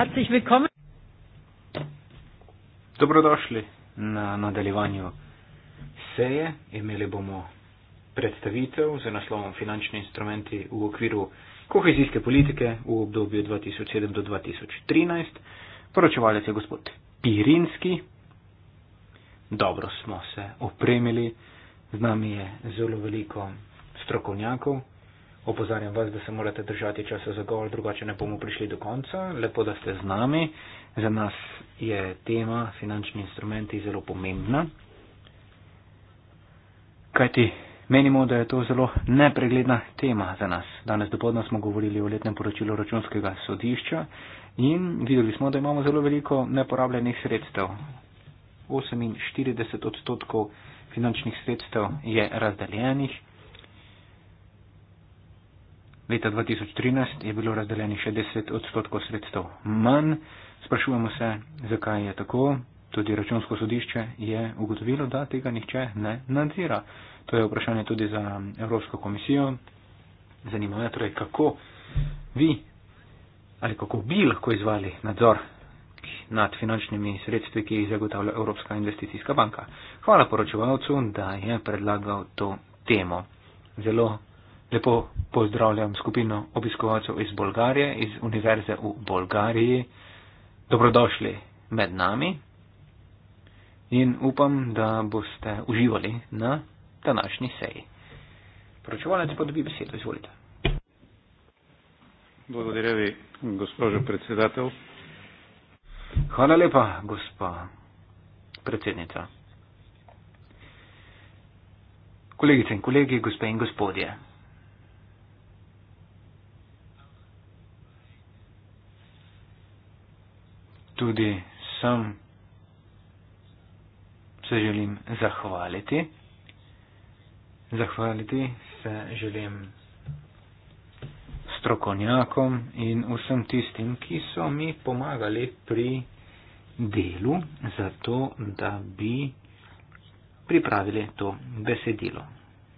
Herzlich willkommen. Dobrodošli na nadaljevanju seje. Imeli bomo predstavitev z naslovom Finančni instrumenti v okviru kohezijske politike v obdobju 2007 do 2013. Poročevalec je gospod Pirinski. Dobro smo se opremili. Z nami je zelo veliko strokovnjakov, opozarjam vas, da se morate držati časa za govor, drugače ne bomo prišli do konca. Lepo, da ste z nami. Za nas je tema finančni instrumenti zelo pomembna. Kajti menimo, da je to zelo nepregledna tema za nas. Danes dopodno smo govorili o letnem poročilu računskega sodišča in videli smo, da imamo zelo veliko neporabljenih sredstev. 48 odstotkov finančnih sredstev je razdeljenih. Leta 2013 je bilo razdeljeni še 10 odstotkov sredstev manj. Sprašujemo se, zakaj je tako. Tudi računsko sodišče je ugotovilo, da tega nihče ne nadzira. To je vprašanje tudi za Evropsko komisijo. Zanima me torej, kako vi ali kako bi lahko izvali nadzor nad finančnimi sredstvi, ki jih zagotavlja Evropska investicijska banka. Hvala poročevalcu, da je predlagal to temo. Zelo Lepo pozdravljam skupino obiskovalcev iz Bolgarije, iz Univerze v Bolgariji. Dobrodošli med nami in upam, da boste uživali na današnji seji. Poročevalec pa dobi besedo, izvolite. Благодаря ви, госпожо председател. Хвала лепа, госпа председница. Колегите и колеги, госпе и господия. tudi sem se želim zahvaliti. Zahvaliti se želim strokovnjakom in vsem tistim, ki so mi pomagali pri delu, zato da bi pripravili to besedilo.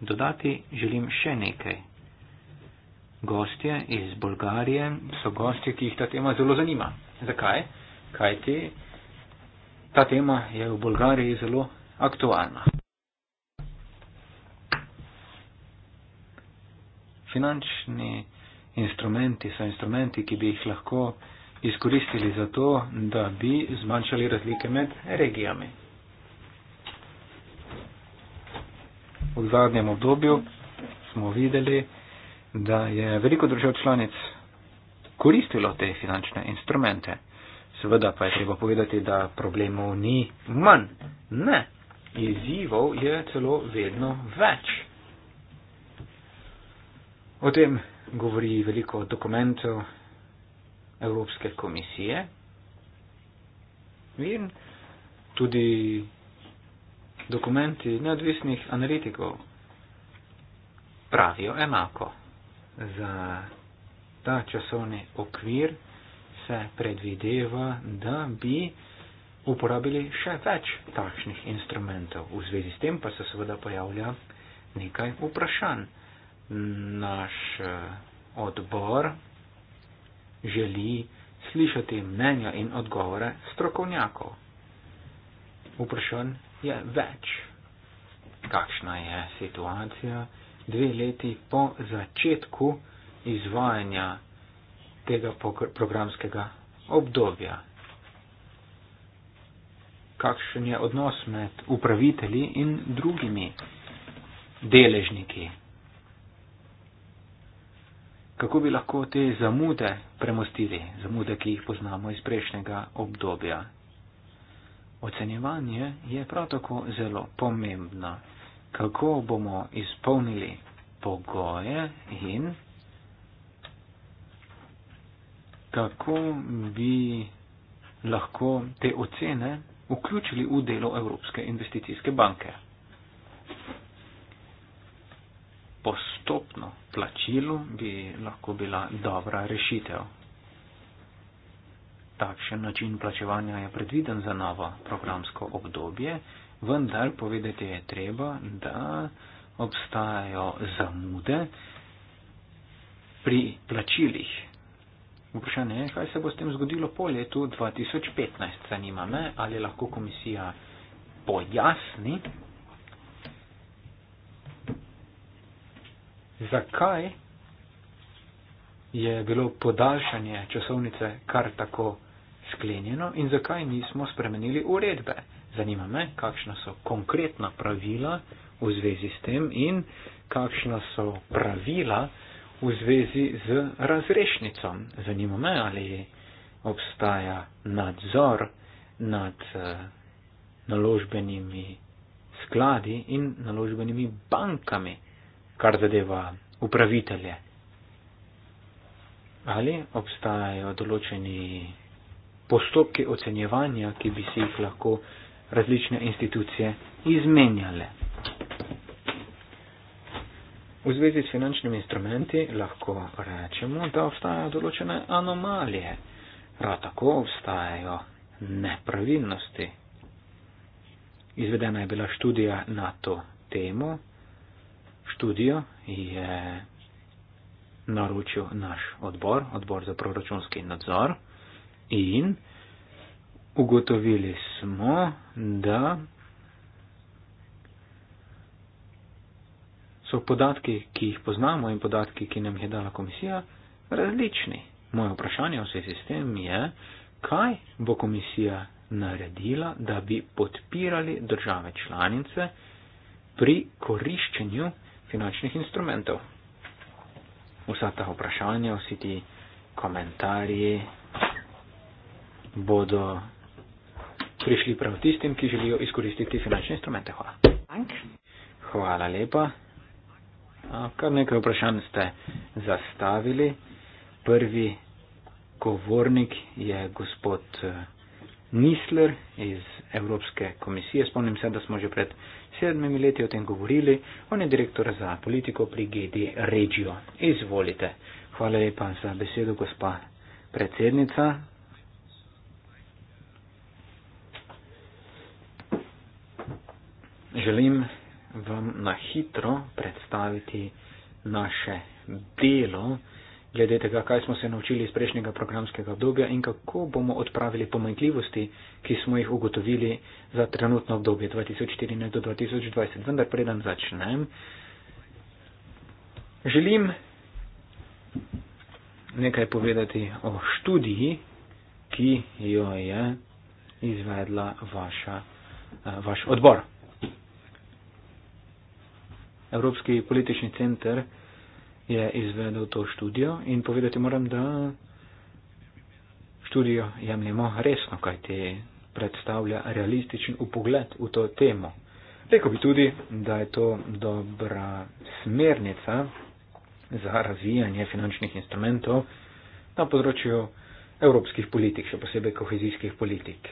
Dodati želim še nekaj. Gostje iz Bolgarije so gostje, ki jih ta tema zelo zanima. Zakaj? kajti ta tema je v Bolgariji zelo aktualna. Finančni instrumenti so instrumenti, ki bi jih lahko izkoristili za to, da bi zmanjšali razlike med regijami. V zadnjem obdobju smo videli, da je veliko držav članic koristilo te finančne instrumente. Seveda pa je treba povedati, da problemov ni manj. Ne, izzivov je celo vedno več. O tem govori veliko dokumentov Evropske komisije in tudi dokumenti neodvisnih analitikov pravijo enako za ta časovni okvir se predvideva, da bi uporabili še več takšnih instrumentov. V zvezi s tem pa se seveda pojavlja nekaj vprašanj. Naš eh, odbor želi slišati mnenja in odgovore strokovnjakov. Vprašanj je več. Kakšna je situacija dve leti po začetku izvajanja tega programskega obdobja. Kakšen je odnos med upravitelji in drugimi deležniki? Kako bi lahko te zamude premostili, zamude, ki jih poznamo iz prejšnjega obdobja? Ocenjevanje je prav tako zelo pomembno. Kako bomo izpolnili pogoje in kako bi lahko te ocene vključili v delo Evropske investicijske banke. Postopno plačilo bi lahko bila dobra rešitev. Takšen način plačevanja je predviden za novo programsko obdobje, vendar povedati je treba, da obstajajo zamude pri plačilih. Vprašanje je, kaj se bo s tem zgodilo po letu 2015. Zanima me, ali lahko komisija pojasni, zakaj je bilo podaljšanje časovnice kar tako sklenjeno in zakaj nismo spremenili uredbe. Zanima me, kakšna so konkretna pravila v zvezi s tem in kakšna so pravila, v zvezi z razrešnico. Zanima me, ali obstaja nadzor nad eh, naložbenimi skladi in naložbenimi bankami, kar zadeva upravitelje. Ali obstajajo določeni postopki ocenjevanja, ki bi si jih lahko različne institucije izmenjale. V zvezi s finančnimi instrumenti lahko rečemo, da obstajajo določene anomalije, prav tako obstajajo nepravilnosti. Izvedena je bila študija na to temo. Študijo je naročil naš odbor, odbor za proračunski nadzor in ugotovili smo, da so podatki, ki jih poznamo in podatki, ki nam jih je dala komisija, različni. Moje vprašanje v vsej sistem je, kaj bo komisija naredila, da bi podpirali države članice pri koriščenju finančnih instrumentov. Vsa ta vprašanja, vsi ti komentarji bodo prišli prav tistim, ki želijo izkoristiti finančne instrumente. Hvala. Hvala lepa. Kar nekaj vprašanj ste zastavili. Prvi govornik je gospod eh, Nisler iz Evropske komisije. Spomnim se, da smo že pred sedmimi leti o tem govorili. On je direktor za politiko pri GD Regio. Izvolite. Hvala lepa za besedo, gospa predsednica. Želim vam na hitro predstaviti naše delo, glede tega, kaj smo se naučili iz prejšnjega programskega obdobja in kako bomo odpravili pomanjkljivosti, ki smo jih ugotovili za trenutno obdobje 2014 do 2020. Vendar preden začnem, želim nekaj povedati o študiji, ki jo je izvedla vaša, eh, vaš odbor. Evropski politični center je izvedel to študijo in povedati moram, da študijo jemljemo resno, kaj te predstavlja realističen upogled v to temo. Rekel bi tudi, da je to dobra smernica za razvijanje finančnih instrumentov na področju evropskih politik, še posebej kohezijskih politik.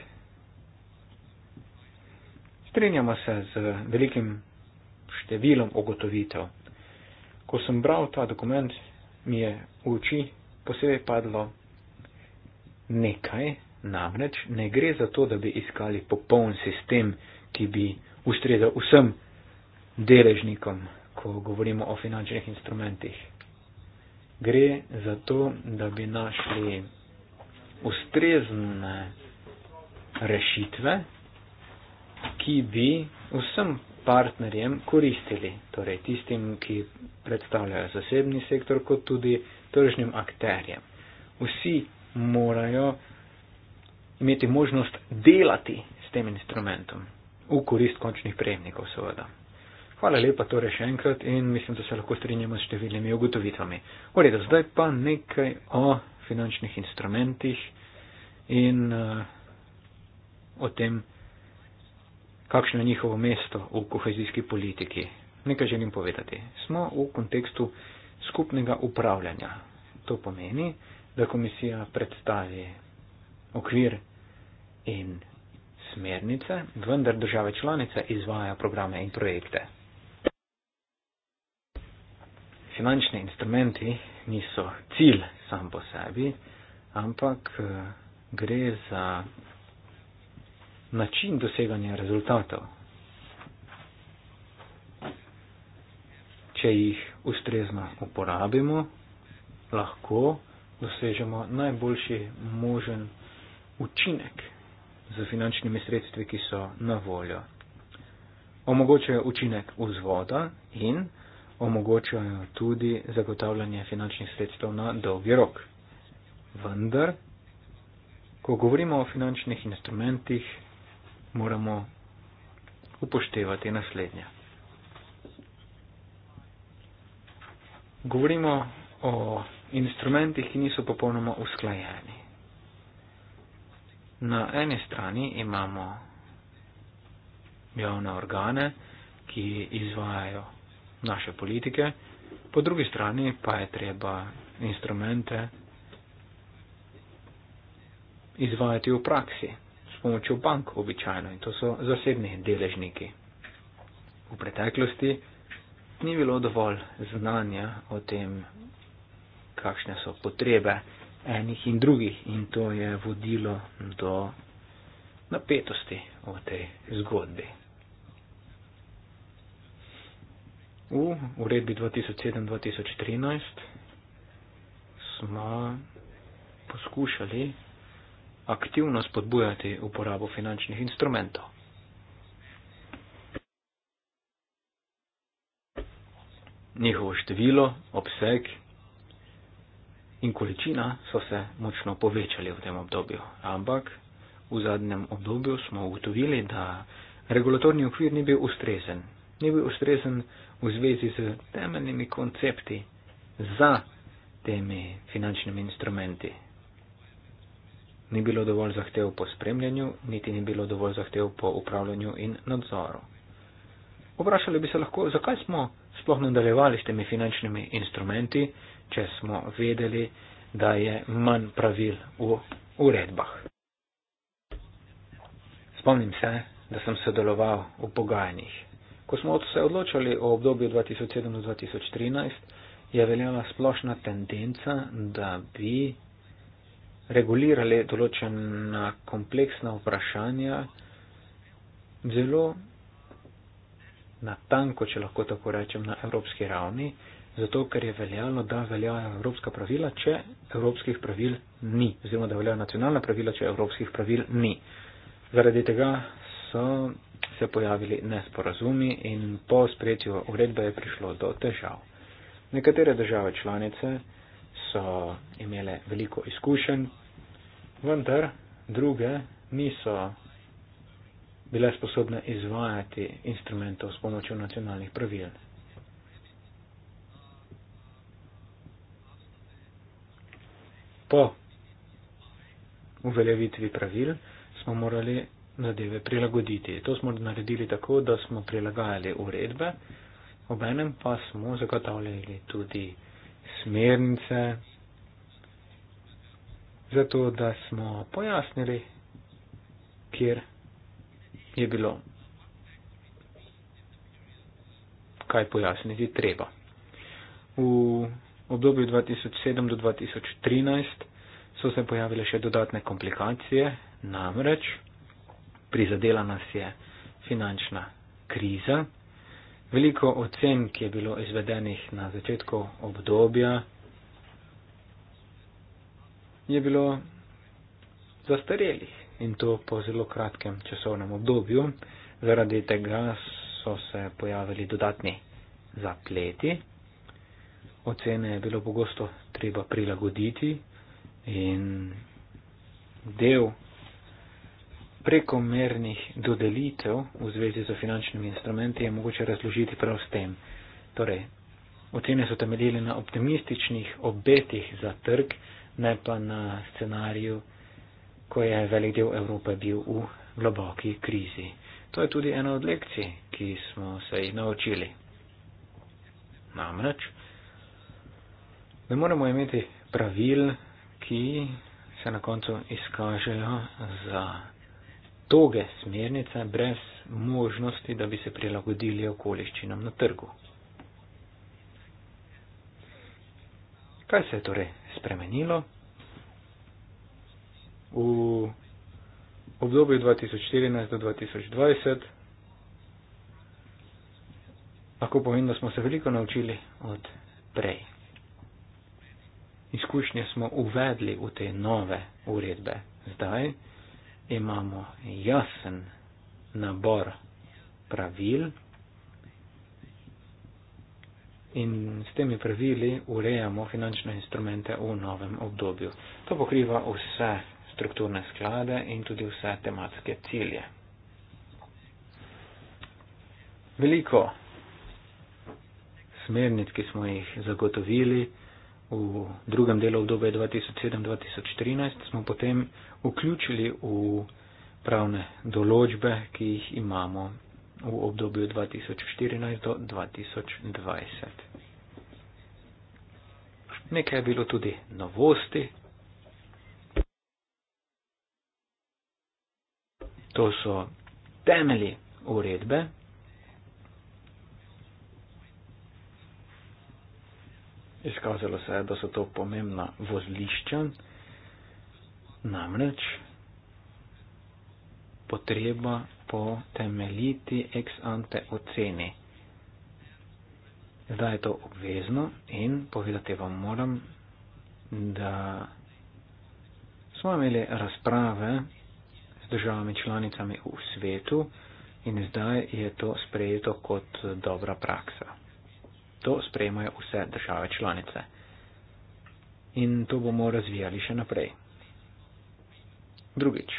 Strenjamo se z velikim številom ugotovitev. Ko sem bral ta dokument, mi je v oči posebej padlo nekaj, namreč ne gre za to, da bi iskali popoln sistem, ki bi ustrezal vsem deležnikom, ko govorimo o finančnih instrumentih. Gre za to, da bi našli ustrezne rešitve, ki bi vsem partnerjem koristili, torej tistim, ki predstavljajo zasebni sektor, kot tudi tržnim akterjem. Vsi morajo imeti možnost delati s tem instrumentom, v korist končnih prejemnikov, seveda. Hvala lepa torej še enkrat in mislim, da se lahko strinjamo s številnimi ugotovitvami. V redu, zdaj pa nekaj o finančnih instrumentih in uh, o tem, kakšno je njihovo mesto v kohezijski politiki. Nekaj želim povedati. Smo v kontekstu skupnega upravljanja. To pomeni, da komisija predstavi okvir in smernice, vendar države članice izvaja programe in projekte. Finančni instrumenti niso cilj sam po sebi, ampak eh, gre za način doseganja rezultatov, če jih ustrezno uporabimo, lahko dosežemo najboljši možen učinek z finančnimi sredstvi, ki so na voljo. Omogočajo učinek vzvoda in omogočajo tudi zagotavljanje finančnih sredstev na dolgi rok. Vendar, ko govorimo o finančnih instrumentih, moramo upoštevati naslednje. Govorimo o instrumentih, ki niso popolnoma usklajeni. Na eni strani imamo javne organe, ki izvajajo naše politike, po drugi strani pa je treba instrumente izvajati v praksi pomočjo bank običajno in to so zasebni deležniki. V preteklosti ni bilo dovolj znanja o tem, kakšne so potrebe enih in drugih in to je vodilo do napetosti v tej zgodbi. V uredbi 2007-2013 smo poskušali aktivno spodbujati uporabo finančnih instrumentov. Njihovo število, obseg in količina so se močno povečali v tem obdobju, ampak v zadnjem obdobju smo ugotovili, da regulatorni okvir ni bil ustrezen. Ni bil ustrezen v zvezi z temeljnimi koncepti za temi finančnimi instrumenti, ni bilo dovolj zahtev po spremljanju, niti ni bilo dovolj zahtev po upravljanju in nadzoru. Vprašali bi se lahko, zakaj smo sploh nadaljevali s temi finančnimi instrumenti, če smo vedeli, da je manj pravil v uredbah. Spomnim se, da sem sodeloval v pogajanjih. Ko smo se odločali o obdobju 2007-2013, je veljala splošna tendenca, da bi regulirale določena kompleksna vprašanja, zelo natanko, če lahko tako rečem, na evropski ravni, zato ker je veljalo, da veljajo evropska pravila, če evropskih pravil ni, oziroma da veljajo nacionalna pravila, če evropskih pravil ni. Zaradi tega so se pojavili nesporazumi in po sprejetju uredbe je prišlo do težav. Nekatere države članice so imele veliko izkušenj, vendar druge niso bile sposobne izvajati instrumentov s pomočjo nacionalnih pravil. Po uveljavitvi pravil smo morali zadeve prilagoditi. To smo naredili tako, da smo prilagajali uredbe, obenem pa smo zagotavljali tudi smernice za to, da smo pojasnili, kjer je bilo kaj pojasniti treba. V obdobju 2007 do 2013 so se pojavile še dodatne komplikacije, namreč prizadela nas je finančna kriza. Veliko ocen, ki je bilo izvedenih na začetku obdobja, je bilo zastarelih in to po zelo kratkem časovnem obdobju. Zaradi tega so se pojavili dodatni zapleti. Ocene je bilo pogosto treba prilagoditi in del prekomernih dodelitev v zvezi z finančnimi instrumenti je mogoče razložiti prav s tem. Torej, ocene so temeljile na optimističnih obetih za trg, ne pa na scenariju, ko je velik del Evrope bil v globoki krizi. To je tudi ena od lekcij, ki smo se jih naučili. Namreč, ne moramo imeti pravil, ki se na koncu izkažejo za toge smernice brez možnosti, da bi se prilagodili okoliščinam na trgu. Kaj se je torej spremenilo? V obdobju 2014 do 2020 lahko povem, da smo se veliko naučili od prej. Izkušnje smo uvedli v te nove uredbe zdaj, imamo jasen nabor pravil in s temi pravili urejamo finančne instrumente v novem obdobju. To pokriva vse strukturne sklade in tudi vse tematske cilje. Veliko smernic, ki smo jih zagotovili, v drugem delu obdobja 2007-2013 smo potem vključili v pravne določbe, ki jih imamo v obdobju 2014-2020. Nekaj je bilo tudi novosti. To so temeli uredbe, izkazalo se je, da so to pomembna vozlišča, namreč potreba po temeljiti ex ante oceni. Zdaj je to obvezno in povedati vam moram, da smo imeli razprave z državami članicami v svetu in zdaj je to sprejeto kot dobra praksa. To sprejmajo vse države članice. In to bomo razvijali še naprej. Drugič.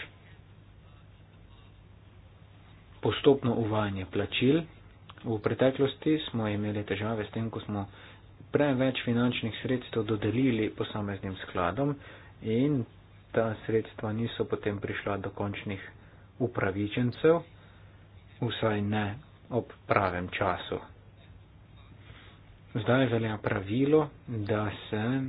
Postopno uvajanje plačil. V preteklosti smo imeli težave s tem, ko smo preveč finančnih sredstev dodelili posameznim skladom in ta sredstva niso potem prišla do končnih upravičencev, vsaj ne ob pravem času, zdaj velja pravilo, da se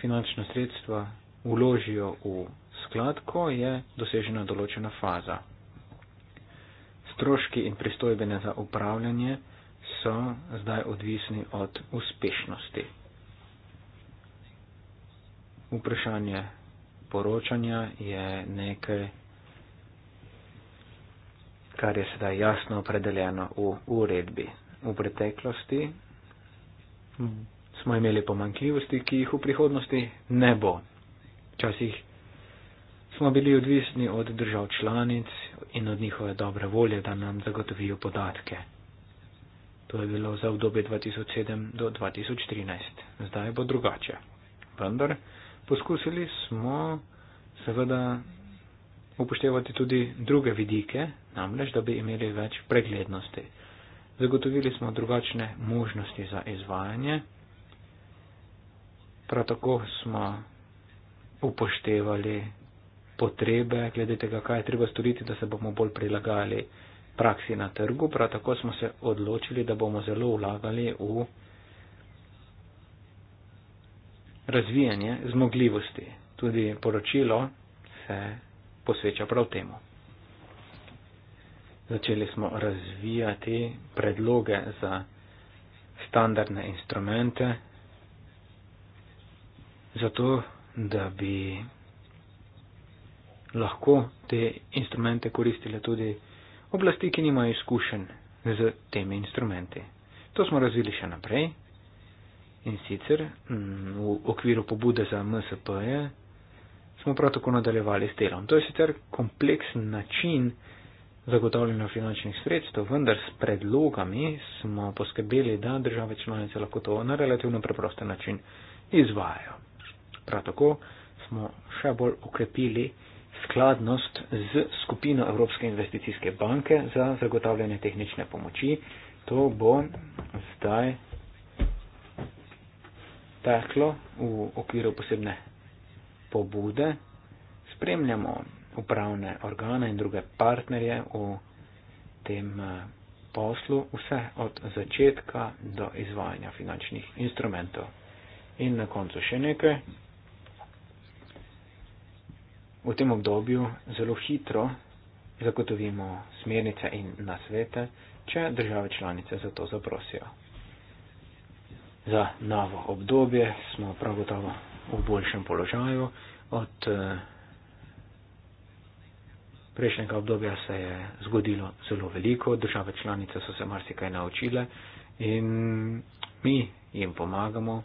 finančna sredstva uložijo v sklad, ko je dosežena določena faza. Stroški in pristojbene za upravljanje so zdaj odvisni od uspešnosti. Vprašanje poročanja je nekaj, kar je sedaj jasno opredeljeno v uredbi v preteklosti, smo imeli pomankljivosti, ki jih v prihodnosti ne bo. Včasih smo bili odvisni od držav članic in od njihove dobre volje, da nam zagotovijo podatke. To je bilo za obdobje 2007 do 2013. Zdaj bo drugače. Vendar poskusili smo seveda upoštevati tudi druge vidike, namreč da bi imeli več preglednosti. Zagotovili smo drugačne možnosti za izvajanje. Prav tako smo upoštevali potrebe glede tega, kaj je treba storiti, da se bomo bolj prilagajali praksi na trgu. Prav tako smo se odločili, da bomo zelo vlagali v razvijanje zmogljivosti. Tudi poročilo se posveča prav temu. Začeli smo razvijati predloge za standardne instrumente, zato da bi lahko te instrumente koristile tudi oblasti, ki nimajo izkušenj z temi instrumenti. To smo razvili še naprej in sicer mm, v okviru pobude za MSP-je smo prav tako nadaljevali s telom. To je sicer kompleksen način, zagotavljanju finančnih sredstev, vendar s predlogami smo poskrbeli, da države članice lahko to na relativno preprosten način izvajajo. Prav tako smo še bolj ukrepili skladnost z skupino Evropske investicijske banke za zagotavljanje tehnične pomoči. To bo zdaj teklo v okviru posebne pobude. Spremljamo upravne organe in druge partnerje v tem eh, poslu, vse od začetka do izvajanja finančnih instrumentov. In na koncu še nekaj. V tem obdobju zelo hitro zagotovimo smernice in nasvete, če države članice za to zaprosijo. Za novo obdobje smo prav gotovo v boljšem položaju od. Uh, prejšnjega obdobja se je zgodilo zelo veliko, države članice so se marsikaj naučile in mi jim pomagamo,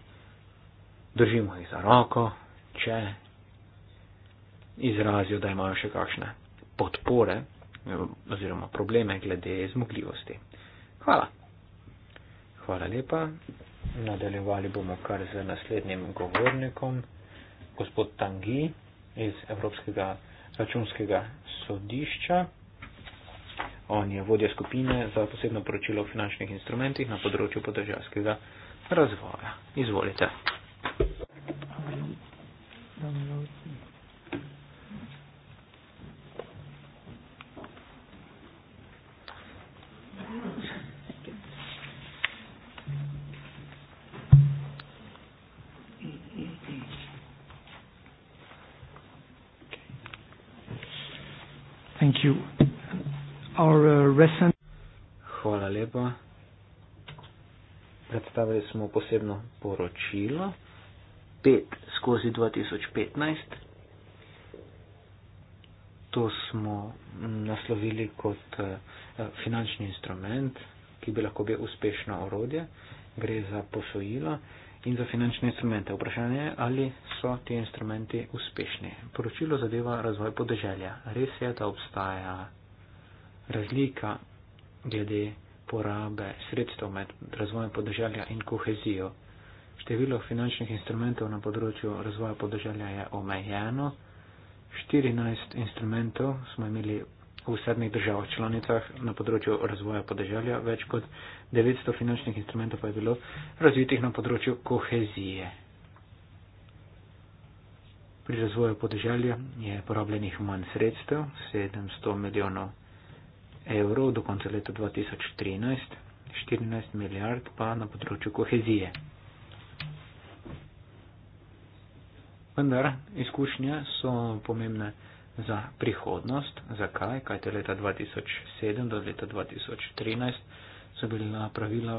držimo jih za roko, če izrazijo, da imajo še kakšne podpore eh, oziroma probleme glede zmogljivosti. Hvala. Hvala lepa. Nadaljevali bomo kar z naslednjim govornikom, gospod Tangi iz Evropskega računskega sodišča. On je vodja skupine za posebno poročilo o finančnih instrumentih na področju podržavskega razvoja. Izvolite. Download. besen. Hvala lepa. Predstavili smo posebno poročilo 5 skozi 2015. To smo naslovili kot eh, finančni instrument, ki bi lahko bil uspešno orodje. Gre za posojila in za finančne instrumente. Vprašanje je, ali so ti instrumenti uspešni. Poročilo zadeva razvoj podeželja. Res je, da obstaja razlika glede porabe sredstev med razvojem podeželja in kohezijo. Število finančnih instrumentov na področju razvoja podeželja je omejeno. 14 instrumentov smo imeli v sedmih državah članicah na področju razvoja podeželja, več kot 900 finančnih instrumentov pa je bilo razvitih na področju kohezije. Pri razvoju podeželja je porabljenih manj sredstev, 700 milijonov evrov do konca leta 2013, 14 milijard pa na področju kohezije. Vendar izkušnje so pomembne za prihodnost. Zakaj? Kaj te leta 2007 do leta 2013 so bila pravila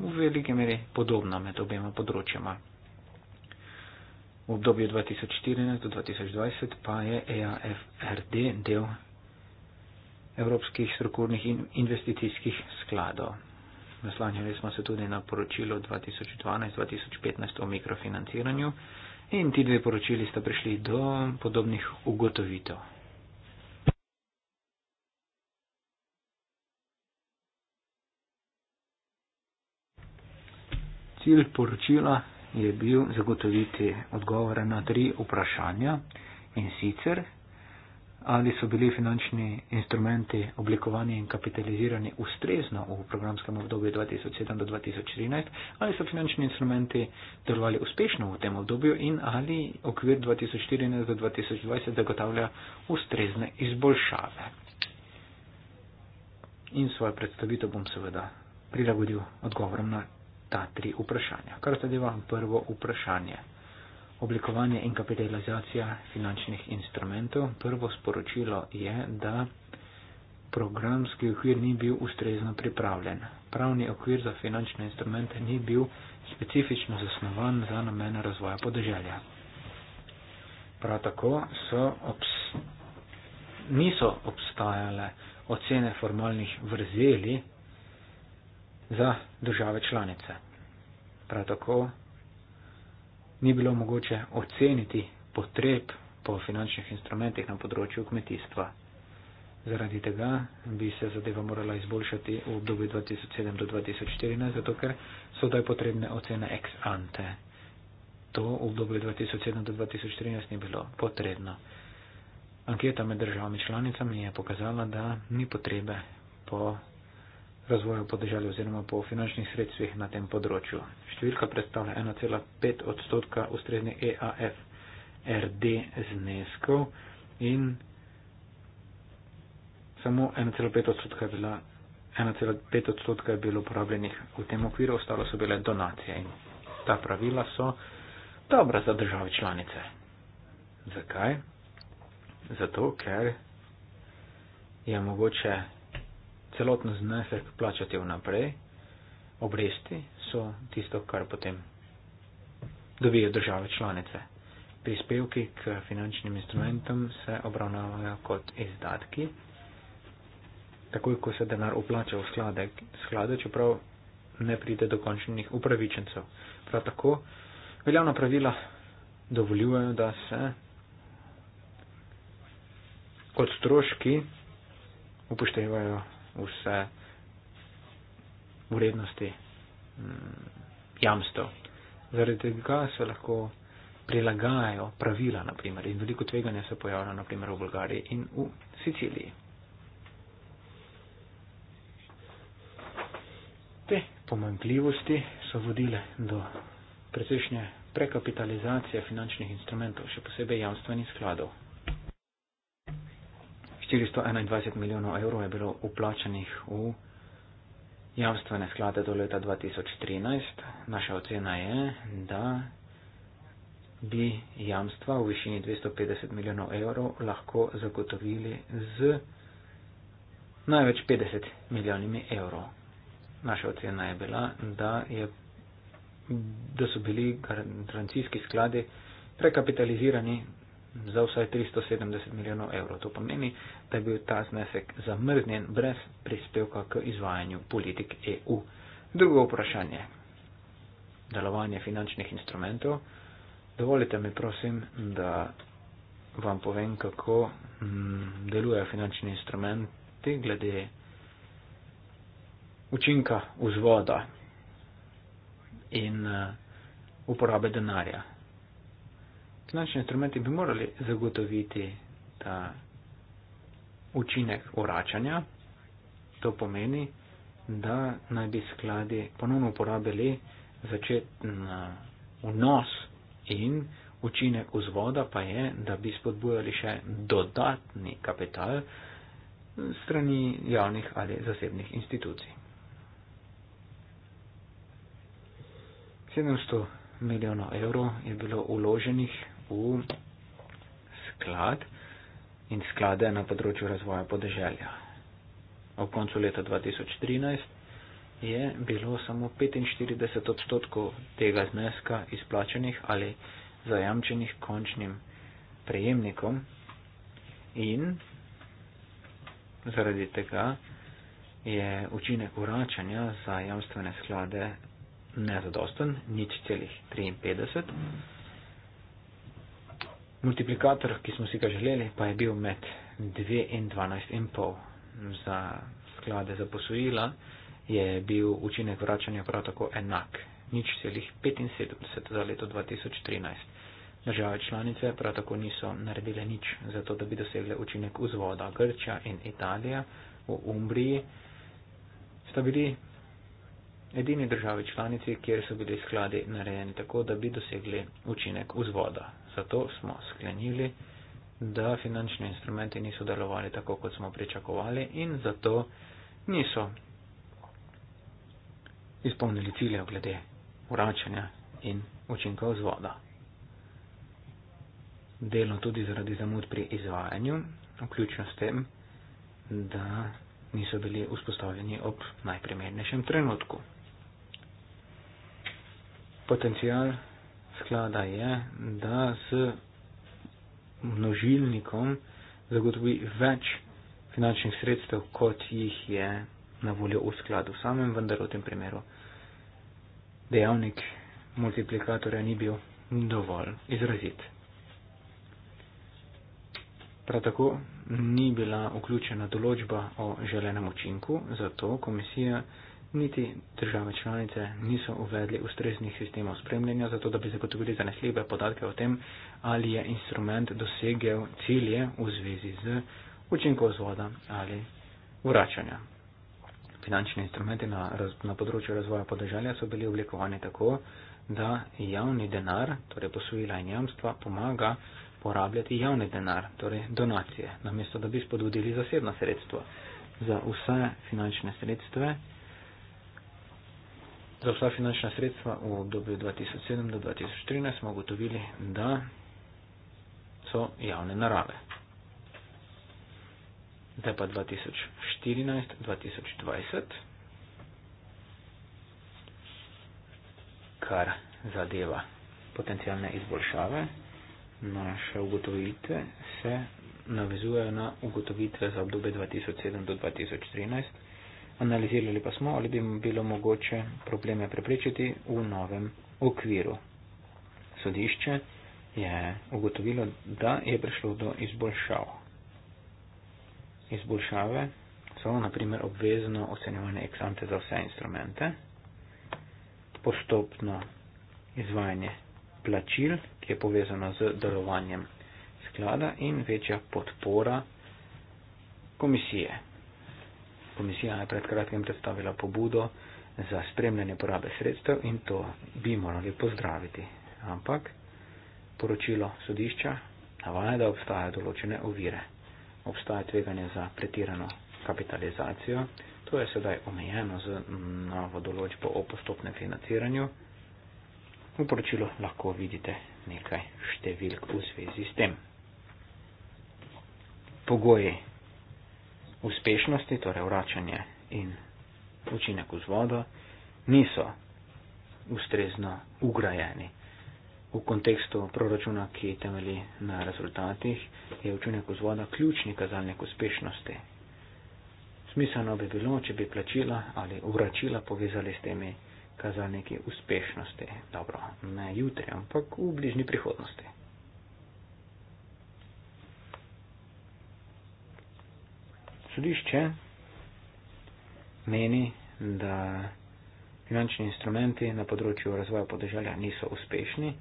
v veliki meri podobna med obema področjama. V obdobju 2014 do 2020 pa je EAFRD del evropskih strukturnih in investicijskih skladov. Naslanjali smo se tudi na poročilo 2012-2015 o mikrofinanciranju in ti dve poročili sta prišli do podobnih ugotovitev. Cilj poročila je bil zagotoviti odgovore na tri vprašanja in sicer, ali so bili finančni instrumenti oblikovani in kapitalizirani ustrezno v programskem obdobju 2007 do 2013, ali so finančni instrumenti delovali uspešno v tem obdobju in ali okvir 2014 do 2020 zagotavlja ustrezne izboljšave. In svojo predstavitev bom seveda prilagodil odgovorom na ta tri vprašanja. Kar zadeva prvo vprašanje oblikovanje in kapitalizacija finančnih instrumentov. Prvo sporočilo je, da programski okvir ni bil ustrezno pripravljen. Pravni okvir za finančne instrumente ni bil specifično zasnovan za namene razvoja podeželja. Prav tako so obs niso obstajale ocene formalnih vrzeli za države članice. Prav tako ni bilo mogoče oceniti potreb po finančnih instrumentih na področju kmetijstva. Zaradi tega bi se zadeva morala izboljšati v obdobju 2007 do 2014, zato ker so daj potrebne ocene ex ante. To v obdobju 2007 do 2014 ni bilo potrebno. Anketa med državami članicami je pokazala, da ni potrebe po razvoju podeželja oziroma po finančnih sredstvih na tem področju. Številka predstavlja 1,5 odstotka ustrezne EAF RD zneskov in samo 1,5 odstotka je bila. 1,5 odstotka je bilo uporabljenih v tem okviru, ostalo so bile donacije in ta pravila so dobra za države članice. Zakaj? Zato, ker je mogoče celoten znesek plačati vnaprej, obresti so tisto, kar potem dobijo države članice. Prispevki k finančnim instrumentom se obravnavajo kot izdatki, takoj ko se denar uplača v skladek, sklade, čeprav ne pride do končnih upravičencev. Prav tako veljavna pravila dovoljujejo, da se kot stroški upoštevajo vse vrednosti mm, jamstev. Zaradi tega se lahko prilagajajo pravila, naprimer, in veliko tveganja se pojavlja, naprimer, v Bolgariji in v Siciliji. Te pomankljivosti so vodile do precejšnje prekapitalizacije finančnih instrumentov, še posebej jamstvenih skladov, 421 milijonov evrov je bilo uplačanih v jamstvene sklade do leta 2013. Naša ocena je, da bi jamstva v višini 250 milijonov evrov lahko zagotovili z največ 50 milijonimi evrov. Naša ocena je bila, da, je, da so bili garancijski skladi prekapitalizirani za vsaj 370 milijonov evrov. To pomeni, da je bil ta znesek zamrznjen brez prispevka k izvajanju politik EU. Drugo vprašanje. Delovanje finančnih instrumentov. Dovolite mi, prosim, da vam povem, kako mm, delujejo finančni instrumenti glede učinka vzvoda in eh, uporabe denarja finančni instrumenti bi morali zagotoviti ta učinek oračanja. To pomeni, da naj bi skladi ponovno uporabili začetni vnos in učinek vzvoda pa je, da bi spodbujali še dodatni kapital strani javnih ali zasebnih institucij. 700 milijonov evrov je bilo uloženih v sklad in sklade na področju razvoja podeželja. Ob koncu leta 2013 je bilo samo 45 odstotkov tega zneska izplačenih ali zajamčenih končnim prejemnikom in zaradi tega je učinek vračanja za jamstvene sklade nezadosten, nič celih 53. Multiplikator, ki smo si ga želeli, pa je bil med 2 in 12 in pol za sklade za posojila, je bil učinek vračanja prav tako enak. Nič se jih 75 za leto 2013. Države članice prav tako niso naredile nič za to, da bi dosegle učinek vzvoda. Grčja in Italija v Umbriji sta bili edini državi članici, kjer so bili skladi narejeni tako, da bi dosegli učinek vzvoda zato smo sklenili, da finančni instrumenti niso delovali tako, kot smo pričakovali in zato niso izpolnili ciljev glede vračanja in učinkov z voda. Delno tudi zaradi zamud pri izvajanju, vključno s tem, da niso bili vzpostavljeni ob najprimernejšem trenutku. Potencijal sklada je, da s množilnikom zagotovi več finančnih sredstev, kot jih je na voljo v skladu samem, vendar v tem primeru dejavnik multiplikatorja ni bil dovolj izrazit. Prav tako ni bila vključena določba o želenem učinku, zato komisija Niti države članice niso uvedli ustreznih sistemov spremljanja, zato da bi zagotovili zanesljive podatke o tem, ali je instrument dosegel cilje v zvezi z učinkov zvoda ali vračanja. Finančni instrumenti na, raz, na področju razvoja podeželja so bili oblikovani tako, da javni denar, torej posojila in jamstva, pomaga porabljati javni denar, torej donacije, namesto da bi spodbudili zasebna sredstva. Za vse finančne sredstva Za vsa finančna sredstva v obdobju 2007 do 2013 smo ugotovili, da so javne narave. Zdaj pa 2014-2020, kar zadeva potencijalne izboljšave, naše ugotovitve se navezujejo na ugotovitve za obdobje 2007 do 2013 analizirali pa smo, ali bi bilo mogoče probleme preprečiti v novem okviru. Sodišče je ugotovilo, da je prišlo do izboljšav. Izboljšave so naprimer obvezno ocenjevanje eksante za vse instrumente, postopno izvajanje plačil, ki je povezano z delovanjem sklada in večja podpora komisije. Komisija je pred kratkim predstavila pobudo za spremljanje porabe sredstev in to bi morali pozdraviti. Ampak poročilo sodišča navaja, da obstajajo določene ovire. Obstaja tveganje za pretirano kapitalizacijo, to je sedaj omejeno z novo določbo o postopnem financiranju. V poročilu lahko vidite nekaj številk v zvezi s tem. Pogoji uspešnosti, torej vračanje in učinek v vodo, niso ustrezno ugrajeni. V kontekstu proračuna, ki temeli na rezultatih, je učinek v vodo ključni kazalnik uspešnosti. Smiselno bi bilo, če bi plačila ali vračila povezali s temi kazalniki uspešnosti. Dobro, ne jutri, ampak v bližnji prihodnosti. sodišče meni, da finančni instrumenti na področju razvoja podeželja niso uspešni.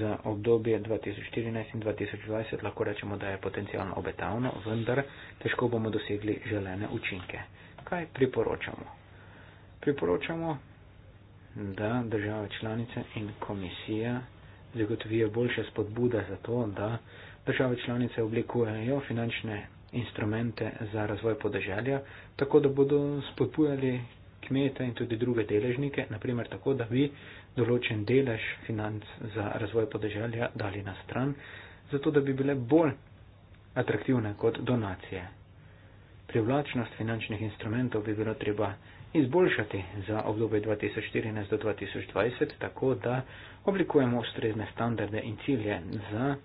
Za obdobje 2014 in 2020 lahko rečemo, da je potencijalno obetavno, vendar težko bomo dosegli želene učinke. Kaj priporočamo? Priporočamo, da države članice in komisija zagotovijo boljše spodbude za to, da države članice oblikujejo finančne instrumente za razvoj podeželja, tako da bodo spodbujali kmete in tudi druge deležnike, naprimer tako, da bi določen delež financ za razvoj podeželja dali na stran, zato da bi bile bolj atraktivne kot donacije. Privlačnost finančnih instrumentov bi bilo treba izboljšati za obdobje 2014 do 2020, tako da oblikujemo ustrezne standarde in cilje za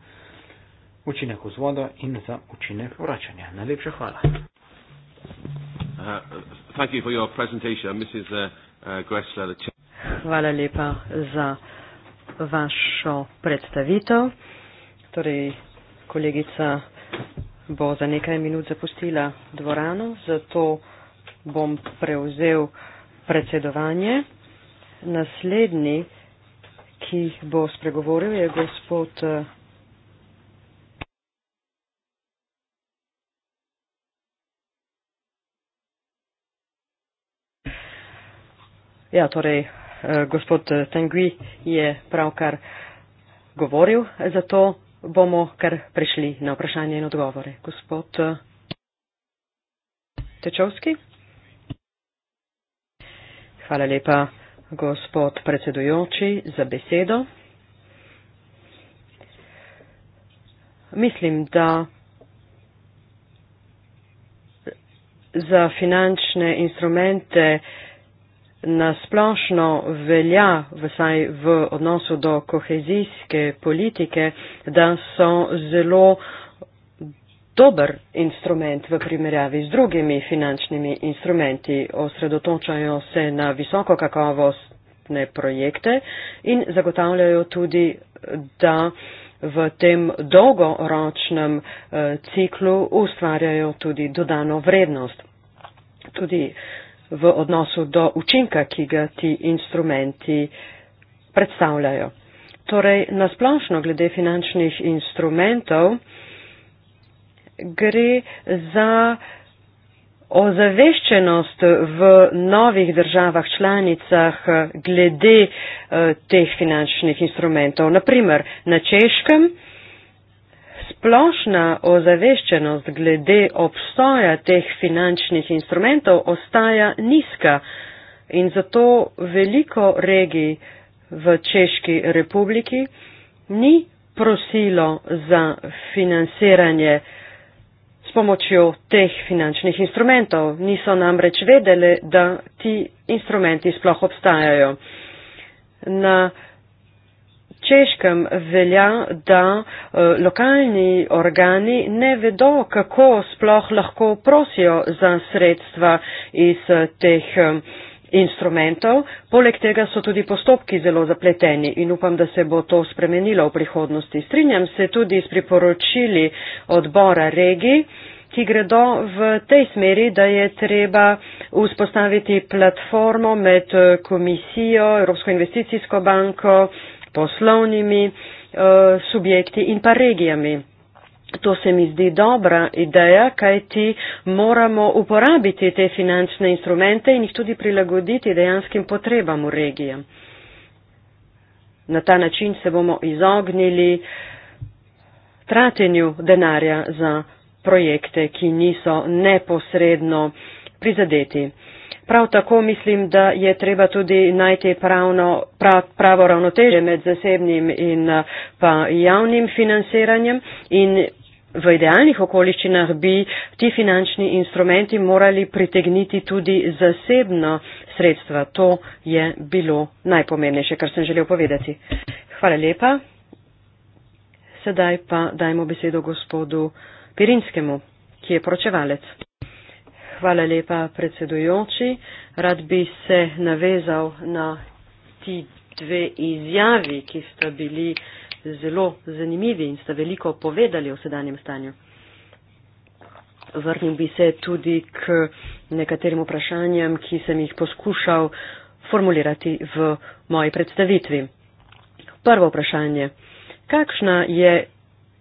učinek vzvoda in za učinek vračanja. Najlepša hvala. Uh, uh, uh, hvala lepa za vašo predstavitev. Torej, kolegica bo za nekaj minut zapustila dvorano, zato bom prevzel predsedovanje. Naslednji, ki bo spregovoril, je gospod Ja, torej, eh, gospod eh, Tengui je pravkar govoril, zato bomo kar prišli na vprašanje in odgovore. Gospod eh, Tečovski. Hvala lepa, gospod predsedujoči, za besedo. Mislim, da za finančne instrumente eh, nasplošno velja, vsaj v odnosu do kohezijske politike, da so zelo dober instrument v primerjavi z drugimi finančnimi instrumenti. Osredotočajo se na visoko kakovostne projekte in zagotavljajo tudi, da v tem dolgoročnem eh, ciklu ustvarjajo tudi dodano vrednost. Tudi v odnosu do učinka, ki ga ti instrumenti predstavljajo. Torej, nasplošno glede finančnih instrumentov gre za ozaveščenost v novih državah članicah glede eh, teh finančnih instrumentov. Naprimer, na češkem Splošna ozaveščenost glede obstoja teh finančnih instrumentov ostaja nizka in zato veliko regij v Češki republiki ni prosilo za financiranje s pomočjo teh finančnih instrumentov. Niso namreč vedele, da ti instrumenti sploh obstajajo. Na Češkem velja, da eh, lokalni organi ne vedo, kako sploh lahko prosijo za sredstva iz eh, teh eh, instrumentov. Poleg tega so tudi postopki zelo zapleteni in upam, da se bo to spremenilo v prihodnosti. Strinjam se tudi s priporočili odbora regij ki gredo v tej smeri, da je treba vzpostaviti platformo med eh, komisijo, Evropsko investicijsko banko, poslovnimi uh, subjekti in pa regijami. To se mi zdi dobra ideja, kaj ti moramo uporabiti te finančne instrumente in jih tudi prilagoditi dejanskim potrebam v regijem. Na ta način se bomo izognili tratenju denarja za projekte, ki niso neposredno prizadeti. Prav tako mislim, da je treba tudi najti pravno, prav, pravo ravnoteže med zasebnim in eh, pa javnim financiranjem in v idealnih okoliščinah bi ti finančni instrumenti morali pritegniti tudi zasebno sredstva. To je bilo najpomembnejše, kar sem želel povedati. Hvala lepa. Sedaj pa dajmo besedo gospodu Pirinskemu, ki je pročevalec. Hvala lepa, predsedujoči. Rad bi se navezal na ti dve izjavi, ki sta bili zelo zanimivi in sta veliko povedali o sedanjem stanju. Vrnil bi se tudi k nekaterim vprašanjem, ki sem jih poskušal formulirati v moji predstavitvi. Prvo vprašanje. Kakšna je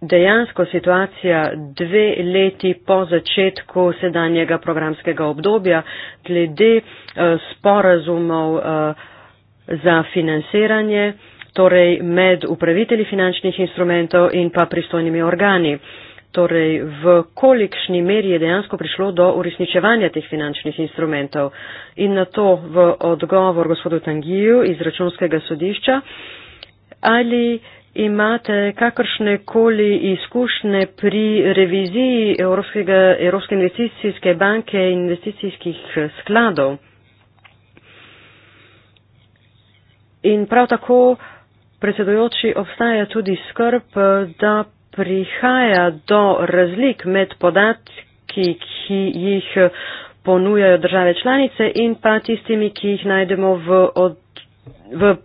Dejansko situacija dve leti po začetku sedanjega programskega obdobja glede eh, sporazumov eh, za financiranje, torej med upravitelji finančnih instrumentov in pa pristojnimi organi. Torej, v kolikšni meri je dejansko prišlo do uresničevanja teh finančnih instrumentov. In na to v odgovor gospodu Tangiju iz računskega sodišča, ali imate kakršne koli izkušnje pri reviziji Evropske investicijske banke in investicijskih eh, skladov? In prav tako, predsedujoči, obstaja tudi skrb, da prihaja do razlik med podatki, ki jih eh, ponujajo države članice in pa tistimi, ki jih najdemo v, od, v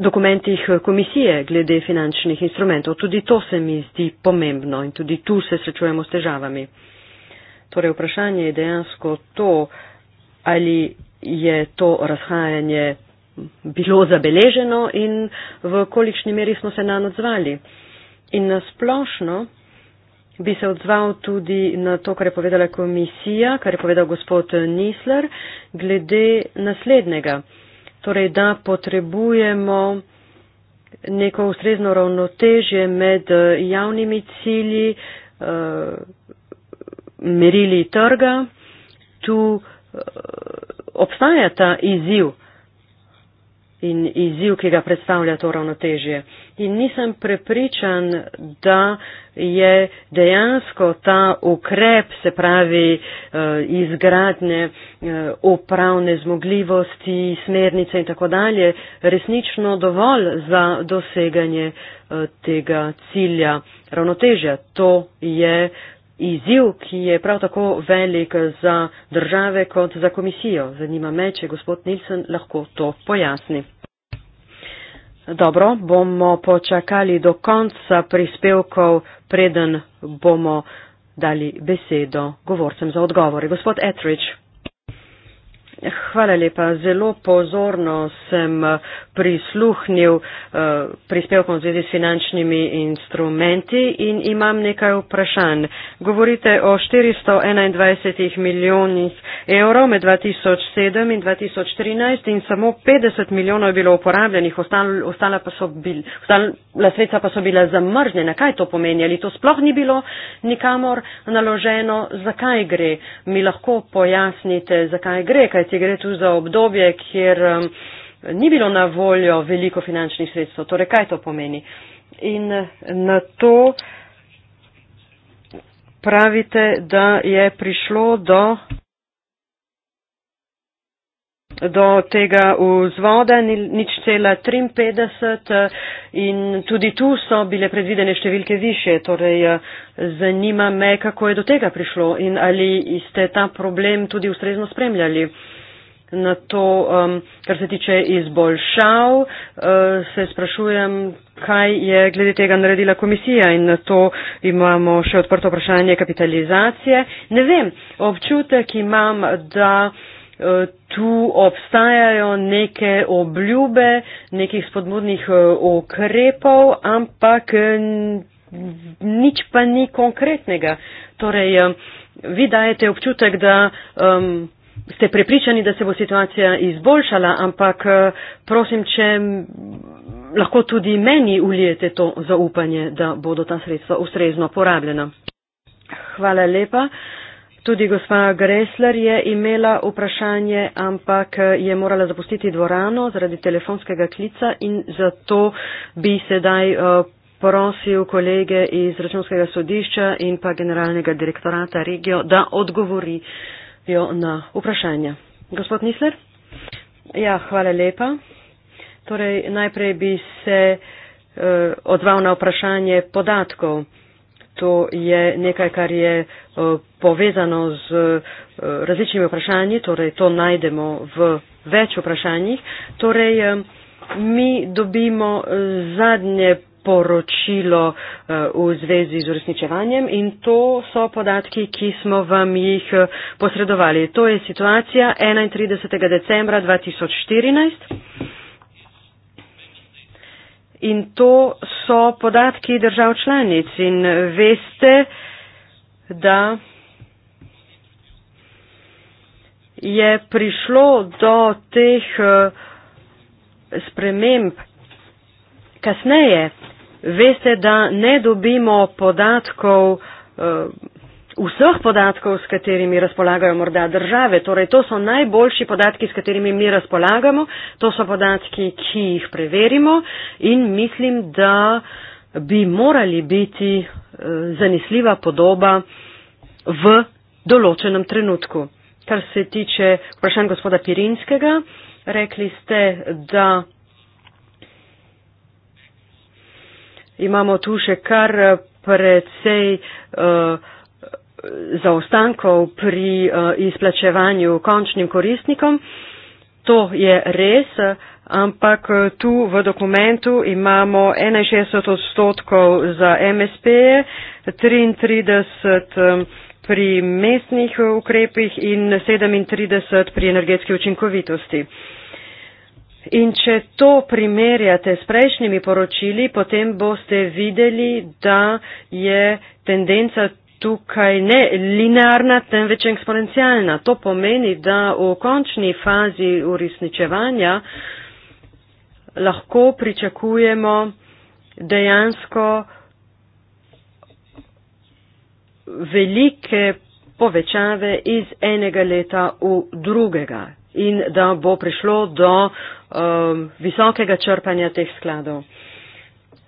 dokumentih eh, komisije glede finančnih instrumentov. Tudi to se mi zdi pomembno in tudi tu se srečujemo s težavami. Torej, vprašanje je dejansko to, ali je to razhajanje bilo zabeleženo in v kolikšni meri smo se na njo odzvali. In nasplošno bi se odzval tudi na to, kar je povedala komisija, kar je povedal gospod Nisler, glede naslednjega torej da potrebujemo neko ustrezno ravnotežje med eh, javnimi cilji, eh, merili trga. Tu eh, obstaja ta izziv in izziv, ki ga predstavlja to ravnotežje. In nisem prepričan, da je dejansko ta ukrep, se pravi eh, izgradne eh, upravne zmogljivosti, smernice in tako dalje, resnično dovolj za doseganje eh, tega cilja ravnotežja. To je izziv, ki je prav tako velik za države kot za komisijo. Zanima me, če gospod Nilsen lahko to pojasni. Dobro, bomo počakali do konca prispevkov, preden bomo dali besedo govorcem za odgovore. Gospod Etridge. Hvala lepa. Zelo pozorno sem eh, prisluhnil eh, prispevkom v zvezi s finančnimi instrumenti in imam nekaj vprašanj. Govorite o 421 milijonih evrov med 2007 in 2013 in samo 50 milijonov je bilo uporabljenih, ostala pa so bili, ostala sredstva pa so bila zamrznjena. Kaj to pomeni? Ali to sploh ni bilo nikamor naloženo? Zakaj gre? Mi lahko pojasnite, zakaj gre? Kaj kajti gre tu za obdobje, kjer um, ni bilo na voljo veliko finančnih sredstev. Torej, kaj to pomeni? In eh, na to pravite, da je prišlo do, do tega vzvoda nič cela 53 eh, in tudi tu so bile predvidene številke više. Torej, eh, zanima me, kako je do tega prišlo in ali ste ta problem tudi ustrezno spremljali na to, um, kar se tiče izboljšav, uh, se sprašujem, kaj je glede tega naredila komisija in na to imamo še odprto vprašanje kapitalizacije. Ne vem, občutek imam, da uh, tu obstajajo neke obljube, nekih spodbudnih okrepov, uh, ampak nič pa ni konkretnega. Torej, um, vi dajete občutek, da um, ste prepričani, da se bo situacija izboljšala, ampak eh, prosim, če lahko tudi meni ulijete to zaupanje, da bodo ta sredstva ustrezno porabljena. Hvala lepa. Tudi gospa Gresler je imela vprašanje, ampak eh, je morala zapustiti dvorano zaradi telefonskega klica in zato bi sedaj eh, prosil kolege iz računskega sodišča in pa generalnega direktorata regijo, da odgovori jo na vprašanja. Gospod Nisler? Ja, hvala lepa. Torej, najprej bi se eh, odval na vprašanje podatkov. To je nekaj, kar je eh, povezano z eh, različnimi vprašanji, torej to najdemo v več vprašanjih. Torej, eh, mi dobimo zadnje poročilo eh, v zvezi z uresničevanjem in to so podatki, ki smo vam jih eh, posredovali. To je situacija 31. decembra 2014. In to so podatki držav članic in veste, da je prišlo do teh eh, sprememb kasneje veste, da ne dobimo podatkov, eh, vseh podatkov, s katerimi razpolagajo morda države. Torej, to so najboljši podatki, s katerimi mi razpolagamo, to so podatki, ki jih preverimo in mislim, da bi morali biti eh, zanesljiva podoba v določenem trenutku. Kar se tiče vprašanj gospoda Pirinskega, rekli ste, da imamo tu še kar eh, precej eh, zaostankov pri eh, izplačevanju končnim koristnikom. To je res, ampak tu v dokumentu imamo 61 odstotkov za MSP, 33 pri mestnih ukrepih in 37 pri energetski učinkovitosti. In če to primerjate s prejšnjimi poročili, potem boste videli, da je tendenca tukaj ne linearna, temveč eksponencialna. To pomeni, da v končni fazi uresničevanja lahko pričakujemo dejansko velike povečave iz enega leta v drugega in da bo prišlo do um, visokega črpanja teh skladov.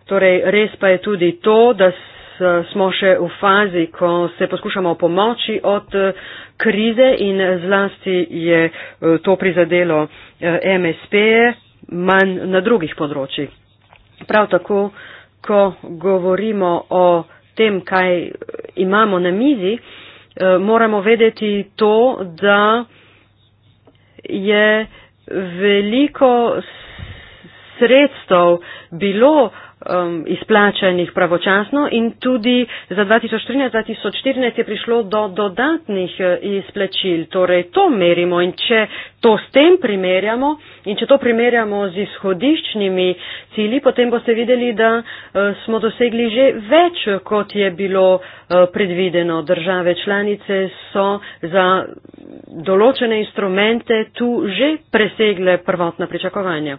Torej, res pa je tudi to, da s, smo še v fazi, ko se poskušamo pomoči od uh, krize in zlasti je uh, to prizadelo uh, MSP-je, manj na drugih področjih. Prav tako, ko govorimo o tem, kaj imamo na mizi, moramo vedeti to, da je veliko sredstev bilo um, izplačanih pravočasno in tudi za 2013-2014 je prišlo do dodatnih eh, izplačil. Torej, to merimo in če to s tem primerjamo in če to primerjamo z izhodiščnimi cilji, potem boste videli, da uh, smo dosegli že več, kot je bilo uh, predvideno. Države članice so za določene instrumente tu že presegle prvotna pričakovanja.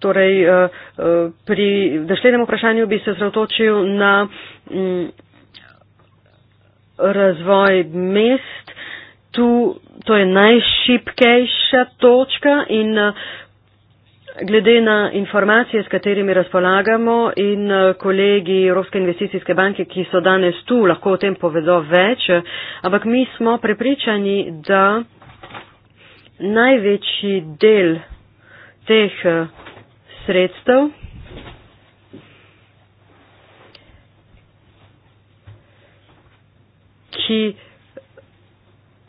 Torej, eh, eh, pri naslednjem vprašanju bi se zravtočil na mm, razvoj mest. Tu to je najšipkejša točka in eh, glede na informacije, s katerimi razpolagamo in kolegi Evropske investicijske banke, ki so danes tu, lahko o tem povedo več, ampak mi smo prepričani, da največji del teh sredstev. ki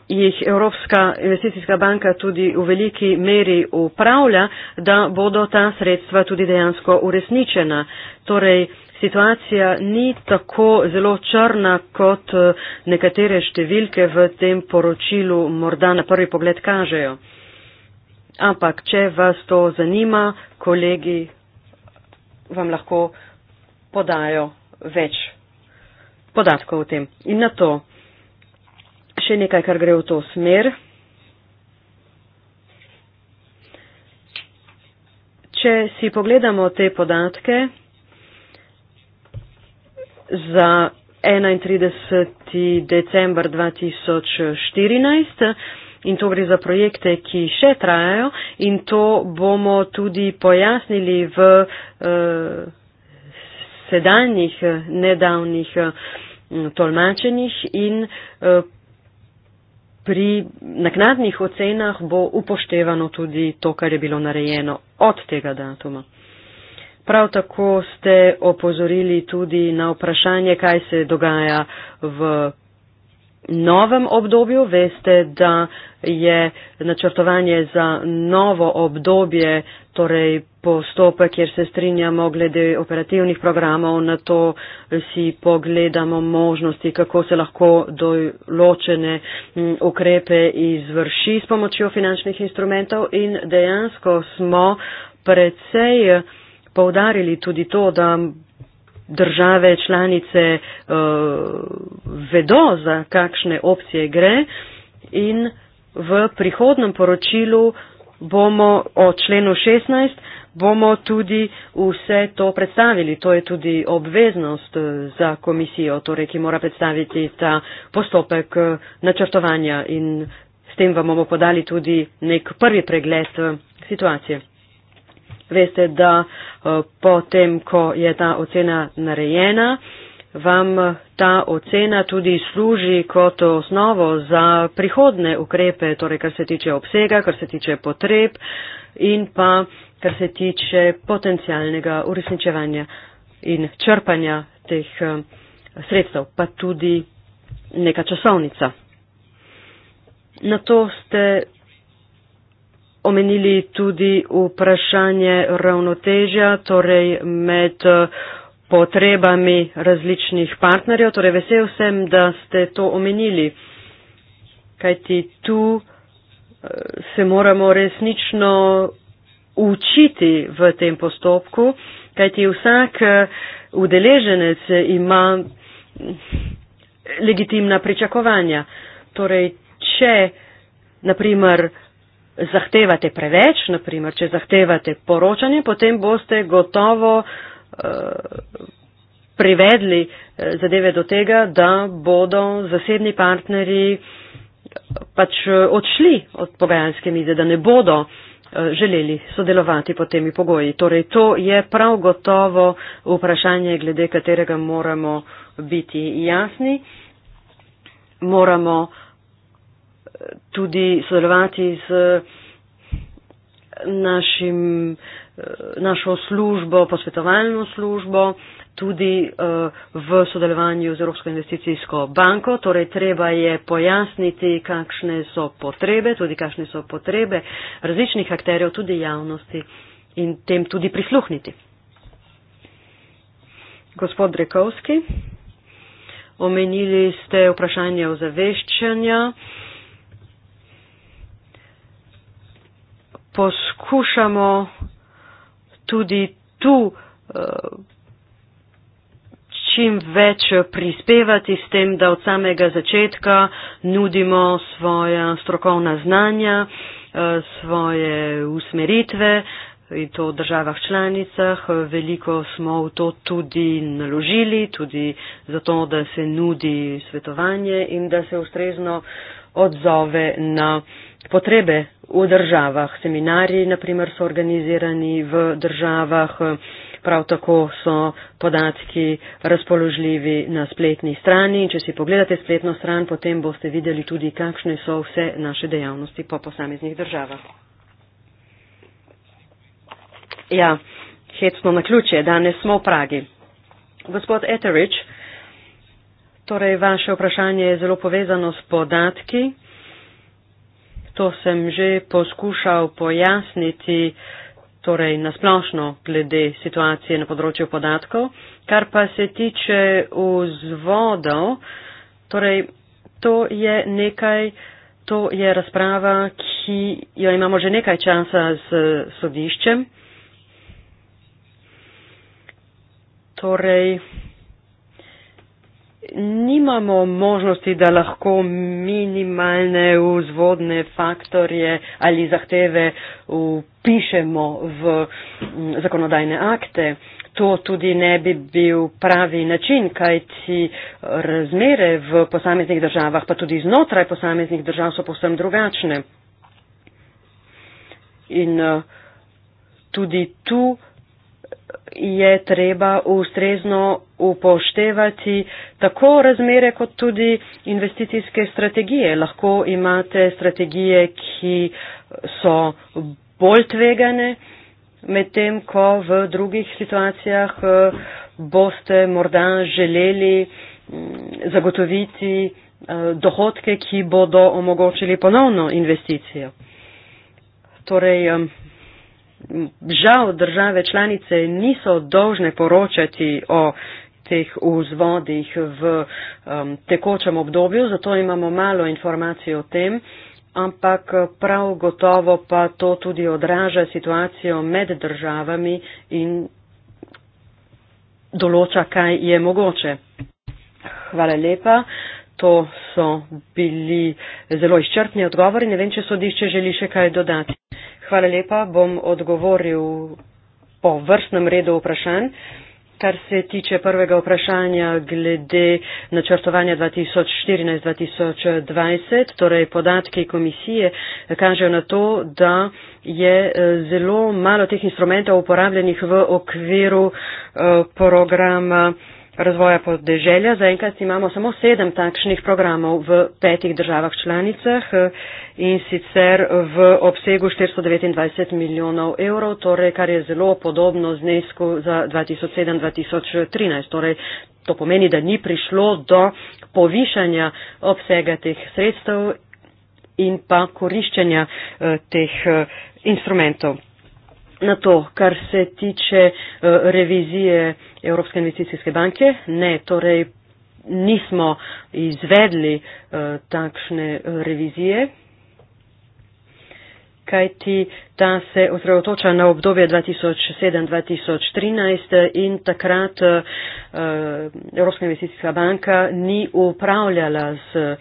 jih Evropska investicijska banka tudi v veliki meri upravlja, da bodo ta sredstva tudi dejansko uresničena. Torej, situacija ni tako zelo črna, kot eh, nekatere številke v tem poročilu morda na prvi pogled kažejo. Ampak, če vas to zanima, kolegi vam lahko podajo več podatkov o tem. In na to še nekaj, kar gre v to smer. Če si pogledamo te podatke za 31. december 2014, in to gre za projekte, ki še trajajo in to bomo tudi pojasnili v uh, sedanjih nedavnih uh, tolmačenjih in uh, pri naknadnih ocenah bo upoštevano tudi to, kar je bilo narejeno od tega datuma. Prav tako ste opozorili tudi na vprašanje, kaj se dogaja v novem obdobju. Veste, da je načrtovanje za novo obdobje, torej postopek, kjer se strinjamo glede operativnih programov, na to si pogledamo možnosti, kako se lahko določene ukrepe izvrši s pomočjo finančnih instrumentov in dejansko smo predvsej. Poudarili tudi to, da države članice uh, vedo, za kakšne opcije gre in v prihodnem poročilu bomo o členu 16 bomo tudi vse to predstavili. To je tudi obveznost eh, za komisijo, torej, ki mora predstaviti ta postopek eh, načrtovanja in s tem vam bomo podali tudi nek prvi pregled situacije veste, da eh, potem, ko je ta ocena narejena, vam eh, ta ocena tudi služi kot osnovo za prihodne ukrepe, torej kar se tiče obsega, kar se tiče potreb in pa kar se tiče potencialnega uresničevanja in črpanja teh eh, sredstev, pa tudi neka časovnica. Na to ste omenili tudi vprašanje ravnotežja, torej med eh, potrebami različnih partnerjev. Torej vesel sem, da ste to omenili, kajti tu eh, se moramo resnično učiti v tem postopku, kajti vsak eh, udeleženec ima legitimna pričakovanja. Torej, če, naprimer, zahtevate preveč, naprimer, če zahtevate poročanje, potem boste gotovo eh, privedli eh, zadeve do tega, da bodo zasebni partnerji eh, pač odšli od pogajanske mize, da ne bodo želeli sodelovati pod temi pogoji. Torej, to je prav gotovo vprašanje, glede katerega moramo biti jasni. Moramo uh, tudi sodelovati z našim, našo službo, posvetovalno službo, tudi v sodelovanju z Evropsko investicijsko banko. Torej, treba je pojasniti, kakšne so potrebe, tudi kakšne so potrebe različnih akterjev, tudi javnosti in tem tudi prisluhniti. Gospod Drekovski, omenili ste vprašanje ozaveščanja. poskušamo tudi tu eh, čim več prispevati s tem, da od samega začetka nudimo svoja strokovna znanja, eh, svoje usmeritve in to v državah članicah. Veliko smo v to tudi naložili, tudi zato, da se nudi svetovanje in da se ustrezno odzove na uh, potrebe v državah. Seminari, naprimer, so organizirani v državah, prav tako so podatki razpoložljivi na spletni strani. In če si pogledate spletno stran, potem boste videli tudi, kakšne so vse naše dejavnosti po posameznih državah. Ja, hecno na ključje, danes smo v Pragi. Gospod Eterič, torej vaše vprašanje je zelo povezano s podatki to sem že poskušal pojasniti, torej nasplošno glede situacije na področju podatkov. Kar pa se tiče vzvodov, torej to je nekaj, to je razprava, ki jo imamo že nekaj časa z sodiščem. Torej, nimamo možnosti, da lahko minimalne vzvodne faktorje ali zahteve upišemo v zakonodajne akte. To tudi ne bi bil pravi način, kajti razmere v posameznih državah, pa tudi znotraj posameznih držav, so povsem drugačne. In eh, tudi tu je treba ustrezno upoštevati tako razmere kot tudi investicijske strategije. Lahko imate strategije, ki so bolj tvegane, medtem ko v drugih situacijah eh, boste morda želeli mm, zagotoviti eh, dohodke, ki bodo omogočili ponovno investicijo. Torej, eh, žal države članice niso dolžne poročati o teh vzvodih v um, tekočem obdobju, zato imamo malo informacij o tem, ampak eh, prav gotovo pa to tudi odraža situacijo med državami in določa, kaj je mogoče. Hvala lepa. To so bili zelo izčrpni odgovori. Ne vem, če sodišče želi še kaj dodati. Hvala lepa. Bom odgovoril po vrstnem redu vprašanj. Kar se tiče prvega vprašanja glede načrtovanja 2014-2020, torej podatki komisije kažejo na to, da je eh, zelo malo teh instrumentov uporabljenih v okviru eh, programa razvoja podeželja. Zaenkrat imamo samo sedem takšnih programov v petih državah članicah eh, in sicer v obsegu 429 milijonov evrov, torej kar je zelo podobno znesku za 2007-2013. Torej, to pomeni, da ni prišlo do povišanja obsega teh sredstev in pa koriščenja eh, teh eh, instrumentov na to, kar se tiče eh, revizije Evropske investicijske banke? Ne, torej nismo izvedli eh, takšne eh, revizije kajti ta se osredotoča na obdobje 2007-2013 in takrat Evropska investicijska banka ni upravljala z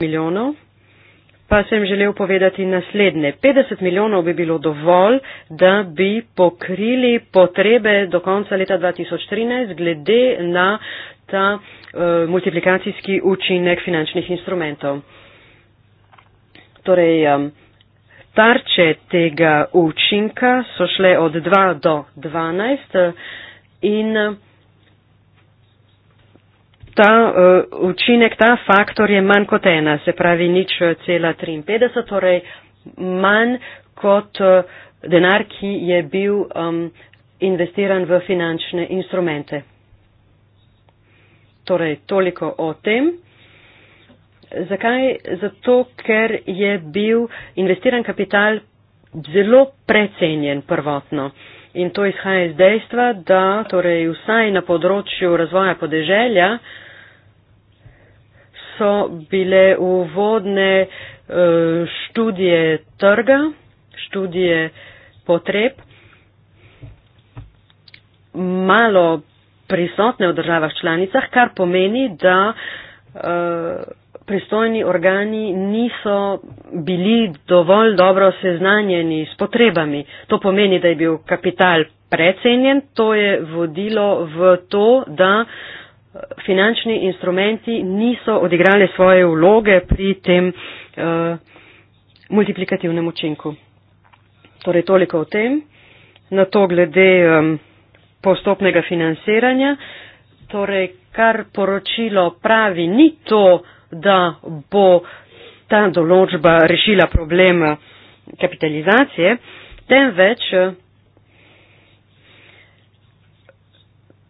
milijonov. Pa sem želel povedati naslednje. 50 milijonov bi bilo dovolj, da bi pokrili potrebe do konca leta 2013 glede na ta uh, multiplikacijski učinek finančnih instrumentov. Torej, um, tarče tega učinka so šle od 2 do 12 eh, in uh, ta uh, učinek, ta faktor je manj kot ena, se pravi nič eh, cela 53, torej manj kot uh, denar, ki je bil um, investiran v finančne instrumente. Torej, toliko o tem. Zakaj? Zato, ker je bil investiran kapital zelo precenjen prvotno. In to izhaja iz dejstva, da torej vsaj na področju razvoja podeželja uh, so bile uvodne eh, študije trga, študije potreb, malo prisotne v državah članicah, kar pomeni, da eh, pristojni organi niso bili dovolj dobro seznanjeni s potrebami. To pomeni, da je bil kapital precenjen, to je vodilo v to, da uh, finančni instrumenti niso odigrali svoje vloge pri tem eh, multiplikativnem učinku. Torej toliko o tem. Na to glede eh, postopnega financiranja. Torej, kar poročilo pravi, ni to, da bo ta določba rešila problem eh, kapitalizacije, temveč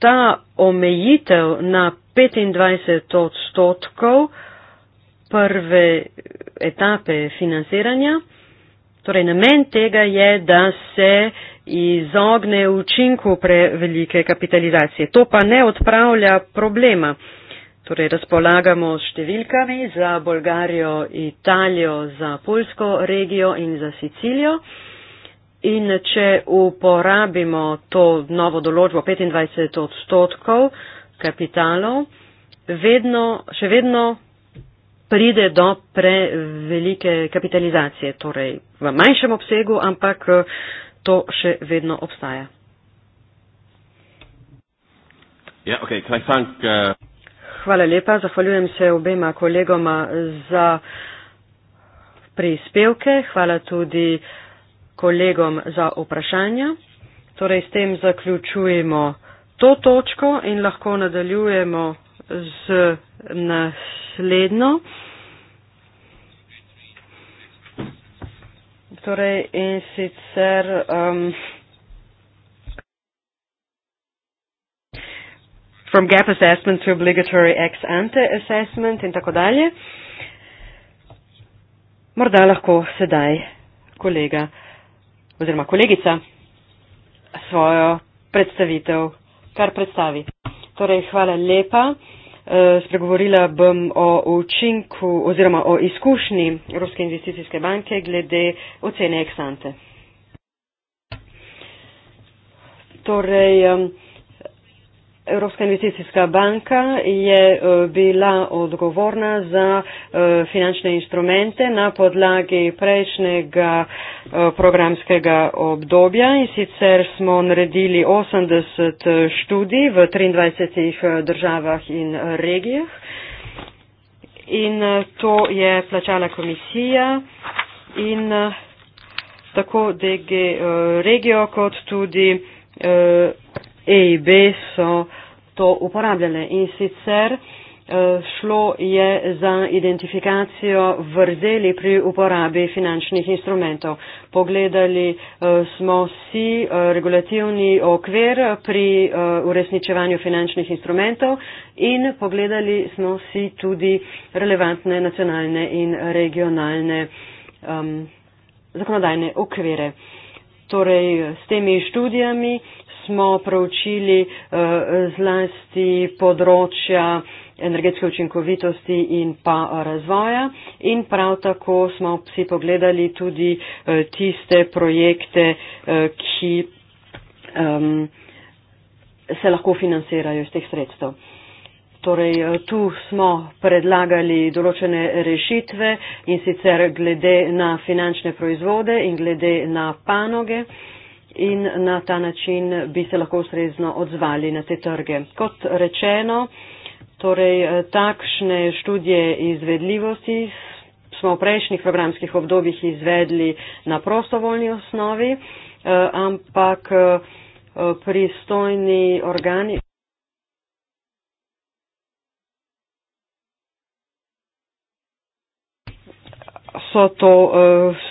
ta omejitev na 25 odstotkov prve etape financiranja. Torej, namen tega je, da se izogne učinku prevelike kapitalizacije. To pa ne odpravlja problema. Torej, razpolagamo s številkami za Bolgarijo, Italijo, za Poljsko regijo in za Sicilijo. In če uporabimo to novo določbo 25 odstotkov kapitalov, vedno, še vedno pride do prevelike kapitalizacije, torej v manjšem obsegu, ampak to še vedno obstaja. Yeah, okay. thank, uh... Hvala lepa, zahvaljujem se obema kolegoma za prispevke. Hvala tudi kolegom za vprašanja. Torej, s tem zaključujemo to točko in lahko nadaljujemo z naslednjo. Torej, in sicer. Um, From gap assessment to obligatory ex ante assessment in tako dalje. Morda lahko sedaj kolega oziroma kolegica svojo predstavitev, kar predstavi. Torej, hvala lepa. E, spregovorila bom o učinku oziroma o izkušnji Ruske investicijske banke glede ocene eksante. Torej, um, Evropska investicijska banka je eh, bila odgovorna za eh, finančne instrumente na podlagi prejšnjega eh, programskega obdobja in sicer smo naredili 80 študij v 23 državah in regijah in to je plačala komisija in tako DG regijo kot tudi EIB e so to uporabljale. In sicer eh, šlo je za identifikacijo vrzeli pri uporabi finančnih instrumentov. Pogledali eh, smo si eh, regulativni okvir pri uresničevanju finančnih instrumentov in pogledali smo si tudi relevantne nacionalne in regionalne um, zakonodajne okvire. Torej, s temi študijami smo preučili eh, zlasti področja energetske učinkovitosti in pa razvoja in prav tako smo si pogledali tudi eh, tiste projekte, eh, ki ehm, se lahko financirajo iz teh sredstev. Torej, tu smo predlagali določene rešitve in sicer glede na finančne proizvode in glede na panoge in na ta način bi se lahko ustrezno odzvali na te trge. Kot rečeno, torej, eh, takšne študije izvedljivosti smo v prejšnjih programskih obdobjih izvedli na prostovoljni osnovi, eh, ampak eh, pristojni organi. so to uh,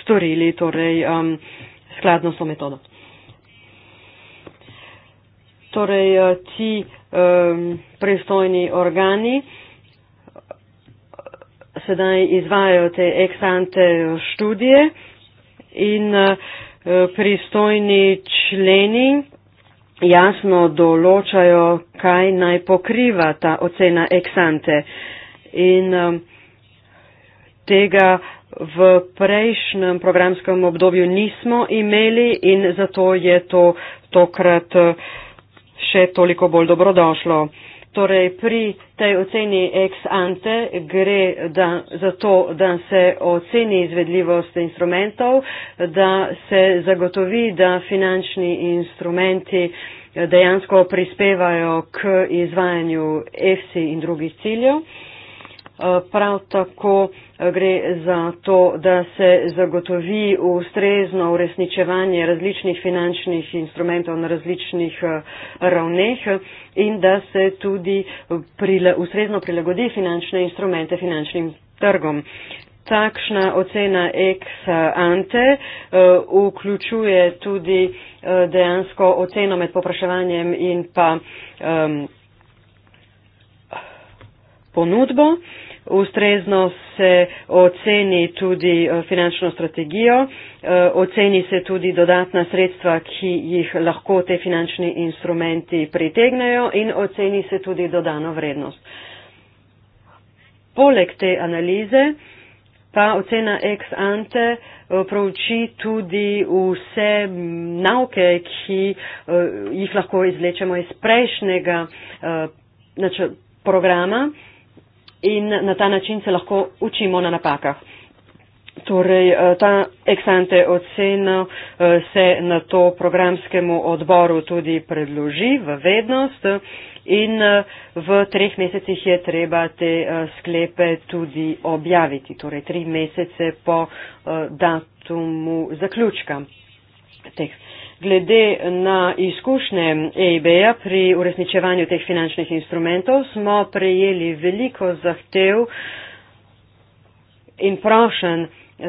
storili, torej um, skladno s to metodo torej eh, ti um, pristojni organi eh, sedaj izvajajo te eksante študije in uh, pristojni členi jasno določajo, kaj naj pokriva ta ocena eksante. In um, tega v prejšnjem programskem obdobju nismo imeli in zato je to tokrat. Uh, še toliko bolj dobrodošlo. Torej, pri tej oceni ex ante gre da, za to, da se oceni izvedljivost instrumentov, da se zagotovi, da finančni instrumenti dejansko prispevajo k izvajanju EFSI in drugih ciljev. Uh, Prav tako eh, gre za to, da se zagotovi ustrezno uresničevanje različnih finančnih instrumentov na različnih eh, ravneh in da se tudi eh, prile, ustrezno prilagodi finančne instrumente finančnim trgom. Takšna ocena ex ante vključuje tudi dejansko oceno med popraševanjem in pa um, ponudbo ustrezno se oceni tudi eh, finančno strategijo, eh, oceni se tudi dodatna sredstva, ki jih lahko te finančni instrumenti pritegnajo in oceni se tudi dodano vrednost. Poleg te analize pa ocena ex ante eh, prouči tudi vse nauke, ki jih lahko izlečemo iz prejšnjega programa in na ta način se lahko učimo na napakah. Torej, eh, ta eksante ocena eh, se na to programskemu odboru tudi predloži v vednost in eh, v treh mesecih je treba te sklepe tudi objaviti, torej tri mesece po datumu zaključka teh Glede na izkušnje EIB-ja pri uresničevanju teh finančnih instrumentov smo prejeli veliko zahtev in prošen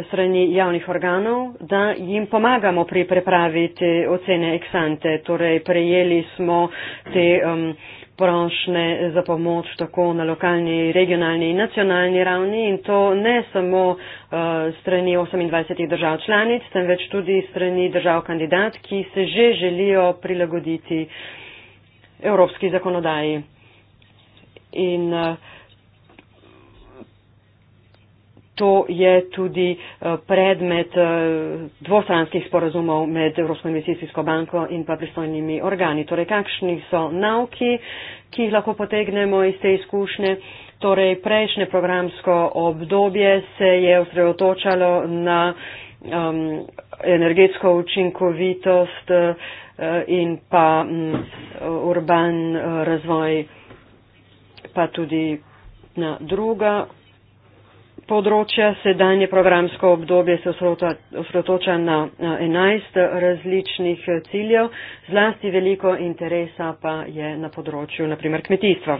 strani javnih organov, da jim pomagamo pri pripravi te ocene eksante. Torej prejeli smo te. Um, prošnje za pomoč tako na lokalni, regionalni in nacionalni ravni in to ne samo uh, strani 28 držav članic, temveč tudi strani držav kandidat, ki se že želijo prilagoditi evropski zakonodaji. In, uh, to je tudi eh, predmet eh, dvostranskih sporazumov med Evropsko investicijsko banko in pa pristojnimi organi. Torej, kakšni so nauki, ki jih lahko potegnemo iz te izkušnje? Torej, prejšnje programsko obdobje se je osredotočalo na um, energetsko učinkovitost eh, in pa mm, urban razvoj, pa tudi na druga področja, sedanje programsko obdobje se osrotoča na 11 različnih ciljev, zlasti veliko interesa pa je na področju, naprimer, kmetijstva.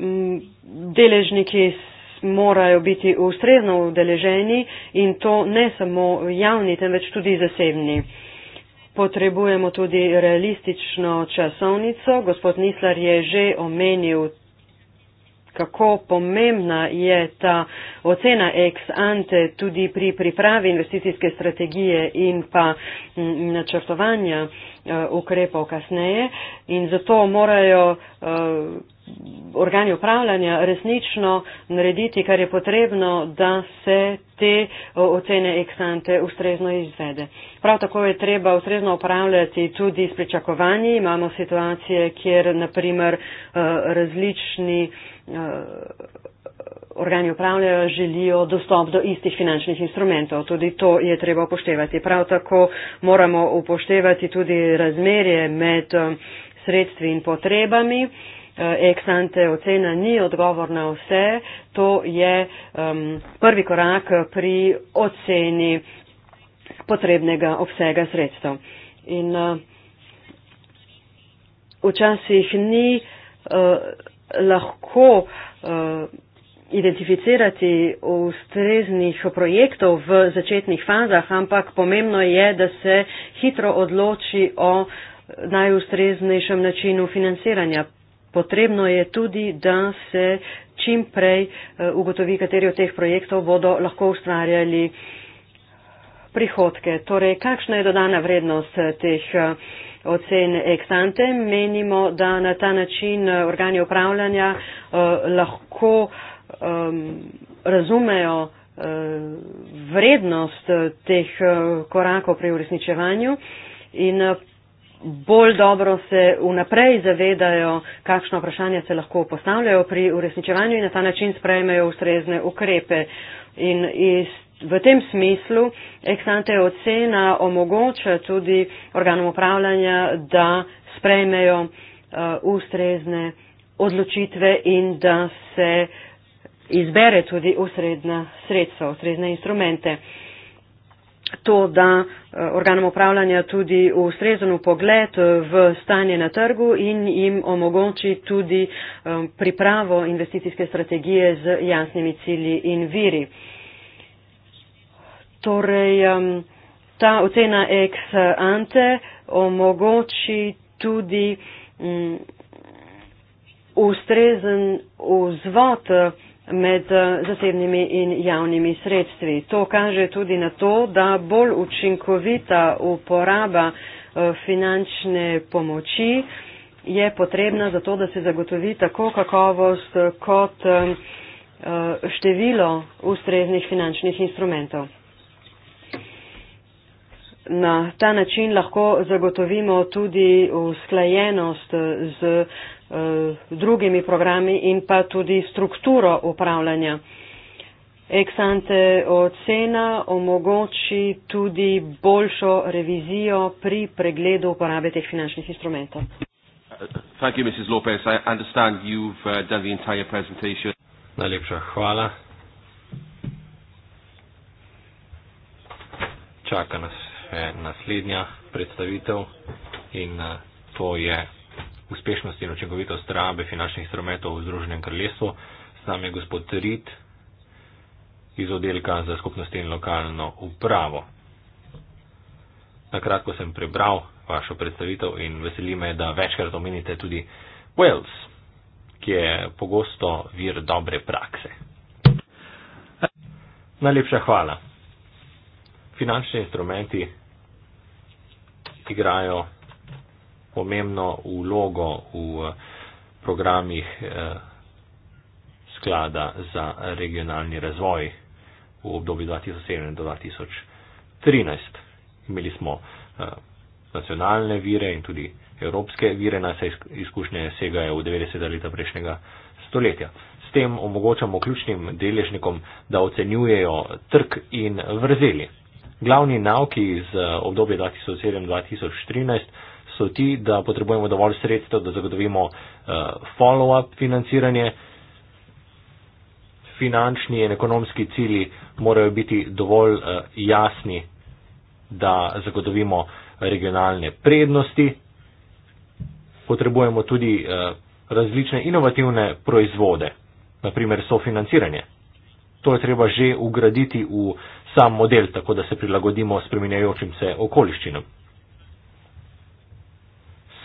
Mm, deležniki morajo biti ustrezno udeleženi in to ne samo javni, temveč tudi zasebni. Potrebujemo tudi realistično časovnico. Gospod Nislar je že omenil kako pomembna je ta ocena ex ante tudi pri pripravi investicijske strategije in pa mm, načrtovanja. Eh, ukrepov kasneje in zato morajo eh, organi upravljanja resnično narediti, kar je potrebno, da se te eh, ocene eksante ustrezno izvede. Prav tako je treba ustrezno upravljati tudi s pričakovanji. Imamo situacije, kjer naprimer različni organi upravljajo, želijo dostop do istih finančnih instrumentov. Tudi to je treba upoštevati. Prav tako moramo upoštevati tudi razmerje med eh, sredstvi in potrebami. Eksante eh, ocena ni odgovor na vse. To je um, prvi korak pri oceni potrebnega obsega sredstev. In uh, včasih ni uh, lahko uh, identificirati ustreznih projektov v začetnih fazah, ampak pomembno je, da se hitro odloči o najustreznejšem načinu financiranja. Potrebno je tudi, da se čim prej eh, ugotovi, kateri od teh projektov bodo lahko ustvarjali prihodke. Torej, kakšna je dodana vrednost eh, teh eh, ocen ekstante? Menimo, da na ta način organi upravljanja lahko um, razumejo uh, vrednost uh, teh uh, korakov pri uresničevanju in uh, bolj dobro se vnaprej zavedajo, kakšno vprašanje se lahko postavljajo pri uresničevanju in na ta način sprejmejo ustrezne ukrepe. In iz, v tem smislu eksante ocena omogoča tudi organom upravljanja, da sprejmejo uh, ustrezne odločitve in da se uh, izbere tudi osredna sredstva, osredne instrumente. To, da eh, organom upravljanja tudi ustrezen pogled eh, v stanje na trgu in jim omogoči tudi eh, pripravo investicijske strategije z jasnimi cilji in viri. Torej, ta ocena ex ante omogoči tudi mm, ustrezen vzvod med eh, zasebnimi in javnimi sredstvi. To kaže tudi na to, da bolj učinkovita uporaba eh, finančne pomoči je potrebna za to, da se zagotovi tako kakovost kot eh, število ustreznih finančnih instrumentov. Na ta način lahko zagotovimo tudi usklajenost z Eh, drugimi programi in pa tudi strukturo upravljanja. Exante ocena omogoči tudi boljšo revizijo pri pregledu uporabe teh finančnih instrumentov. You, Lopez, uh, Najlepša hvala. Čaka nas še naslednja predstavitev in uh, to je uspešnost in očinkovitost rabe finančnih instrumentov v Združenem kraljestvu. S nami je gospod Rit iz oddelka za skupnost in lokalno upravo. Nakratko sem prebral vašo predstavitev in veseli me, da večkrat omenite tudi Wales, ki je pogosto vir dobre prakse. Najlepša hvala. Finančni instrumenti igrajo pomembno vlogo v eh, programih eh, sklada za regionalni razvoj v obdobju 2007 do 2013. Imeli smo eh, nacionalne vire in tudi evropske vire, naše izkušnje segajo v 90. leta prejšnjega stoletja. S tem omogočamo ključnim deležnikom, da ocenjujejo trg in vrzeli. Glavni nauki iz obdobja 2007-2013 so ti, da potrebujemo dovolj sredstev, da zagotovimo uh, follow-up financiranje. Finančni in ekonomski cili morajo biti dovolj uh, jasni, da zagotovimo regionalne prednosti. Potrebujemo tudi uh, različne inovativne proizvode, naprimer sofinanciranje. To je treba že ugraditi v sam model, tako da se prilagodimo spremenjajočim se okoliščinam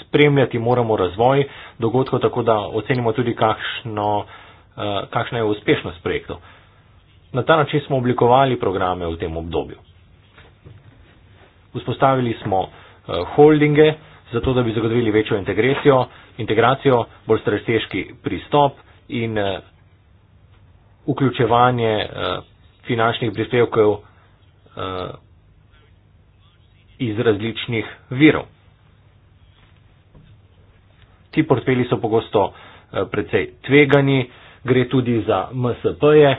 spremljati moramo razvoj dogodkov, tako da ocenimo tudi, kakšno, eh, kakšna je uspešnost projektov. Na ta način smo oblikovali programe v tem obdobju. Vzpostavili smo eh, holdinge, zato da bi zagotovili večjo integracijo, integracijo bolj strateški pristop in eh, vključevanje finančnih prispevkov iz različnih virov ti portfeli so pogosto eh, precej tvegani, gre tudi za MSP-je.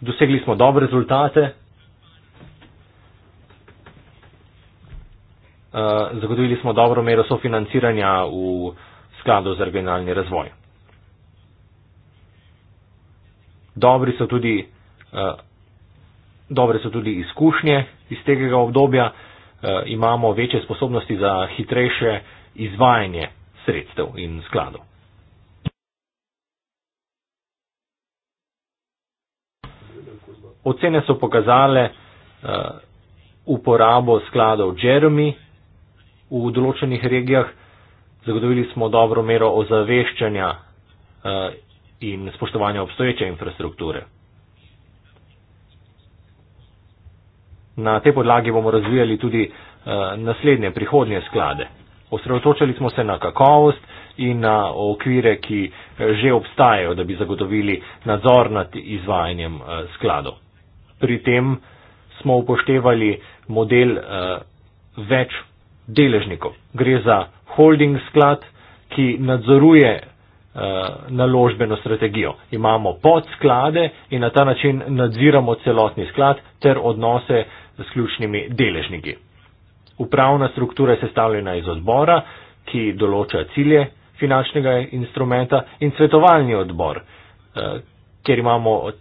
Dosegli smo dobre rezultate. Eh, zagotovili smo dobro mero sofinanciranja v skladu za regionalni razvoj. Dobri so tudi, eh, dobre so tudi izkušnje iz tega obdobja. Imamo večje sposobnosti za hitrejše izvajanje sredstev in skladov. Ocene so pokazale uh, uporabo skladov Jeremy v določenih regijah. Zagotovili smo dobro mero ozaveščanja uh, in spoštovanja obstoječe infrastrukture. Na tej podlagi bomo razvijali tudi uh, naslednje prihodnje sklade. Osredotočili smo se na kakovost in na okvire, ki eh, že obstajajo, da bi zagotovili nadzor nad izvajanjem eh, skladov. Pri tem smo upoštevali model eh, več deležnikov. Gre za holding sklad, ki nadzoruje naložbeno strategijo. Imamo podsklade in na ta način nadziramo celotni sklad ter odnose s ključnimi deležniki. Upravna struktura je sestavljena iz odbora, ki določa cilje finančnega instrumenta in svetovalni odbor, eh, kjer imamo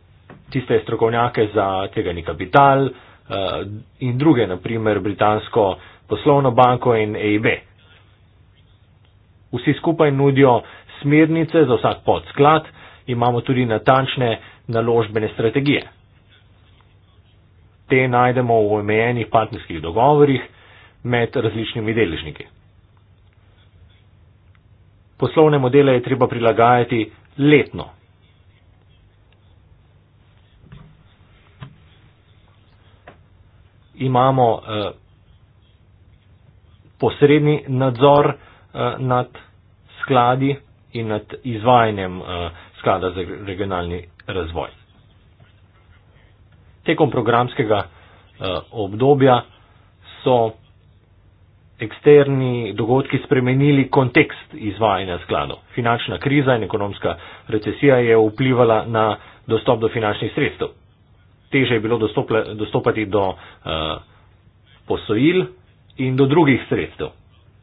tiste strokovnjake za tveganji kapital eh, in druge, naprimer Britansko poslovno banko in EIB. Vsi skupaj nudijo smernice za vsak podsklad, imamo tudi natančne naložbene strategije. Te najdemo v omejenih partnerskih dogovorih, med različnimi deležniki. Poslovne modele je treba prilagajati letno. Imamo eh, posredni nadzor eh, nad skladi in nad izvajanjem eh, sklada za regionalni razvoj. Tekom programskega eh, obdobja so eksterni dogodki spremenili kontekst izvajanja skladov. Finančna kriza in ekonomska recesija je vplivala na dostop do finančnih sredstev. Teže je bilo dostopla, dostopati do uh, posojil in do drugih sredstev.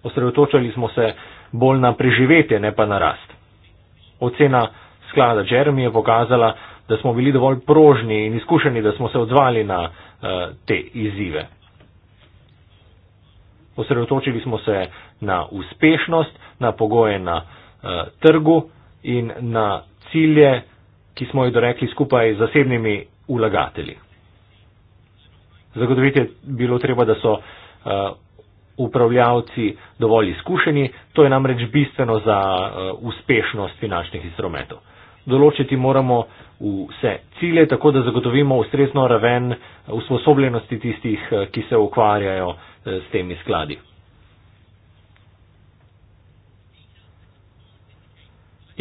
Osredotočali smo se bolj na preživetje, ne pa na rast. Ocena sklada Jeremy je pokazala, da smo bili dovolj prožni in izkušeni, da smo se odzvali na uh, te izzive. Osredotočili smo se na uspešnost, na pogoje na uh, trgu in na cilje, ki smo jih dorekli skupaj z zasebnimi ulagatelji. Zagotoviti je bilo treba, da so uh, upravljavci dovolj izkušeni, to je namreč bistveno za uh, uspešnost finančnih instrumentov določiti moramo vse cilje, tako da zagotovimo ustrezno raven usposobljenosti tistih, eh, ki se ukvarjajo eh, s temi skladi.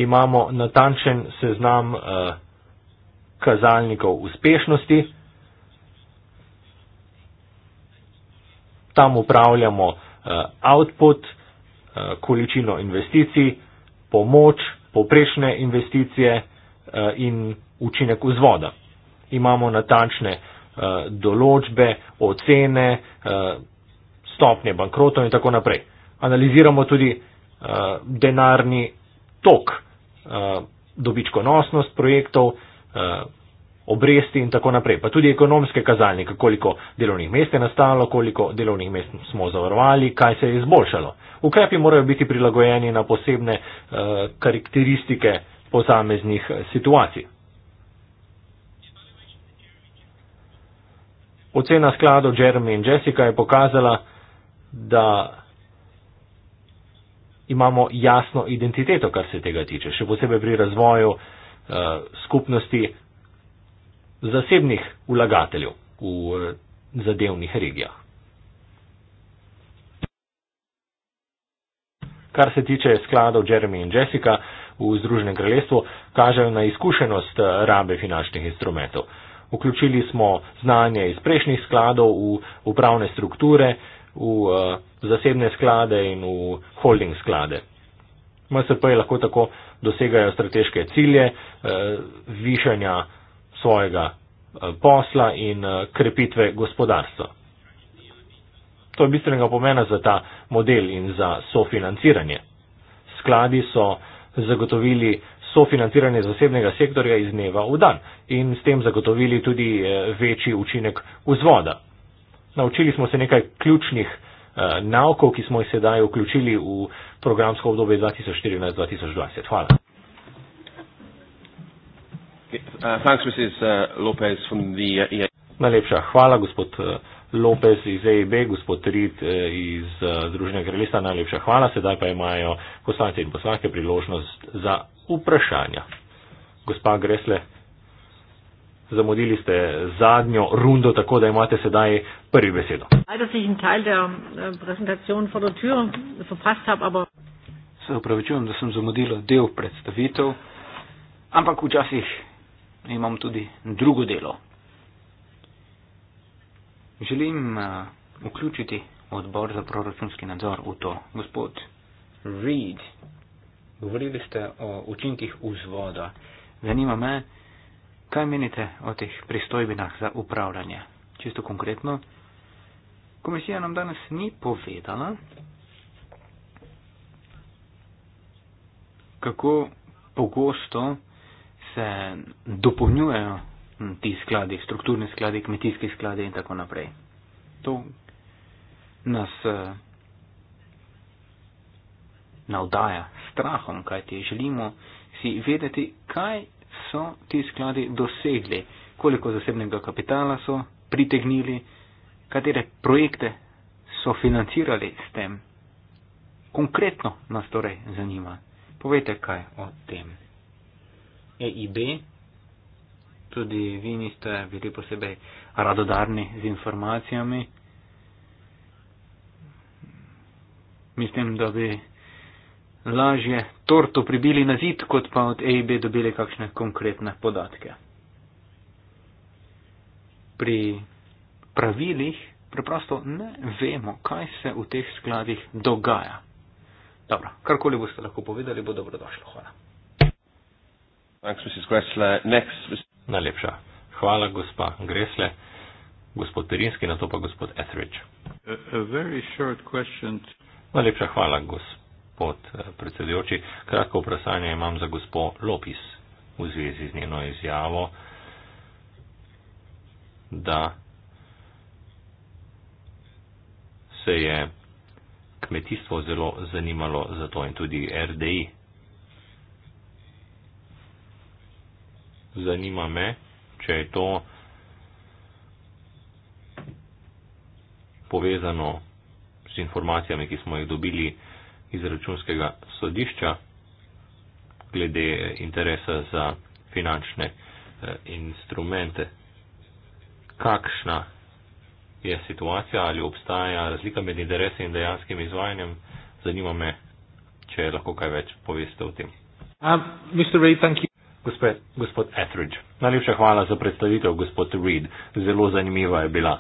Imamo natančen seznam eh, kazalnikov uspešnosti. Tam upravljamo output, količino investicij, pomoč, poprečne investicije eh, in učinek vzvoda. Imamo natančne eh, določbe, ocene, eh, stopnje bankrotov in tako naprej. Analiziramo tudi denarni tok, dobičkonosnost projektov, obresti in tako naprej. Pa tudi ekonomske kazalnike, koliko delovnih mest je nastalo, koliko delovnih mest smo zavarovali, kaj se je izboljšalo. Ukrepi morajo biti prilagojeni na posebne uh, karakteristike posameznih eh, situacij. Ocena skladov Jeremy in Jessica je pokazala, da imamo jasno identiteto, kar se tega tiče, še posebej pri razvoju uh, skupnosti zasebnih vlagateljev v eh, zadevnih regijah. Kar se tiče skladov Jeremy in Jessica v Združenem kraljestvu, kažejo na izkušenost eh, rabe finančnih instrumentov. Vključili smo znanje iz prejšnjih skladov v upravne strukture, v eh, zasebne sklade in v holding sklade. MSP lahko tako dosegajo strateške cilje, višanja svojega eh, posla in eh, krepitve gospodarstva. To je bistvenega pomena za ta model in za sofinanciranje. Skladi so zagotovili sofinanciranje zasebnega sektorja iz dneva v dan in s tem zagotovili tudi eh, večji učinek vzvoda. Naučili smo se nekaj ključnih naukov, ki smo jih sedaj vključili v programsko obdobje 2014-2020. Hvala. Uh, uh, uh, e najlepša hvala, gospod Lopez iz EIB, gospod Rid iz Združenega kraljestva. Najlepša hvala. Sedaj pa imajo poslanci in poslanke priložnost za vprašanja. Gospa Gresle, zamudili ste zadnjo rundo, tako da imate sedaj prvi besedo. Äh, Se upravičujem, da sem zamudila del predstavitev, ampak včasih imam tudi drugo delo. Želim uh, vključiti odbor za proračunski nadzor v to. Gospod Reid, govorili ste o učinkih vzvoda. Zanima me, kaj menite o teh pristojbinah za upravljanje? Čisto konkretno, komisija nam danes ni povedala, kako pogosto se dopolnjujejo hm, ti skladi, strukturni skladi, kmetijski skladi in tako naprej. To nas eh, navdaja strahom, kaj ti želimo si vedeti, kaj so ti skladi dosegli, koliko zasebnega kapitala so pritegnili, katere projekte so financirali s tem. Konkretno nas torej zanima. Povejte kaj o tem. EIB, tudi vi niste bili posebej radodarni z informacijami. Mislim, da bi lažje torto pribili na zid, kot pa od EIB dobili kakšne konkretne podatke. Pri pravilih preprosto ne vemo, kaj se v teh skladih dogaja. Dobro, karkoli boste lahko povedali, bo dobrodošlo. Hvala. Najlepša. Hvala, gospa Gresle. Gospod Terinski, na to pa gospod Etheridge. Najlepša hvala, gospod eh, predsedujoči. Kratko vprašanje imam za gospo Lopis v zvezi z njeno izjavo, da se je kmetijstvo zelo zanimalo za to in tudi RDI zanima me, če je to povezano z informacijami, ki smo jih dobili iz računskega sodišča glede interesa za finančne eh, instrumente. Kakšna je situacija ali obstaja razlika med interesi in dejanskim izvajanjem? Zanima me, če lahko kaj več poveste o tem. Um, Mr. Reid, thank you. Gospe, gospod Etheridge, najlepša hvala za predstavitev, gospod Reid. Zelo zanimiva je bila.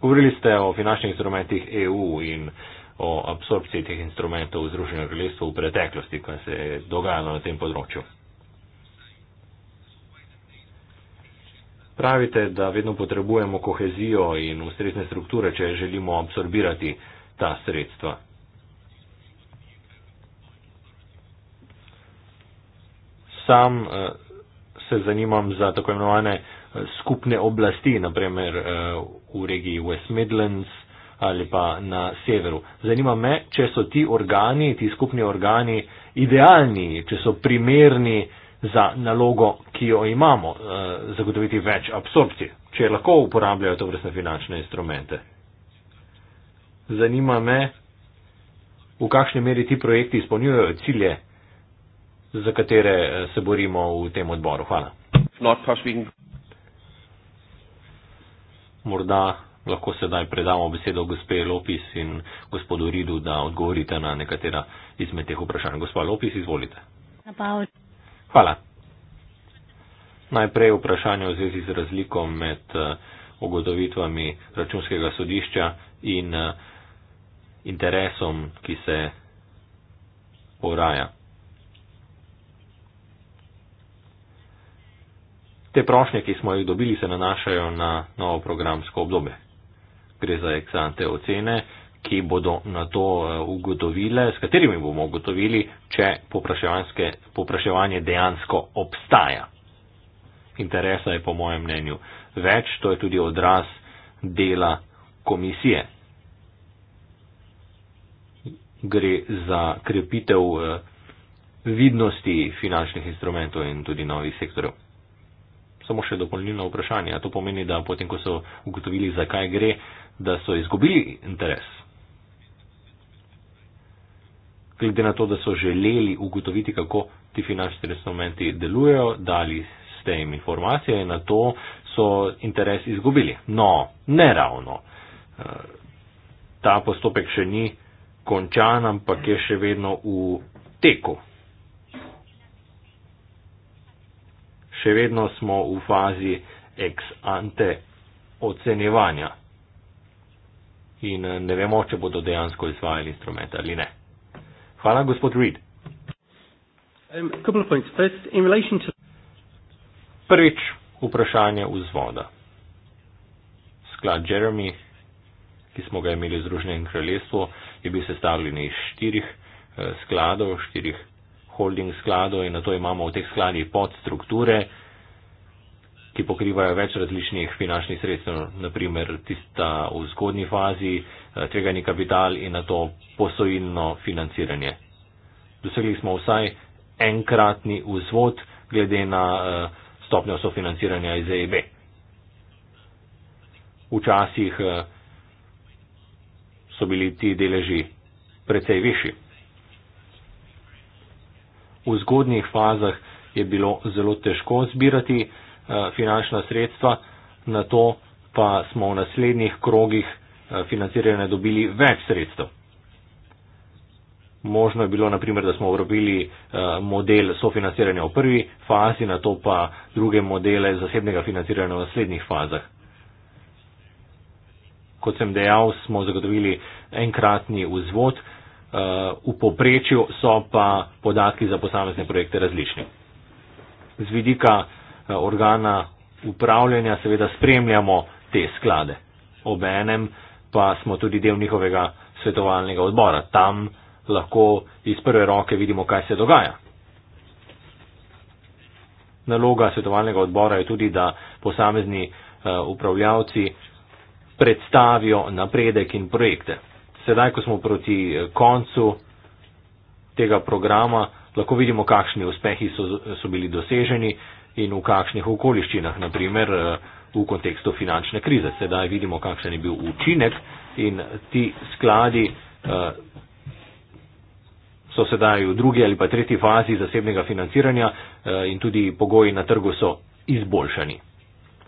Govorili ste o finančnih instrumentih EU in o absorpciji teh instrumentov v Združenem kraljestvu v preteklosti, kar se je dogajalo na tem področju. Pravite, da vedno potrebujemo kohezijo in ustrezne strukture, če želimo absorbirati ta sredstva. sam eh, se zanimam za tako imenovane eh, skupne oblasti, naprimer eh, v regiji West Midlands ali pa na severu. Zanima me, če so ti organi, ti skupni organi idealni, če so primerni za nalogo, ki jo imamo, zagotoviti več absorpcije, če lahko uporabljajo to vrstne finančne instrumente. Zanima me, v kakšni meri ti projekti izpolnjujejo cilje za katere eh, se borimo v tem odboru. Hvala. Morda lahko sedaj predamo besedo gospe Lopis in gospodu Ridu, da odgovorite na nekatera izmed teh vprašanj. Gospa Lopis, izvolite. Hvala. Najprej vprašanje v zvezi z razliko med eh, ugotovitvami računskega sodišča in eh, interesom, ki se poraja. Te prošnje, ki smo jih dobili, se nanašajo na novo programsko obdobje. Gre za eksante ocene, ki bodo na to eh, ugotovile, s katerimi bomo ugotovili, če popraševanje dejansko obstaja. Interesa je po mojem mnenju več, to je tudi odraz dela komisije. Gre za krepitev eh, vidnosti finančnih instrumentov in tudi novih sektorjev samo še dopolnilno vprašanje. A to pomeni, da potem, ko so ugotovili, zakaj gre, da so izgubili interes? Glede na to, da so želeli ugotoviti, kako ti finančni instrumenti delujejo, dali ste jim informacije in na to so interes izgubili. No, ne ravno. Eh, ta postopek še ni končan, ampak je še vedno v teku. še vedno smo v fazi ex ante ocenjevanja in eh, ne vemo, če bodo dejansko izvajali instrument ali ne. Hvala, gospod Reid. Um, to... Prvič, vprašanje vzvoda. Sklad Jeremy, ki smo ga imeli v Združenem kraljestvu, je bil sestavljen iz štirih eh, skladov, štirih holding skladov in na to imamo v teh skladih podstrukture, ki pokrivajo več različnih finančnih sredstev, naprimer tista v zgodni fazi, eh, tvegani kapital in na to posojilno financiranje. Dosegli smo vsaj enkratni vzvod glede na eh, stopnjo sofinanciranja iz EIB. Včasih eh, so bili ti deleži precej višji v zgodnjih fazah je bilo zelo težko zbirati eh, finančna sredstva, na to pa smo v naslednjih krogih eh, financiranja dobili več sredstev. Možno je bilo, naprimer, da smo obrobili eh, model sofinanciranja v prvi fazi, na to pa druge modele zasebnega financiranja v naslednjih fazah. Kot sem dejal, smo zagotovili enkratni vzvod, Eh, v poprečju so pa podatki za posamezne projekte različni. Z vidika eh, organa upravljanja seveda spremljamo te sklade. Obenem pa smo tudi del njihovega svetovalnega odbora. Tam lahko iz prve roke vidimo, kaj se dogaja. Naloga svetovalnega odbora je tudi, da posamezni eh, upravljavci predstavijo napredek in projekte sedaj, ko smo proti eh, koncu tega programa, lahko vidimo, kakšni uspehi so, so bili doseženi in v kakšnih okoliščinah, naprimer eh, v kontekstu finančne krize. Sedaj vidimo, kakšen je bil učinek in ti skladi eh, so sedaj v drugi ali pa tretji fazi zasebnega financiranja in tudi pogoji na trgu so izboljšani.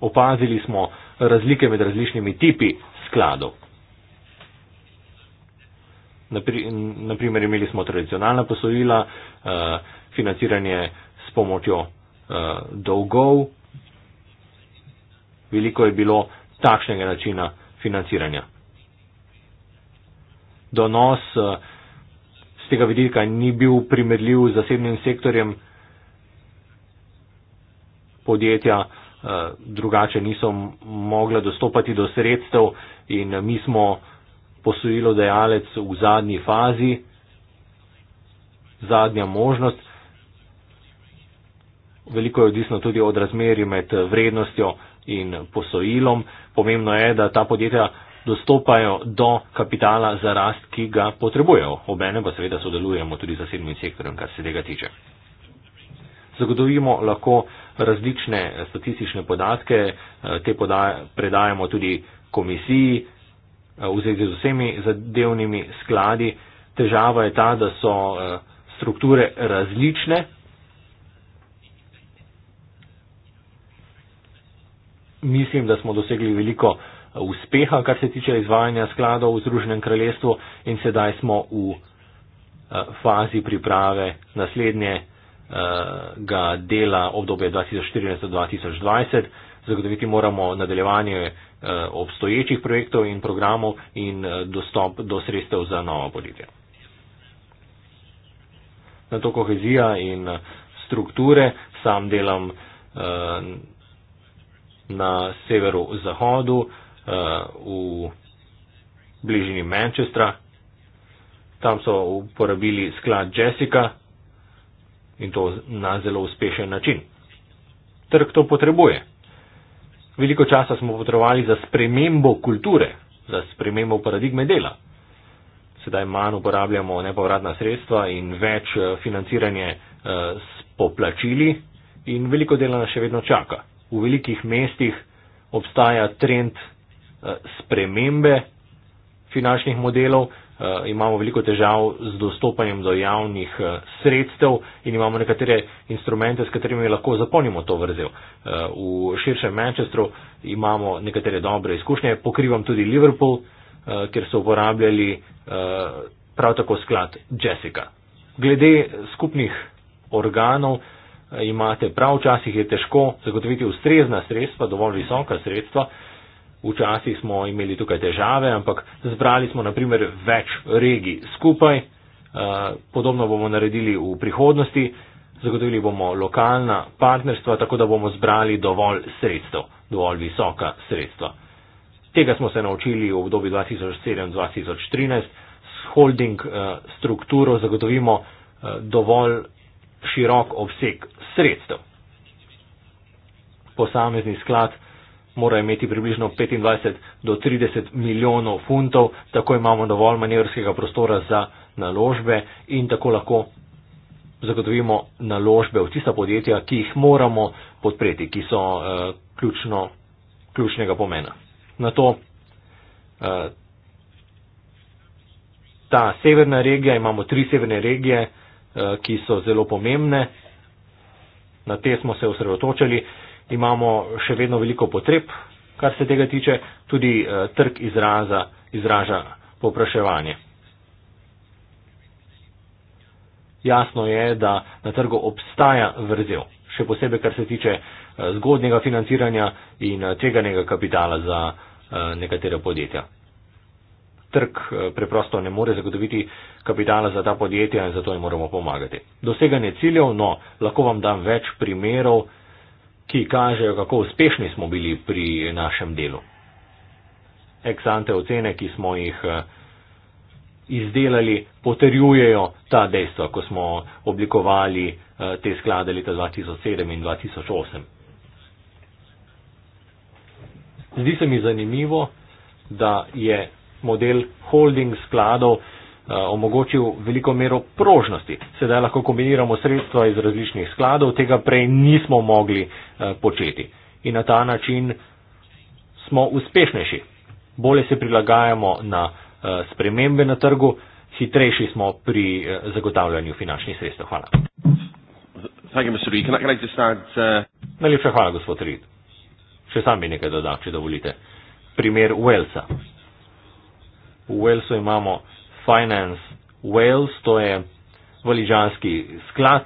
Opazili smo razlike med različnimi tipi skladov. Naprimer, imeli smo tradicionalna posojila, eh, financiranje s pomočjo eh, dolgov. Veliko je bilo takšnega načina financiranja. Donos z eh, tega vidika ni bil primerljiv z zasebnim sektorjem. Podjetja drugače niso mogla dostopati do sredstev in mi smo posojilodajalec v zadnji fazi, zadnja možnost. Veliko je odvisno tudi od razmeri med vrednostjo in posojilom. Pomembno je, da ta podjetja dostopajo do kapitala za rast, ki ga potrebujejo. Obene pa seveda sodelujemo tudi z zasebnim sektorjem, kar se tega tiče. Zagotovimo lahko različne statistične podatke, te podaj, predajamo tudi komisiji, Eh, v zvezi z vsemi zadevnimi skladi. Težava je ta, da so eh, strukture različne. Mislim, da smo dosegli veliko eh, uspeha, kar se tiče izvajanja skladov v Združenem kraljestvu in sedaj smo v fazi priprave naslednjega dela obdobja 2014-2020 zagotoviti moramo nadaljevanje eh, obstoječih projektov in programov in eh, dostop do sredstev za novo podjetje. Na to kohezija in eh, strukture sam delam na severu zahodu v bližini Manchestra. Tam so uporabili sklad Jessica in to na zelo uspešen način. Trg to potrebuje. Veliko časa smo potrebovali za spremembo kulture, za spremembo paradigme dela. Sedaj manj uporabljamo nepovratna sredstva in več eh, financiranje eh, s poplačili in veliko dela nas še vedno čaka. V velikih mestih obstaja trend eh, spremembe finančnih modelov, Eh, imamo veliko težav z dostopanjem do javnih eh, sredstev in imamo nekatere instrumente, s katerimi lahko zapolnimo to vrzel. Eh, v širšem Manchesteru imamo nekatere dobre izkušnje, pokrivam tudi Liverpool, kjer so uporabljali prav tako sklad Jessica. Glede skupnih organov imate prav, včasih je težko zagotoviti ustrezna sredstva, dovolj visoka sredstva, Včasih smo imeli tukaj težave, ampak zbrali smo naprimer več regij skupaj. Eh, podobno bomo naredili v prihodnosti. Zagotovili bomo lokalna partnerstva, tako da bomo zbrali dovolj sredstev, dovolj visoka sredstva. Tega smo se naučili v obdobju 2007-2013. S holding eh, strukturo zagotovimo eh, dovolj širok obseg sredstev. Posamezni sklad mora imeti približno 25 do 30 milijonov funtov, tako imamo dovolj manevrskega prostora za naložbe in tako lahko zagotovimo naložbe v tista podjetja, ki jih moramo podpreti, ki so uh, ključno, ključnega pomena. Na to uh, eh, ta severna regija, imamo tri severne regije, uh, ki so zelo pomembne, na te smo se osredotočali. Uh, imamo še vedno veliko potreb, kar se tega tiče, tudi uh, trg izraza, izraža popraševanje. Jasno je, da na trgu obstaja vrzel, še posebej, kar se tiče uh, zgodnjega financiranja in uh, tveganega kapitala za uh, nekatere podjetja. Trg uh, preprosto ne more zagotoviti kapitala za ta podjetja in zato jim moramo pomagati. Doseganje ciljev, no, lahko vam dam več primerov, uh, ki kažejo, kako uspešni smo bili pri našem delu. Eksante ocene, ki smo jih eh, izdelali, potrjujejo ta dejstva, ko smo oblikovali eh, te sklade leta 2007 in 2008. Zdi se mi zanimivo, da je model holding skladov Eh, omogočil veliko mero prožnosti. Sedaj lahko kombiniramo sredstva iz različnih skladov, tega prej nismo mogli eh, početi. In na ta način smo uspešnejši, bolje se prilagajamo na eh, spremembe na trgu, hitrejši smo pri zagotavljanju finančnih sredstev. Hvala. Uh, Najlepša hvala, gospod Reid. Še sam bi nekaj dodal, če dovolite. Primer Walesa. V Walesu imamo Finance Wales, to je valižanski sklad,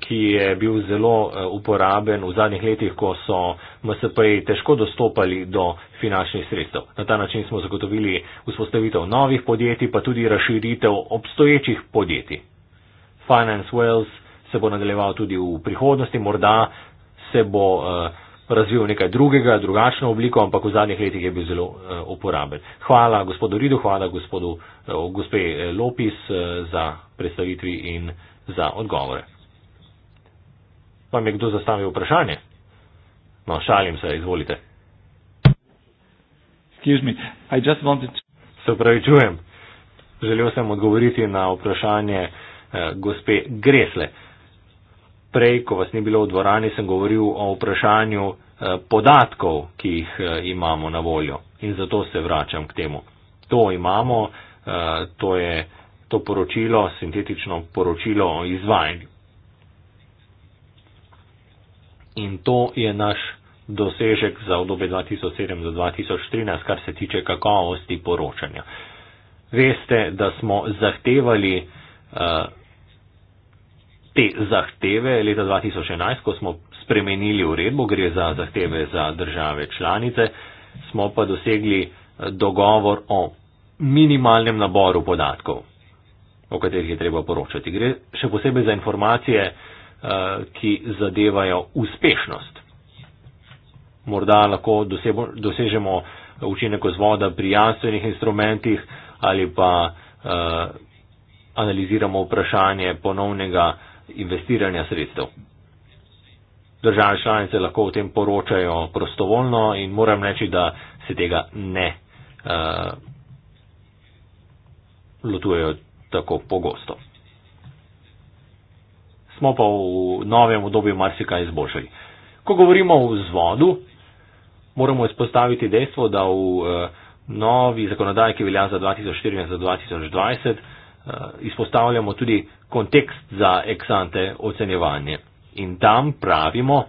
ki je bil zelo eh, uporaben v zadnjih letih, ko so MSP-ji težko dostopali do finančnih sredstev. Na ta način smo zagotovili vzpostavitev novih podjetij, pa tudi razširitev obstoječih podjetij. Finance Wales se bo nadaljeval tudi v prihodnosti, morda se bo uh, razvil nekaj drugega, drugačno obliko, ampak v zadnjih letih je bil zelo uh, uporaben. Hvala gospodu Ridu, hvala gospodu uh, gospe eh, Lopis uh, za predstavitvi in za odgovore. Vam je kdo zastavil vprašanje? No, šalim se, izvolite. Me, to... Se upravičujem. Želel sem odgovoriti na vprašanje uh, gospe Gresle. Uh, prej, ko vas ni bilo v dvorani, sem govoril o vprašanju eh, podatkov, ki jih eh, imamo na voljo. In zato se vračam k temu. To imamo, eh, to je to poročilo, sintetično poročilo o izvajanju. In to je naš dosežek za obdobje 2007 do 2013, kar se tiče kakovosti poročanja. Veste, da smo zahtevali uh, te zahteve leta 2011, ko smo spremenili uredbo, gre za zahteve za države članice, smo pa dosegli eh, dogovor o minimalnem naboru podatkov, o katerih je treba poročati. Gre še posebej za informacije, eh, ki zadevajo uspešnost. Morda lahko dosežemo učinek vzvoda pri jasnih instrumentih ali pa uh, analiziramo vprašanje ponovnega uh, investiranja sredstev. Države članice lahko o tem poročajo prostovoljno in moram reči, da se tega ne uh, lotujejo tako pogosto. Smo pa v novem obdobju marsikaj izboljšali. Ko govorimo o vzvodu, moramo izpostaviti dejstvo, da v uh, novi zakonodaji, ki velja za 2014 in za 2020, Eh, izpostavljamo tudi kontekst za eksante ocenjevanje. In tam pravimo,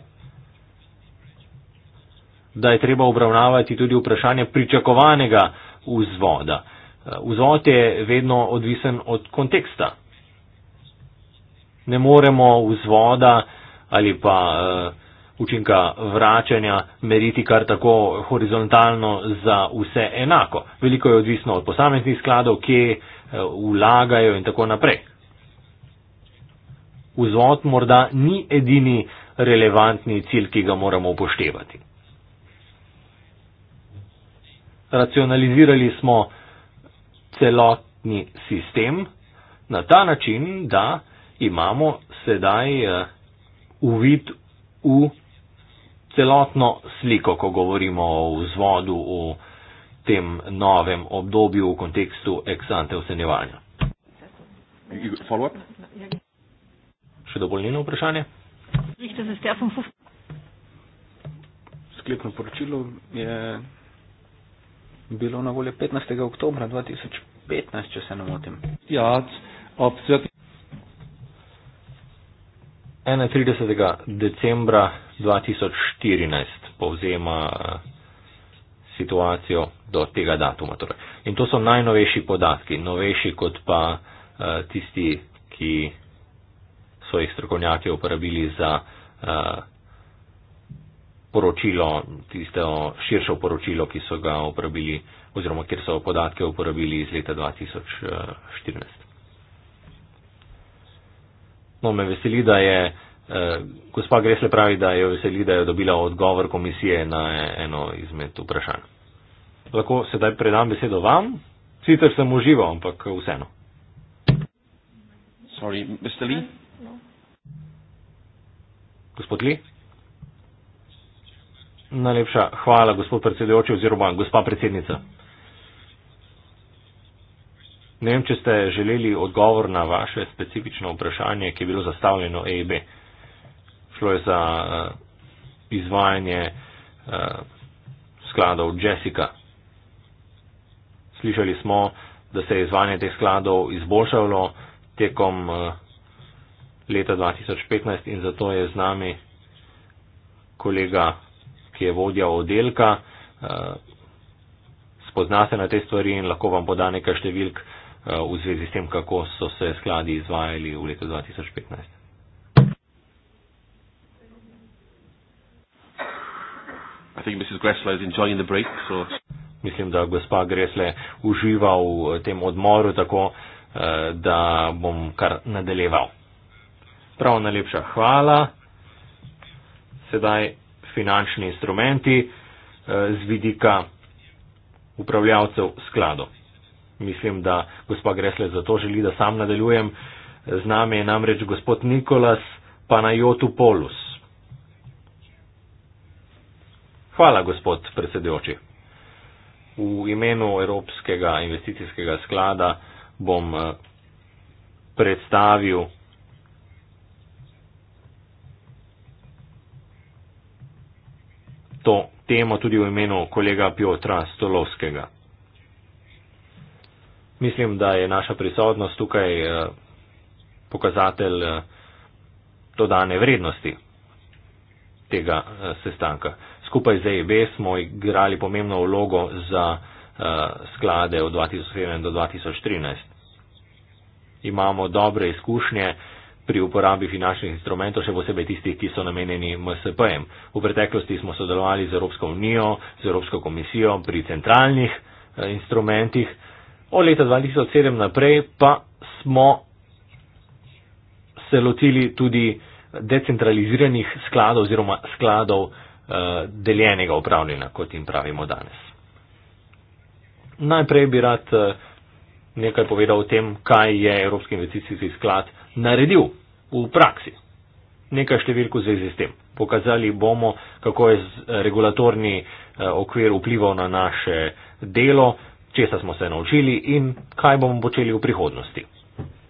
da je treba obravnavati tudi vprašanje pričakovanega vzvoda. Eh, vzvod je vedno odvisen od konteksta. Ne moremo vzvoda ali pa eh, učinka vračanja meriti kar tako horizontalno za vse enako. Veliko je odvisno od posameznih skladov, kje je. Eh, vlagajo in tako naprej. Vzvod morda ni edini relevantni cilj, ki ga moramo upoštevati. Racionalizirali smo celotni sistem na ta način, da imamo sedaj eh, uvid v celotno sliko, ko govorimo o vzvodu, o tem novem obdobju v kontekstu eksante ocenjevanja. Še dopolnjeno vprašanje? Sklepno poročilo je bilo na voljo 15. oktobra 2015, če se ne motim. Ja, ob 31. decembra 2014 povzema situacijo do tega datuma. Torej. In to so najnovejši podatki, novejši kot pa uh, tisti, ki so jih strokovnjaki uporabili za uh, poročilo, tisto širšo poročilo, ki so ga uporabili oziroma kjer so podatke uporabili iz leta 2014. Eh, no, me veseli, da je uh, Eh, gospa Gresle pravi, da jo veseli, da je dobila odgovor komisije na eno izmed vprašanj. Lahko sedaj predam besedo vam, sicer sem užival, ampak vseeno. Sorry, Mr. Lee? Gospod Lee? Najlepša hvala, gospod predsedujoči oziroma gospa predsednica. Ne vem, če ste želeli odgovor na vaše specifično vprašanje, ki je bilo zastavljeno EIB šlo je za uh, izvajanje uh, skladov Jessica. Slišali smo, da se je izvajanje teh skladov izboljšalo tekom uh, leta 2015 in zato je z nami kolega, ki je vodja oddelka. Uh, spoznate na te stvari in lahko vam poda nekaj številk uh, v zvezi s tem, kako so se skladi izvajali v letu 2015. think Mrs. Gressler is enjoying the break. So. Mislim, da gospa Gresle uživa v tem odmoru, tako eh, da bom kar nadaljeval. Prav najlepša hvala. Sedaj finančni instrumenti eh, z vidika upravljavcev skladu. Mislim, da gospa Gresle zato želi, da sam nadaljujem. Z nami je namreč gospod Nikolas Panajotu Polus. Hvala, gospod predsedujoči. V imenu Evropskega investicijskega sklada bom eh, predstavil to temo tudi v imenu kolega Piotra Stolovskega. Mislim, da je naša prisotnost tukaj eh, pokazatelj eh, dodane vrednosti tega sestanka skupaj z EIB smo igrali pomembno vlogo za uh, sklade od 2007 do 2013. Imamo dobre izkušnje pri uporabi finančnih instrumentov, še posebej tistih, ki so namenjeni MSP-jem. V preteklosti smo sodelovali z Evropsko unijo, z Evropsko komisijo pri centralnih uh, instrumentih. Od leta 2007 naprej pa smo se lotili tudi decentraliziranih skladov oziroma skladov uh, Eh, deljenega upravljanja, kot jim pravimo danes. Najprej bi rad eh, nekaj povedal o tem, kaj je Evropski investicijski sklad naredil v praksi. Nekaj številk v zvezi s tem. Pokazali bomo, kako je eh, regulatorni okvir vplival na naše delo, česa smo se naučili in kaj bomo počeli v prihodnosti.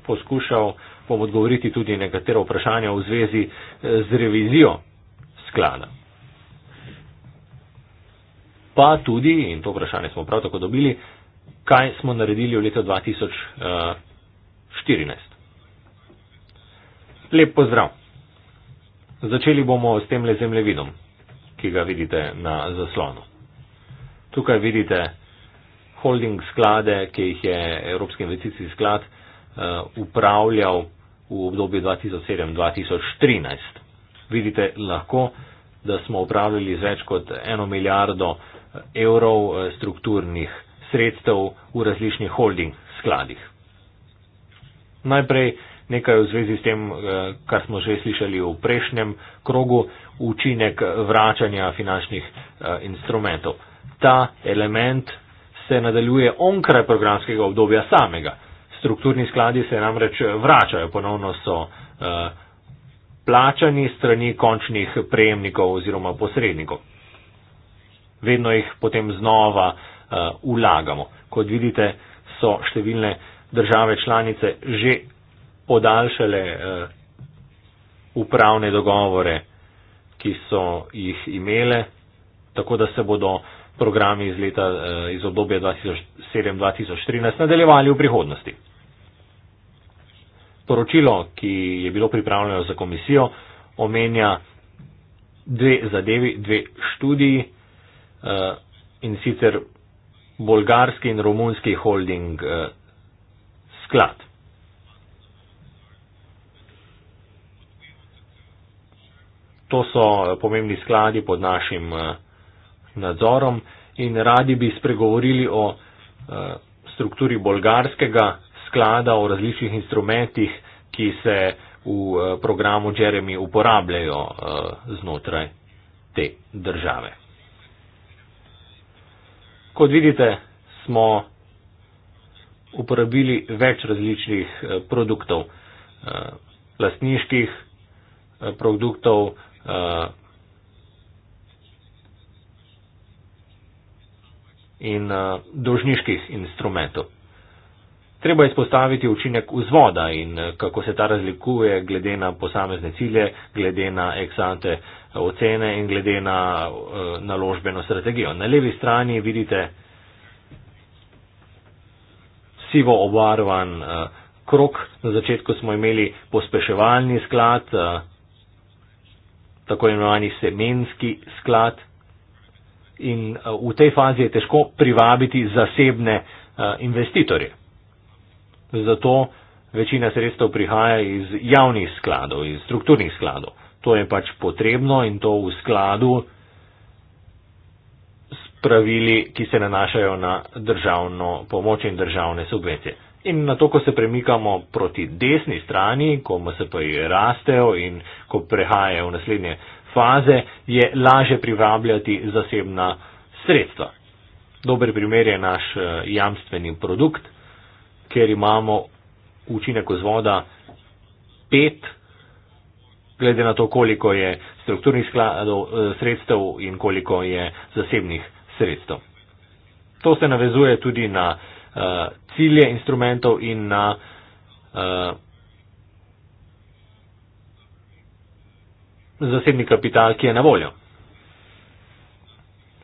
Poskušal bom odgovoriti tudi nekatera vprašanja v zvezi z revizijo sklada pa tudi, in to vprašanje smo prav tako dobili, kaj smo naredili v letu 2014. Lep pozdrav. Začeli bomo s temle zemljevidom, ki ga vidite na zaslonu. Tukaj vidite holding sklade, ki jih je Evropski investicijski sklad eh, upravljal v obdobju 2007-2013. Vidite lahko, da smo upravljali z več kot eno milijardo evrov eh, strukturnih sredstev v različnih holding skladih. Najprej nekaj v zvezi s tem, eh, kar smo že slišali v prejšnjem krogu, učinek vračanja finančnih eh, instrumentov. Ta element se nadaljuje onkraj programskega obdobja samega. Strukturni skladi se namreč vračajo, ponovno so plačani strani končnih prejemnikov oziroma posrednikov vedno jih potem znova uh, eh, ulagamo. Kot vidite, so številne države članice že podaljšale uh, upravne dogovore, ki so jih imele, tako da se bodo programi iz, leta, uh, iz obdobja 2007-2013 nadaljevali v prihodnosti. Poročilo, ki je bilo pripravljeno za komisijo, omenja dve zadevi, dve študiji. Eh, in sicer bolgarski in romunski holding eh, sklad. To so eh, pomembni skladi pod našim nadzorom in radi bi spregovorili o strukturi bolgarskega sklada, o različnih instrumentih, ki se v programu Jeremy uporabljajo znotraj te države. Kot vidite, smo uporabili več različnih eh, produktov, eh, lastniških eh, produktov, in dožniških instrumentov. Treba je izpostaviti učinek vzvoda in eh, kako se ta razlikuje glede na posamezne cilje, glede na eksante eh, ocene in glede na eh, naložbeno strategijo. Na levi strani vidite sivo obarvan krok. Na začetku smo imeli pospeševalni sklad, tako imenovani semenski sklad. In v tej fazi je težko privabiti zasebne investitorje. Zato večina sredstev prihaja iz javnih skladov, iz strukturnih skladov. To je pač potrebno in to v skladu s pravili, ki se nanašajo na državno pomoč in državne subvencije. In na to, ko se premikamo proti desni strani, ko MSP-ji rastejo in ko prehajajo v naslednje faze, je laže privabljati zasebna sredstva. Dober primer je naš eh, jamstveni produkt, ker imamo učinek z voda 5, glede na to, koliko je strukturnih skladov, eh, sredstev in koliko je zasebnih sredstev. To se navezuje tudi na uh, cilje instrumentov in na uh, zasebni kapital, ki je na voljo.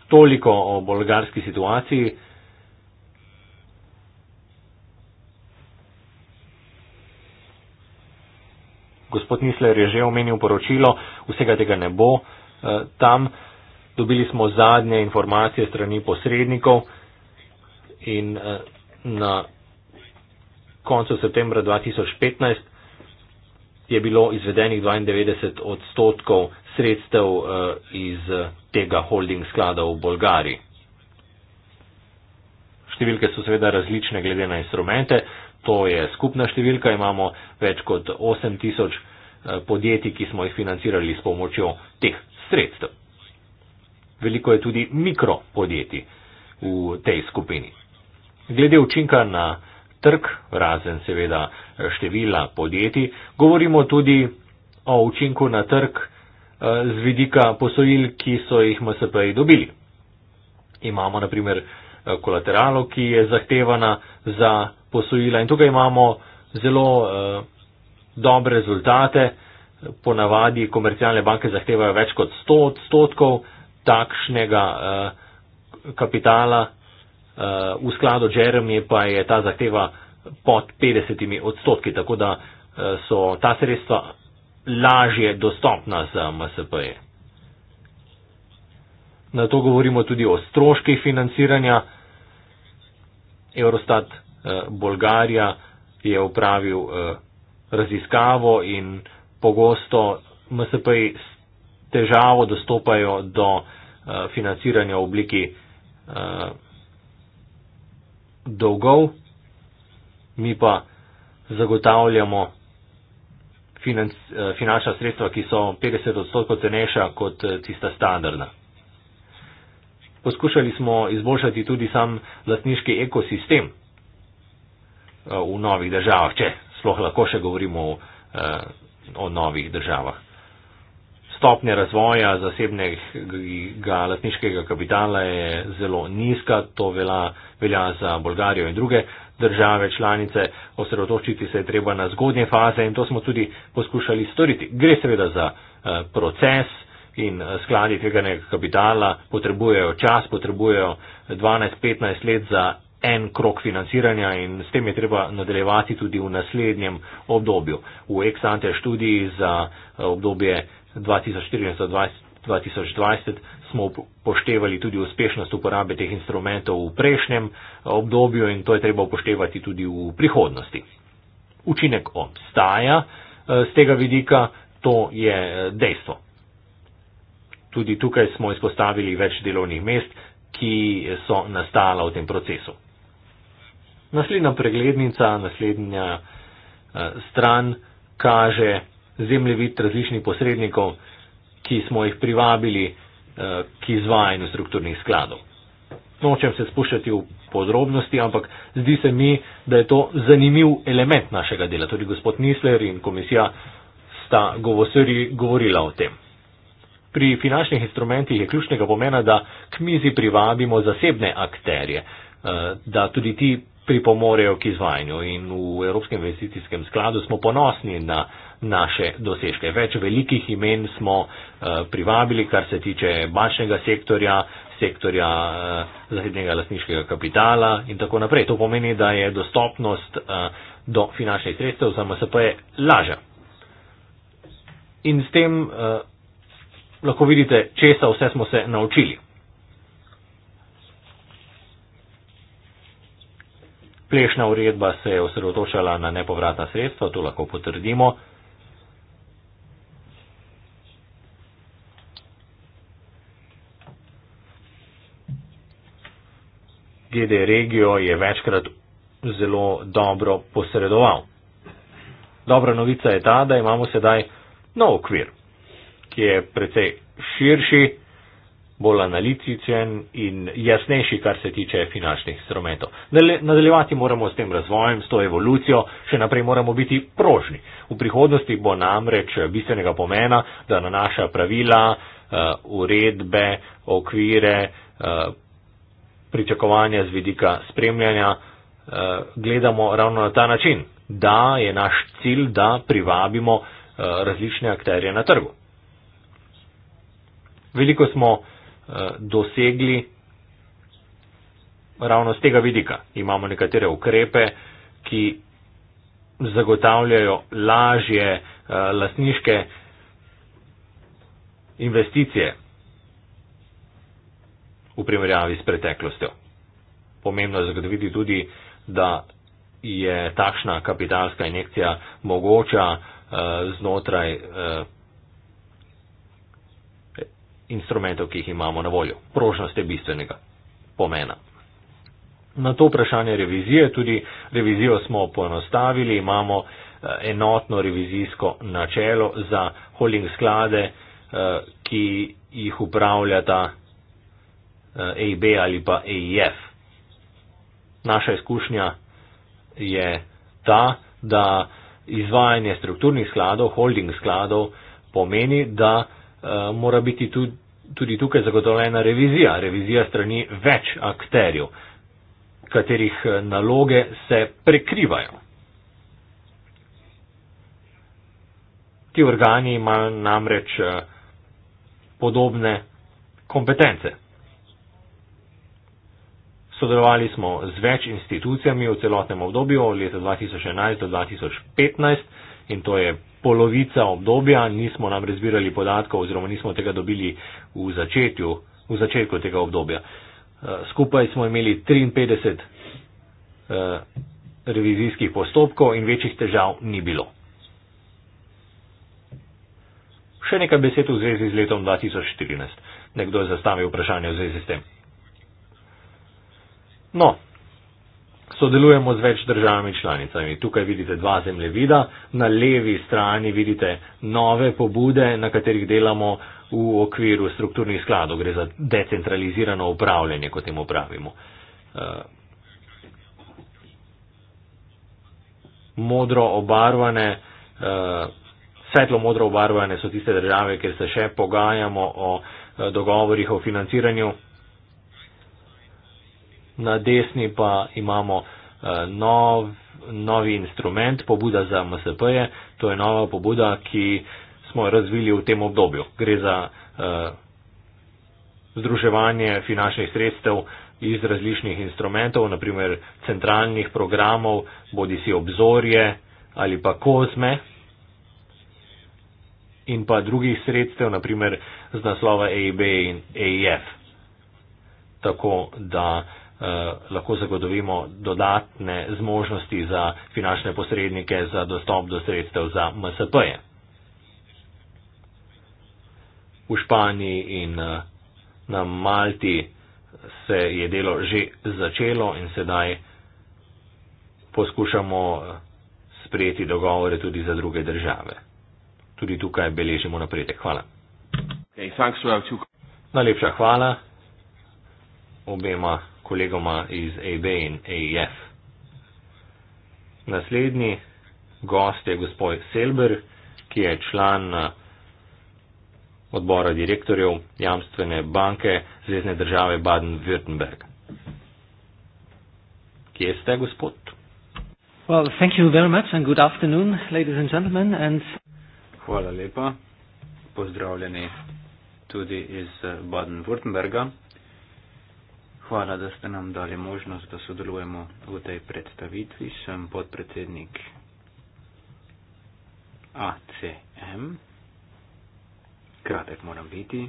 Toliko o bolgarski situaciji. gospod Nisler je že omenil poročilo, vsega tega ne bo eh, tam. Dobili smo zadnje informacije strani posrednikov in eh, na koncu septembra 2015 je bilo izvedenih 92 odstotkov sredstev eh, iz tega holding sklada v Bolgariji. Številke so seveda različne glede na instrumente to je skupna številka, imamo več kot 8000 eh, podjetij, ki smo jih financirali s pomočjo teh sredstev. Veliko je tudi mikropodjetij v tej skupini. Glede učinka na trg, razen seveda števila podjetij, govorimo tudi o učinku na trg eh, z vidika posojil, ki so jih MSP-ji dobili. Imamo na primer Eh, kolateralo, ki je zahtevana za posojila. In tukaj imamo zelo eh, dobre rezultate. Ponavadi komercialne banke zahtevajo več kot 100 odstotkov takšnega eh, kapitala. V skladu Jeremy pa je ta zahteva pod 50 odstotki, tako da so ta sredstva lažje dostopna za MSP-je na to govorimo tudi o stroških financiranja. Eurostat eh, Bolgarija je upravil eh, raziskavo in pogosto MSP s težavo dostopajo do eh, financiranja v obliki eh, dolgov, mi pa zagotavljamo eh, finančna sredstva, ki so 50 odstotkov cenejša kot eh, tista standardna poskušali smo izboljšati tudi sam lastniški ekosistem eh, v novih državah, če sploh lahko še govorimo o, eh, o novih državah. Stopnja razvoja zasebnega lastniškega kapitala je zelo nizka, to velja, velja za Bolgarijo in druge države članice. Osredotočiti se je treba na zgodnje faze in to smo tudi poskušali storiti. Gre seveda za eh, proces, in eh, skladi tveganega kapitala potrebujejo čas, potrebujejo 12-15 let za en krok financiranja in s tem je treba nadaljevati tudi v naslednjem obdobju. V ex-ante študiji za eh, obdobje 2014-2020 smo upoštevali tudi uspešnost uporabe teh instrumentov v prejšnjem eh, obdobju in to je treba upoštevati tudi v prihodnosti. Učinek obstaja z tega vidika, to je dejstvo. Tudi tukaj smo izpostavili več delovnih mest, ki so nastala v tem procesu. Naslednja preglednica, naslednja eh, stran kaže zemljevid različnih posrednikov, ki smo jih privabili eh, k izvajanju strukturnih skladov. Nočem se spuščati v podrobnosti, ampak zdi se mi, da je to zanimiv element našega dela. Tudi gospod Nisler in komisija sta govorila o tem. Pri finančnih instrumentih je ključnega pomena, da k mizi privabimo zasebne akterje, eh, da tudi ti pripomorejo k izvajanju. In v Evropskem investicijskem skladu smo ponosni na naše dosežke. Več velikih imen smo eh, privabili, kar se tiče bančnega sektorja, sektorja eh, zasebnega lasniškega kapitala in tako naprej. To pomeni, da je dostopnost do finančnih sredstev za MSP lažja. In s tem uh, lahko vidite, česa vse smo se naučili. Plešna uredba se je osredotočala na nepovratna sredstva, to lahko potrdimo. GD regijo je večkrat zelo dobro posredoval. Dobra novica je ta, da imamo sedaj nov okvir ki je precej širši, bolj analitičen in jasnejši, kar se tiče finančnih instrumentov. Nadaljevati moramo s tem razvojem, s to evolucijo, še naprej moramo biti prožni. V prihodnosti bo namreč bistvenega pomena, da na naša pravila, eh, uredbe, okvire, eh, pričakovanja z vidika spremljanja eh, gledamo ravno na ta način, da je naš cilj, da privabimo različne akterje na trgu veliko smo uh, dosegli ravno z tega vidika. Imamo nekatere ukrepe, ki zagotavljajo lažje uh, eh, lasniške investicije v primerjavi s preteklostjo. Pomembno je zagotoviti tudi, da je takšna kapitalska injekcija mogoča uh, znotraj uh, instrumentov, ki jih imamo na voljo. Prožnost je bistvenega pomena. Na to vprašanje revizije, tudi revizijo smo poenostavili, imamo eh, enotno revizijsko načelo za holding sklade, eh, ki jih upravljata eh, AB ali pa AIF. E Naša izkušnja je ta, da izvajanje strukturnih skladov, holding skladov, pomeni, da mora biti tudi tudi tukaj zagotovljena revizija, revizija strani več akterjev, katerih eh, naloge se prekrivajo. Ti organi imajo namreč eh, podobne kompetence. Sodelovali smo z več institucijami v celotnem obdobju od leta 2011 do 2015 in to je polovica obdobja, nismo nam razbirali podatkov oziroma nismo tega dobili v, začetju, v začetku tega obdobja. Eh, skupaj smo imeli 53 eh, revizijskih postopkov in večjih težav ni bilo. Še nekaj besed v zvezi z letom 2014. Nekdo je zastavil vprašanje v zvezi s tem. No, sodelujemo z več državami članicami. Tukaj vidite dva zemljevida, na levi strani vidite nove pobude, na katerih delamo v okviru strukturnih skladov. Gre za decentralizirano upravljanje, kot temu pravimo. Eh, modro obarvane, eh, svetlo modro obarvane so tiste države, kjer se še pogajamo o eh, dogovorih o financiranju na desni pa imamo eh, nov, novi instrument, pobuda za MSP-je, to je nova pobuda, ki smo jo razvili v tem obdobju. Gre za uh, združevanje finančnih sredstev iz različnih instrumentov, naprimer centralnih programov, bodi si obzorje ali pa kozme in pa drugih sredstev, naprimer z naslova AIB in AIF. Tako da uh, Eh, lahko zagotovimo dodatne zmožnosti za finančne posrednike za dostop do sredstev za MSP-je. V Španiji in eh, na Malti se je delo že začelo in sedaj poskušamo eh, sprejeti dogovore tudi za druge države. Tudi tukaj beležimo napredek. Hvala. Okay, Najlepša hvala obema kolegoma iz AB in AIF. E Naslednji gost je gospod Selber, ki je član eh, odbora direktorjev jamstvene banke Zvezdne države Baden-Württemberg. Kje ste, gospod? Well, thank you very much and good afternoon, ladies and gentlemen. And Hvala lepa. Pozdravljeni tudi iz eh, Baden-Württemberga. Hvala, da ste nam dali možnost, da sodelujemo v tej predstavitvi. Sem podpredsednik ACM. Kratek moram biti,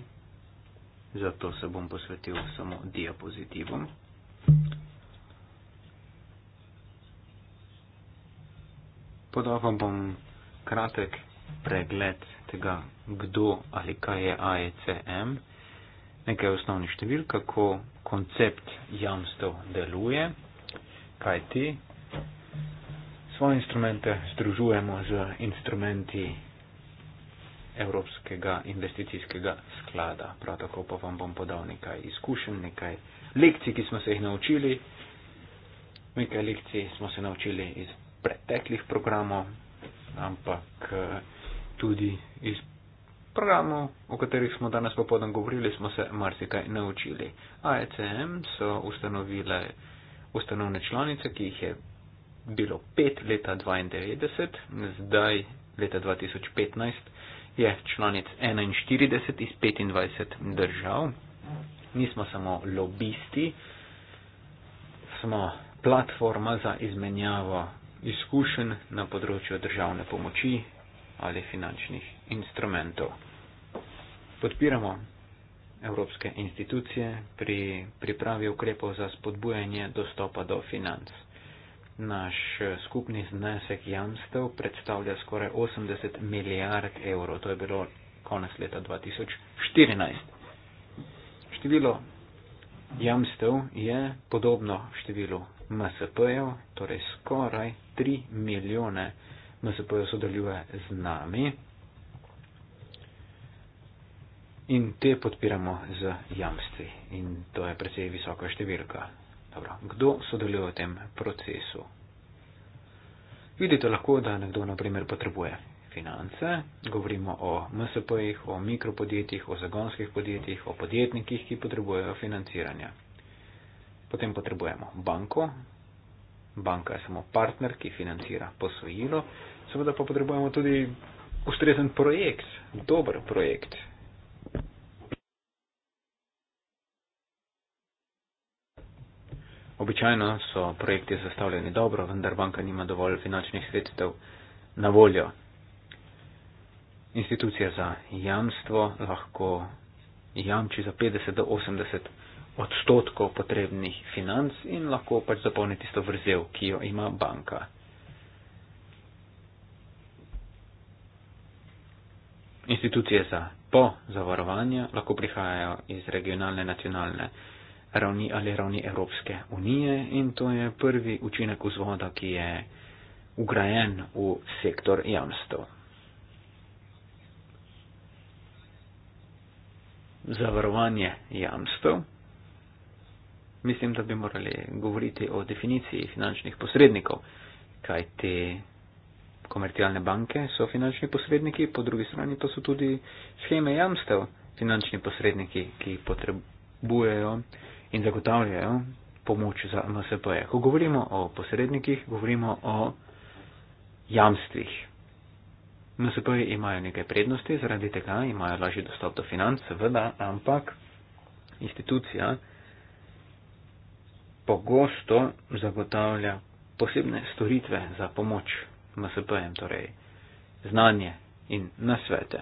zato se bom posvetil samo diapozitivom. Podal bom kratek pregled tega, kdo ali kaj je AECM, nekaj osnovnih številk, kako koncept jamstev deluje, kaj ti svoje instrumente združujemo z instrumenti Evropskega investicijskega sklada. Prav tako pa vam bom podal nekaj izkušenj, nekaj lekcij, ki smo se jih naučili. Nekaj lekcij smo se naučili iz preteklih programov, ampak eh, tudi iz programov, o katerih smo danes popoldan govorili, smo se marsikaj naučili. AECM so ustanovile ustanovne članice, ki jih je bilo pet leta 92, zdaj leta 2015 je članic 41 iz 25 držav. Nismo samo lobisti, smo platforma za izmenjavo izkušenj na področju državne pomoči ali finančnih instrumentov. Podpiramo evropske institucije pri pripravi ukrepov za spodbujanje dostopa do financ. Naš skupni znesek jamstev predstavlja skoraj 80 milijard evrov. To je bilo konec leta 2014. Število jamstev je podobno številu MSP-jev, torej skoraj 3 milijone MSP-jev sodeluje z nami. In te podpiramo z jamstvi. In to je precej visoka številka. Dobro. Kdo sodeluje v tem procesu? Vidite lahko, da nekdo naprimer potrebuje finance, govorimo o MSP-jih, o mikropodjetjih, o zagonskih podjetjih, o podjetnikih, ki potrebujejo financiranje. Potem potrebujemo banko, banka je samo partner, ki financira posojilo, seveda pa potrebujemo tudi ustrezen projekt, dober projekt, Običajno so projekti zastavljeni dobro, vendar banka nima dovolj finančnih sredstev na voljo. Institucija za jamstvo lahko jamči za 50 do 80 odstotkov potrebnih financ in lahko pač zapolni tisto vrzel, ki jo ima banka. Institucije za po zavarovanje lahko prihajajo iz regionalne, nacionalne ravni ali ravni Evropske unije in to je prvi učinek vzvoda, ki je ugrajen v sektor jamstv. Zavarovanje jamstv. Mislim, da bi morali govoriti o definiciji finančnih posrednikov, kaj te komercialne banke so finančni posredniki, po drugi strani pa so tudi scheme jamstev finančni posredniki, ki potrebujejo uh, in zagotavljajo pomoč za MSP-je. Ko govorimo o posrednikih, govorimo o jamstvih. MSP-ji imajo nekaj prednosti, zaradi tega imajo lažji dostop do financ, seveda, ampak institucija pogosto zagotavlja posebne storitve za pomoč MSP-jem, torej znanje in nasvete.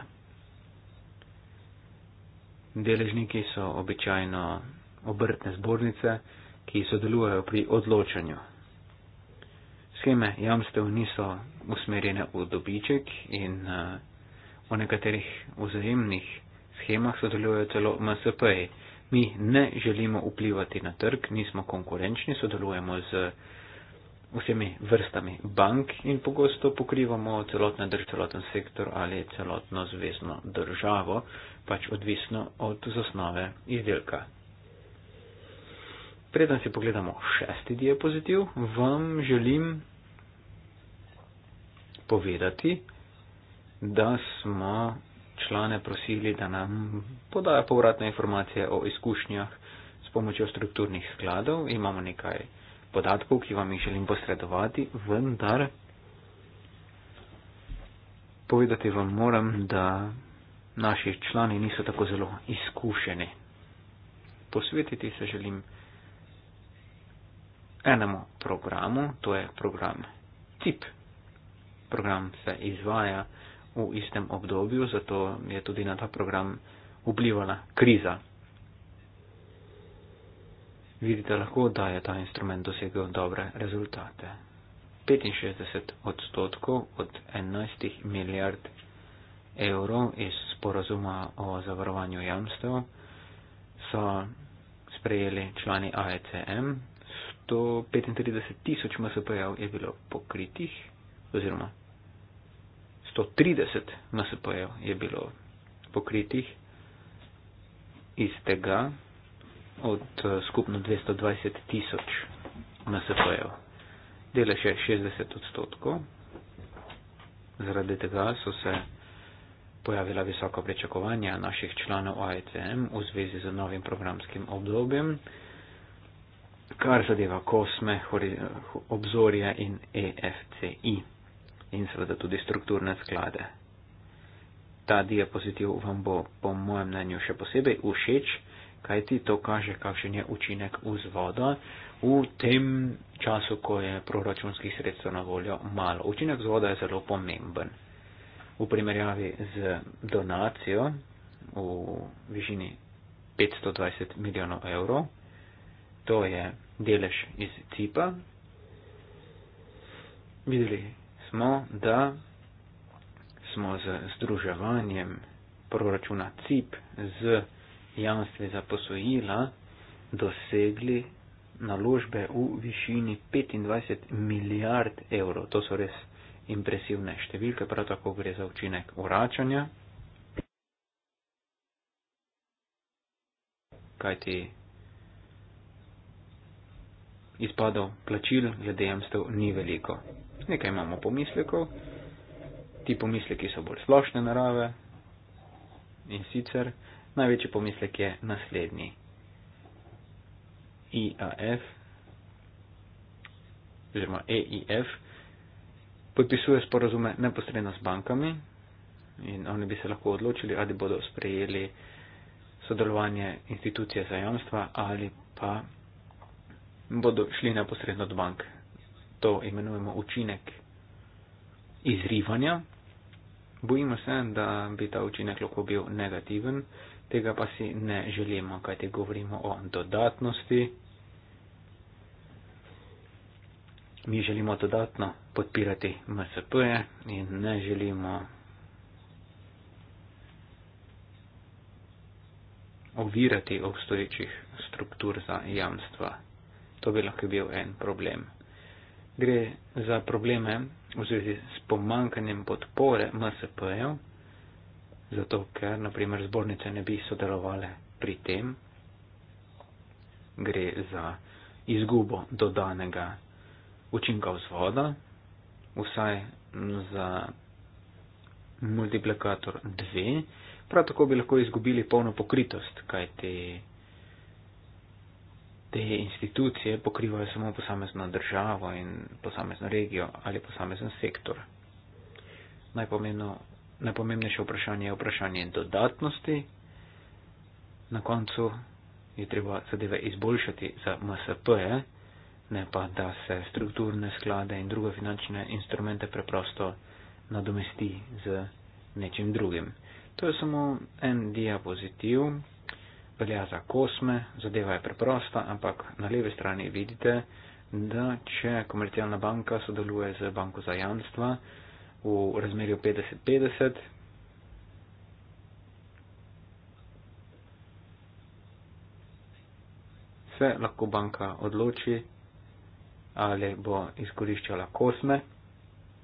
Deležniki so običajno obrtne zbornice, ki sodelujejo pri odločanju. Scheme jamstev niso usmerjene v dobiček in eh, v nekaterih vzajemnih schemah sodelujejo celo MSP-ji. Mi ne želimo vplivati na trg, nismo konkurenčni, sodelujemo z vsemi vrstami bank in pogosto pokrivamo celotna drž, celoten sektor ali celotno zvezno državo, pač odvisno od zasnove izdelka. Preden si pogledamo šesti diapozitiv, vam želim povedati, da smo člane prosili, da nam podajo povratne informacije o izkušnjah s pomočjo strukturnih skladov. Imamo nekaj podatkov, ki vam jih želim posredovati, vendar povedati vam moram, da naši člani niso tako zelo izkušeni. Posvetiti se želim enemu programu, to je program CIP. Program se izvaja v istem obdobju, zato je tudi na ta program vplivala kriza. Vidite lahko, da je ta instrument dosegel dobre rezultate. 65 odstotkov od 11 milijard evrov iz sporazuma o zavarovanju jamstev so sprejeli člani AECM, 135 tisoč MSP-jev je bilo pokritih, oziroma 130 MSP-jev je bilo pokritih iz tega od eh, skupno 220 tisoč MSP-jev. Dele še 60 odstotkov. Zaradi tega so se pojavila visoka pričakovanja naših članov AECM v zvezi z novim programskim obdobjem kar zadeva kosme, obzorje in EFCI in seveda tudi strukturne sklade. Ta diapozitiv vam bo po mojem mnenju še posebej všeč, kajti to kaže, kakšen je učinek vzvoda v tem času, ko je proračunskih sredstev na voljo malo. Učinek vzvoda je zelo pomemben. V primerjavi z donacijo v višini 520 milijonov evrov, to je delež iz tipa. Videli smo, da smo z združevanjem proračuna CIP z jamstvi za posojila dosegli naložbe v višini 25 milijard evrov. To so res impresivne številke, prav tako gre za učinek vračanja. Kajti izpadov plačil glede jamstev ni veliko. Nekaj imamo pomislekov, ti pomisleki so bolj splošne narave in sicer največji pomislek je naslednji. IAF oziroma EIF podpisuje sporazume neposredno s bankami in oni bi se lahko odločili, ali bodo sprejeli sodelovanje institucije za jamstva ali pa bodo šli neposredno od bank. To imenujemo učinek izrivanja. Bojimo se, da bi ta učinek lahko bil negativen, tega pa si ne želimo, kajti govorimo o dodatnosti. Mi želimo dodatno podpirati MSP-je in ne želimo ovirati obstoječih struktur za jamstva. To bi lahko bil en problem. Gre za probleme v zvezi s pomankanjem podpore MSP-jev, zato ker naprimer zbornice ne bi sodelovale pri tem. Gre za izgubo dodanega učinka vzvoda, vsaj za multiplikator 2. Prav tako bi lahko izgubili polno pokritost, kajti te institucije pokrivajo samo posamezno državo in posamezno regijo ali posamezen sektor. Najpomembnejše vprašanje je vprašanje dodatnosti. Na koncu je treba zadeve izboljšati za MSP-je, ne pa da se strukturne sklade in druge finančne instrumente preprosto nadomesti z nečim drugim. To je samo en diapozitiv, velja za kosme, zadeva je preprosta, ampak na levi strani vidite, da če komercialna banka sodeluje z banko za jamstva v razmerju 50-50, se lahko banka odloči, ali bo izkoriščala kosme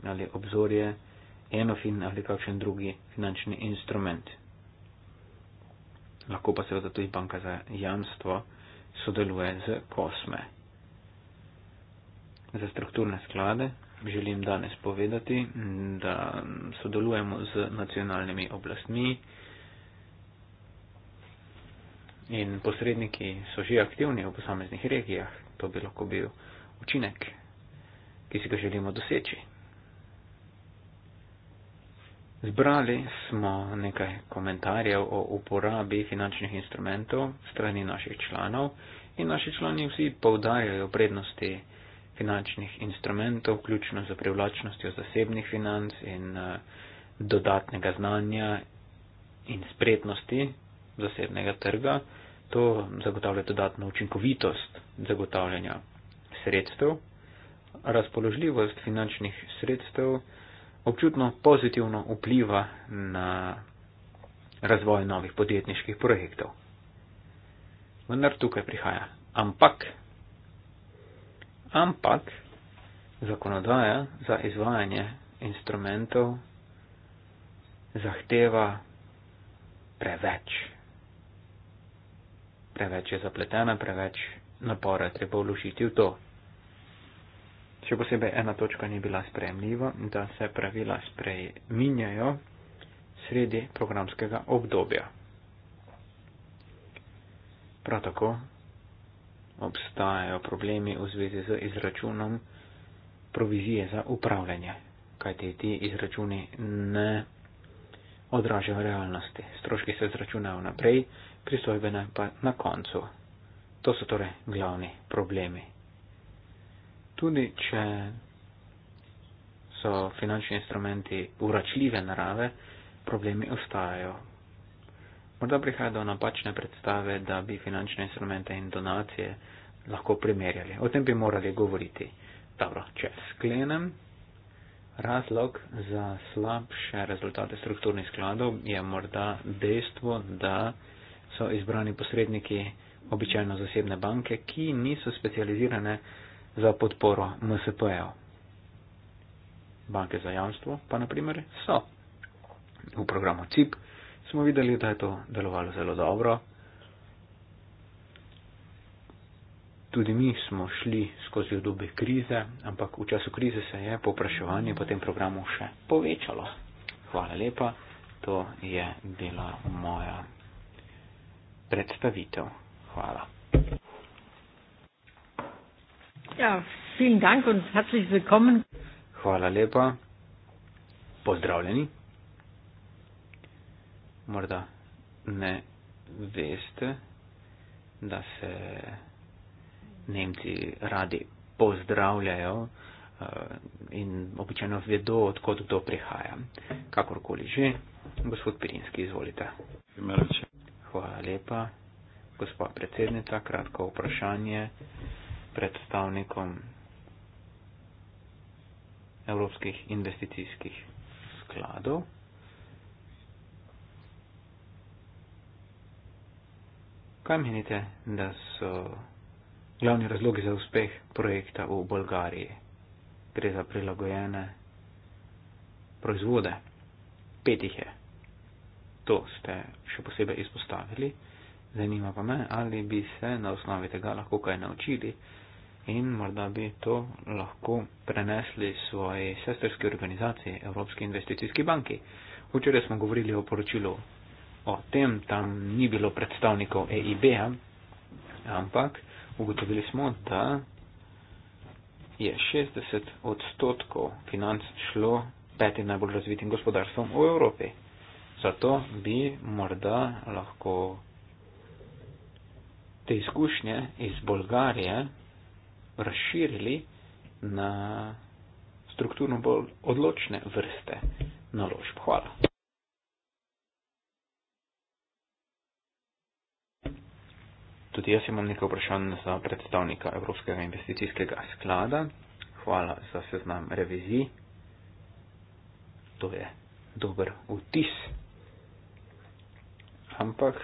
ali obzorje, enofin ali kakšen drugi finančni instrument lahko pa seveda tudi banka za jamstvo sodeluje z kosme. Za strukturne sklade želim danes povedati, da sodelujemo z nacionalnimi oblastmi in posredniki so že aktivni v posameznih regijah. To bi lahko bil učinek, ki si ga želimo doseči. Zbrali smo nekaj komentarjev o uporabi finančnih instrumentov strani naših članov in naši člani vsi poudarjajo prednosti finančnih instrumentov, vključno z privlačnostjo zasebnih financ in eh, dodatnega znanja in spretnosti zasebnega trga. To zagotavlja dodatno učinkovitost zagotavljanja sredstev, razpoložljivost finančnih sredstev, občutno pozitivno vpliva na razvoj novih podjetniških projektov. Vendar tukaj prihaja. Ampak, ampak zakonodaja za izvajanje instrumentov zahteva preveč. Preveč je zapletena, preveč napora je treba vložiti v to. Še posebej ena točka ni bila sprejemljiva, da se pravila sprejminjajo sredi programskega obdobja. Prav tako obstajajo problemi v zvezi z izračunom provizije za upravljanje, kajte ti izračuni ne odražajo realnosti. Stroški se izračunajo naprej, pristojbene pa na koncu. To so torej glavni problemi tudi če so finančni instrumenti uračljive narave, problemi ostajajo. Morda prihaja do napačne predstave, da bi finančne instrumente in donacije lahko primerjali. O tem bi morali govoriti. Dobro, če sklenem, razlog za slabše rezultate strukturnih skladov je morda dejstvo, da so izbrani posredniki običajno zasebne banke, ki niso specializirane za podporo MSP-ju. Banke za jamstvo pa naprimer so. V programu CIP smo videli, da je to delovalo zelo dobro. Tudi mi smo šli skozi obdobje krize, ampak v času krize se je popraševanje po tem programu še povečalo. Hvala lepa, to je bila moja predstavitev. Hvala. Ja, vielen Dank und herzlich willkommen. Hvala lepa. Pozdravljeni. Morda ne veste, da se Nemci radi pozdravljajo eh, in običajno vedo, odkot kdo prihaja. Kakorkoli že, gospod Pirinski, izvolite. Hvala lepa. Gospod predsednica, kratko vprašanje predstavnikom evropskih investicijskih skladov. Kaj menite, da so glavni razlogi za uspeh projekta v Bolgariji? Gre za prilagojene proizvode. Pet jih je. To ste še posebej izpostavili. Zanima pa me, ali bi se na osnovi tega lahko kaj naučili in morda bi to lahko prenesli svoji sestrski organizaciji Evropski investicijski banki. Včeraj smo govorili o poročilu o tem, tam ni bilo predstavnikov EIB-a, ampak ugotovili smo, da je 60 odstotkov financ šlo petim najbolj razvitim gospodarstvom v Evropi. Zato bi morda lahko te izkušnje iz Bolgarije razširili na strukturno bolj odločne vrste naložb. Hvala. Tudi jaz imam nekaj vprašanj za predstavnika Evropskega investicijskega sklada. Hvala za seznam revizij. To je dober vtis. Ampak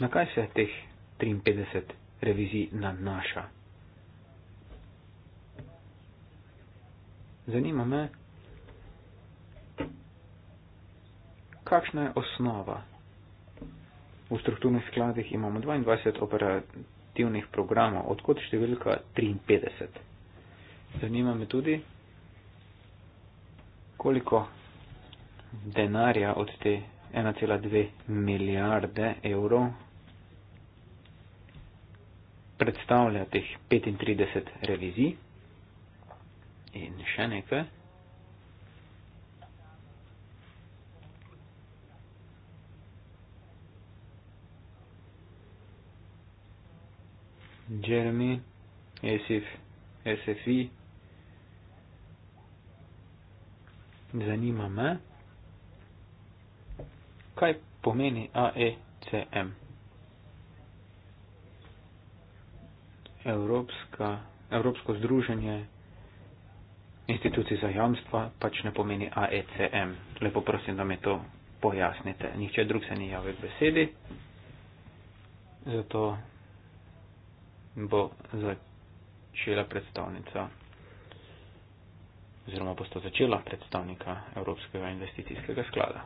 na kaj se teh 53 reviziji nanaša. Zanima me, kakšna je osnova. V strukturnih skladih imamo 22 operativnih programov, odkot številka 53. Zanima me tudi, koliko denarja od te 1,2 milijarde evrov predstavlja teh 35 revizij in še nekaj. Jeremy, SF, SFI, zanima me, kaj pomeni AECM. Evropska, Evropsko združenje institucij za jamstva pač ne pomeni AECM. Lepo prosim, da mi to pojasnite. Nihče drug se ni javil k besedi, zato bo začela predstavnica oziroma bo sta začela predstavnika Evropskega investicijskega sklada.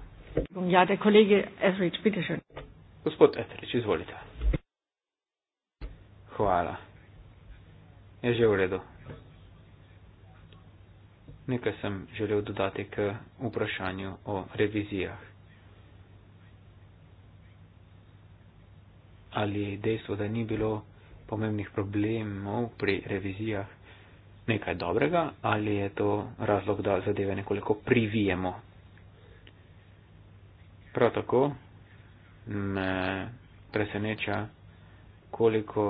Ja, da kolegi Etrič, pite še. Gospod Etrič, izvolite. Hvala je že v redu. Nekaj sem želel dodati k vprašanju o revizijah. Ali je dejstvo, da ni bilo pomembnih problemov pri revizijah, nekaj dobrega, ali je to razlog, da zadeve nekoliko privijemo? Prav tako me preseneča, koliko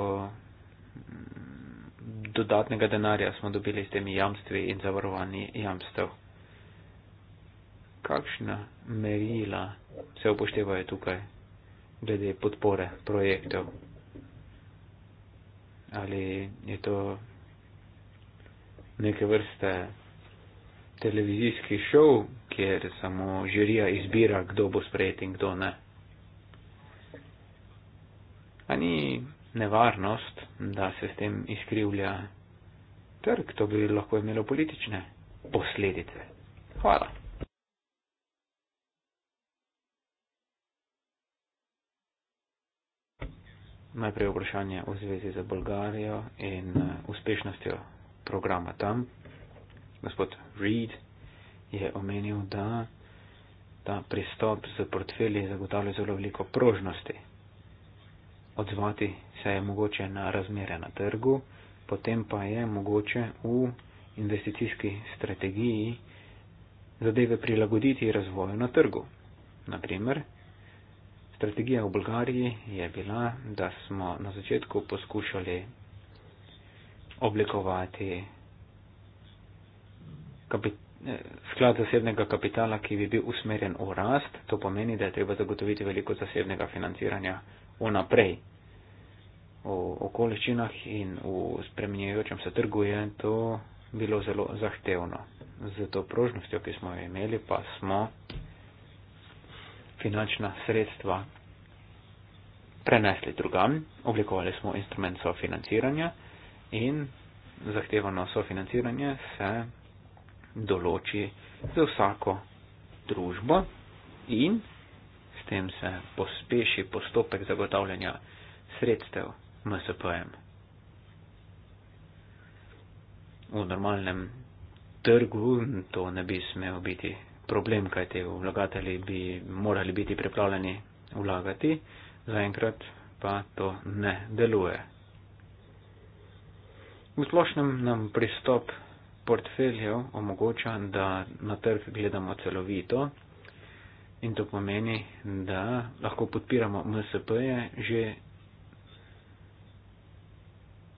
dodatnega denarja smo dobili s temi jamstvi in zavarovanji jamstev. Kakšna merila se upoštevajo tukaj glede podpore projektov? Ali je to neke vrste televizijski šov, kjer samo žirija izbira, kdo bo sprejet in kdo ne? Ani nevarnost, da se s tem izkrivlja trg, to bi lahko imelo politične posledice. Hvala. Najprej vprašanje v zvezi z Bolgarijo in eh, uspešnostjo programa tam. Gospod Reid je omenil, da ta pristop z portfelji zagotavlja zelo veliko prožnosti odzvati se je mogoče na razmere na trgu, potem pa je mogoče v investicijski strategiji zadeve prilagoditi razvoju na trgu. Naprimer, strategija v Bolgariji je bila, da smo na začetku poskušali oblikovati kapit eh, sklad zasebnega kapitala, ki bi bil usmerjen v rast, to pomeni, da je treba zagotoviti veliko zasebnega financiranja vnaprej. V okoliščinah in v spremenjajočem se trgu je to bilo zelo zahtevno. Z to prožnostjo, ki smo jo imeli, pa smo finančna sredstva prenesli drugam, oblikovali smo instrument sofinanciranja in zahtevano sofinanciranje se določi za vsako družbo in tem se pospeši postopek zagotavljanja sredstev MSP-jem. V normalnem trgu to ne bi smel biti problem, kajte vlagatelji bi morali biti pripravljeni vlagati, zaenkrat pa to ne deluje. V splošnem nam pristop portfeljev omogoča, da na trg gledamo celovito In to pomeni, da lahko podpiramo MSP-je že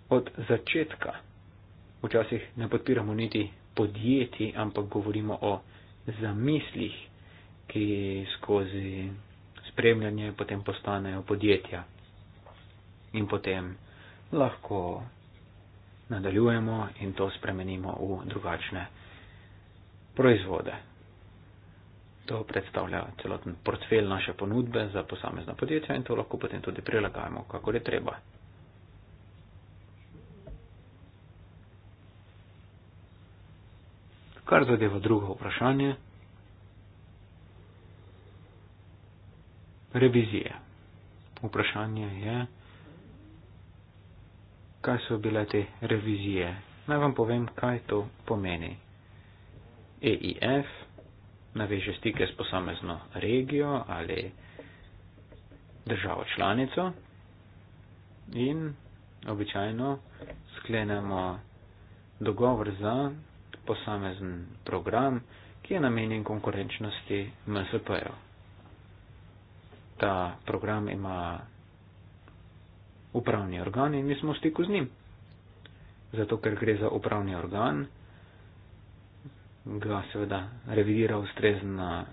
od začetka. Včasih ne podpiramo niti podjetij, ampak govorimo o zamislih, ki skozi spremljanje potem postanejo podjetja. In potem lahko nadaljujemo in to spremenimo v drugačne proizvode. To predstavlja celoten portfel naše ponudbe za posamezna podjetja in to lahko potem tudi prilagajamo, kako je treba. Kar zadeva drugo vprašanje, revizije. Vprašanje je, kaj so bile te revizije. Naj vam povem, kaj to pomeni. EIF naveže stike s posamezno regijo ali državo članico in običajno sklenemo dogovor za posamezen program, ki je namenjen konkurenčnosti MSP-jev. Ta program ima upravni organ in mi smo v stiku z njim. Zato, ker gre za upravni organ, ga seveda revidira ustrezna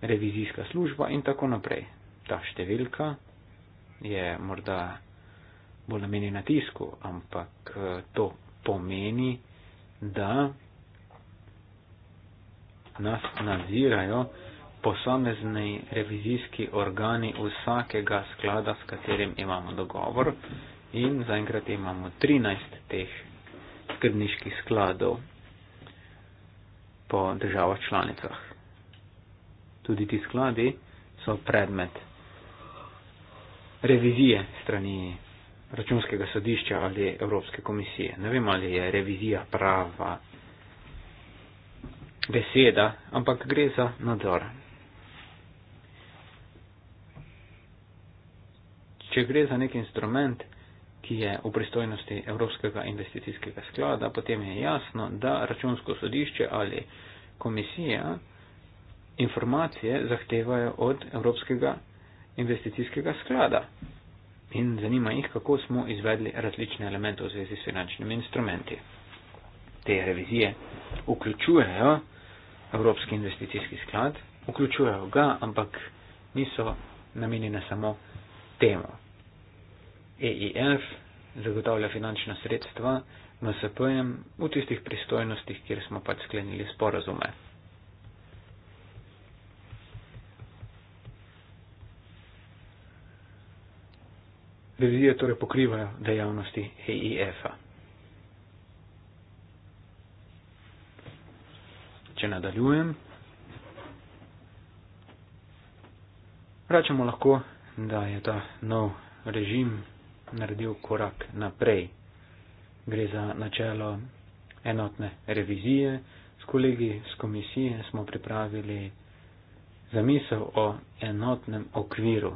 revizijska služba in tako naprej. Ta številka je morda bolj namenjena tisku, ampak eh, to pomeni, da nas nadzirajo posamezni revizijski organi vsakega sklada, s katerim imamo dogovor in zaenkrat imamo 13 teh skrbniških skladov po državah članicah. Tudi ti skladi so predmet revizije strani računskega sodišča ali Evropske komisije. Ne vem, ali je revizija prava beseda, ampak gre za nadzor. Če gre za nek instrument, ki je v pristojnosti Evropskega investicijskega sklada, potem je jasno, da računsko sodišče ali komisija informacije zahtevajo od Evropskega investicijskega sklada in zanima jih, kako smo izvedli različne elemente v zvezi s finančnimi instrumenti. Te revizije vključujejo Evropski investicijski sklad, vključujejo ga, ampak niso namenjene samo temu. EIF zagotavlja finančna sredstva MSP-jem v tistih pristojnostih, kjer smo pač sklenili sporazume. Revizije torej pokrivajo dejavnosti EIF-a. Če nadaljujem, račemo lahko, da je ta nov režim naredil korak naprej. Gre za načelo enotne revizije. S kolegi z komisije smo pripravili zamisel o enotnem okviru.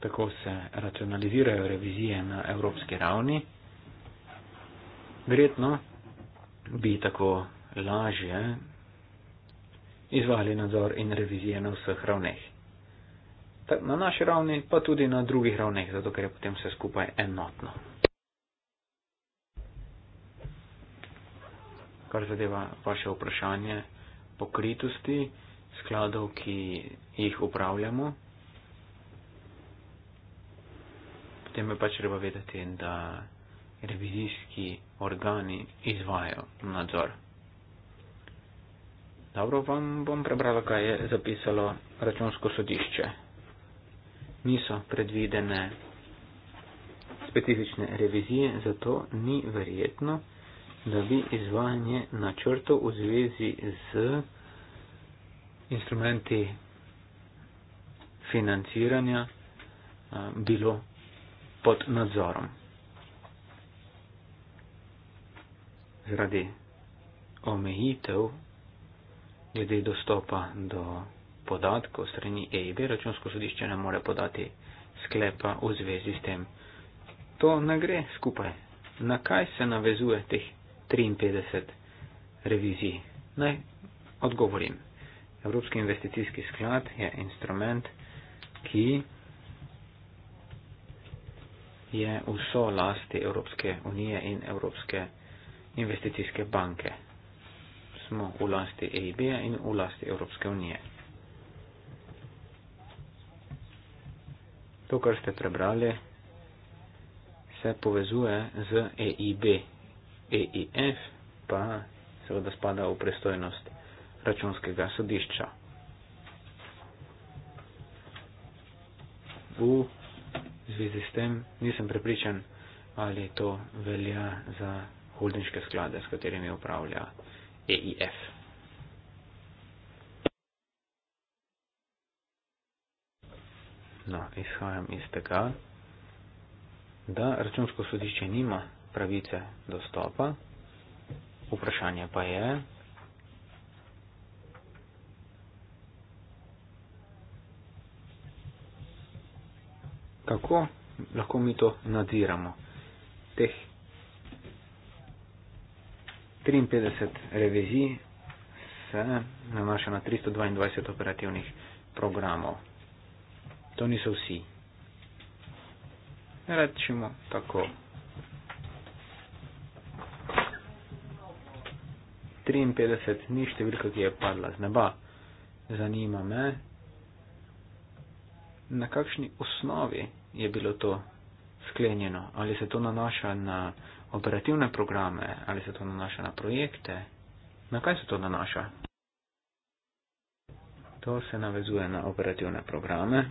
Tako se racionalizirajo revizije na evropski ravni. Verjetno bi tako lažje izvali nadzor in revizije na vseh ravneh na naši ravni, pa tudi na drugih ravneh, zato ker je potem vse skupaj enotno. Kar zadeva vaše vprašanje pokritosti skladov, ki jih upravljamo, potem je pač treba vedeti, da revizijski organi izvajo nadzor. Dobro, vam bom prebrala, kaj je zapisalo računsko sodišče niso predvidene specifične revizije, zato ni verjetno, da bi izvajanje načrtov v zvezi z instrumenti financiranja bilo pod nadzorom. Zaradi omejitev glede dostopa do podatkov strani EIB računsko sodišče ne more podati sklepa v zvezi s tem. To ne gre skupaj. Na kaj se navezuje teh 53 revizij? Naj odgovorim. Evropski investicijski sklad je instrument, ki je v so lasti Evropske unije in Evropske investicijske banke. Smo v lasti EIB-ja in v lasti Evropske unije. to, kar ste prebrali, se povezuje z EIB. EIF pa seveda spada v prestojnost računskega sodišča. V zvezi s tem nisem prepričan, ali to velja za holdinške sklade, s katerimi upravlja EIF. No, izhajam iz tega, da računsko sodišče nima pravice dostopa. Vprašanje pa je, kako lahko mi to nadziramo. Teh 53 revizij se nanaša na 322 operativnih programov. To niso vsi. Rečemo tako. 53 ni številka, ki je padla z neba. Zanima me, na kakšni osnovi je bilo to sklenjeno. Ali se to nanaša na operativne programe, ali se to nanaša na projekte. Na kaj se to nanaša? To se navezuje na operativne programe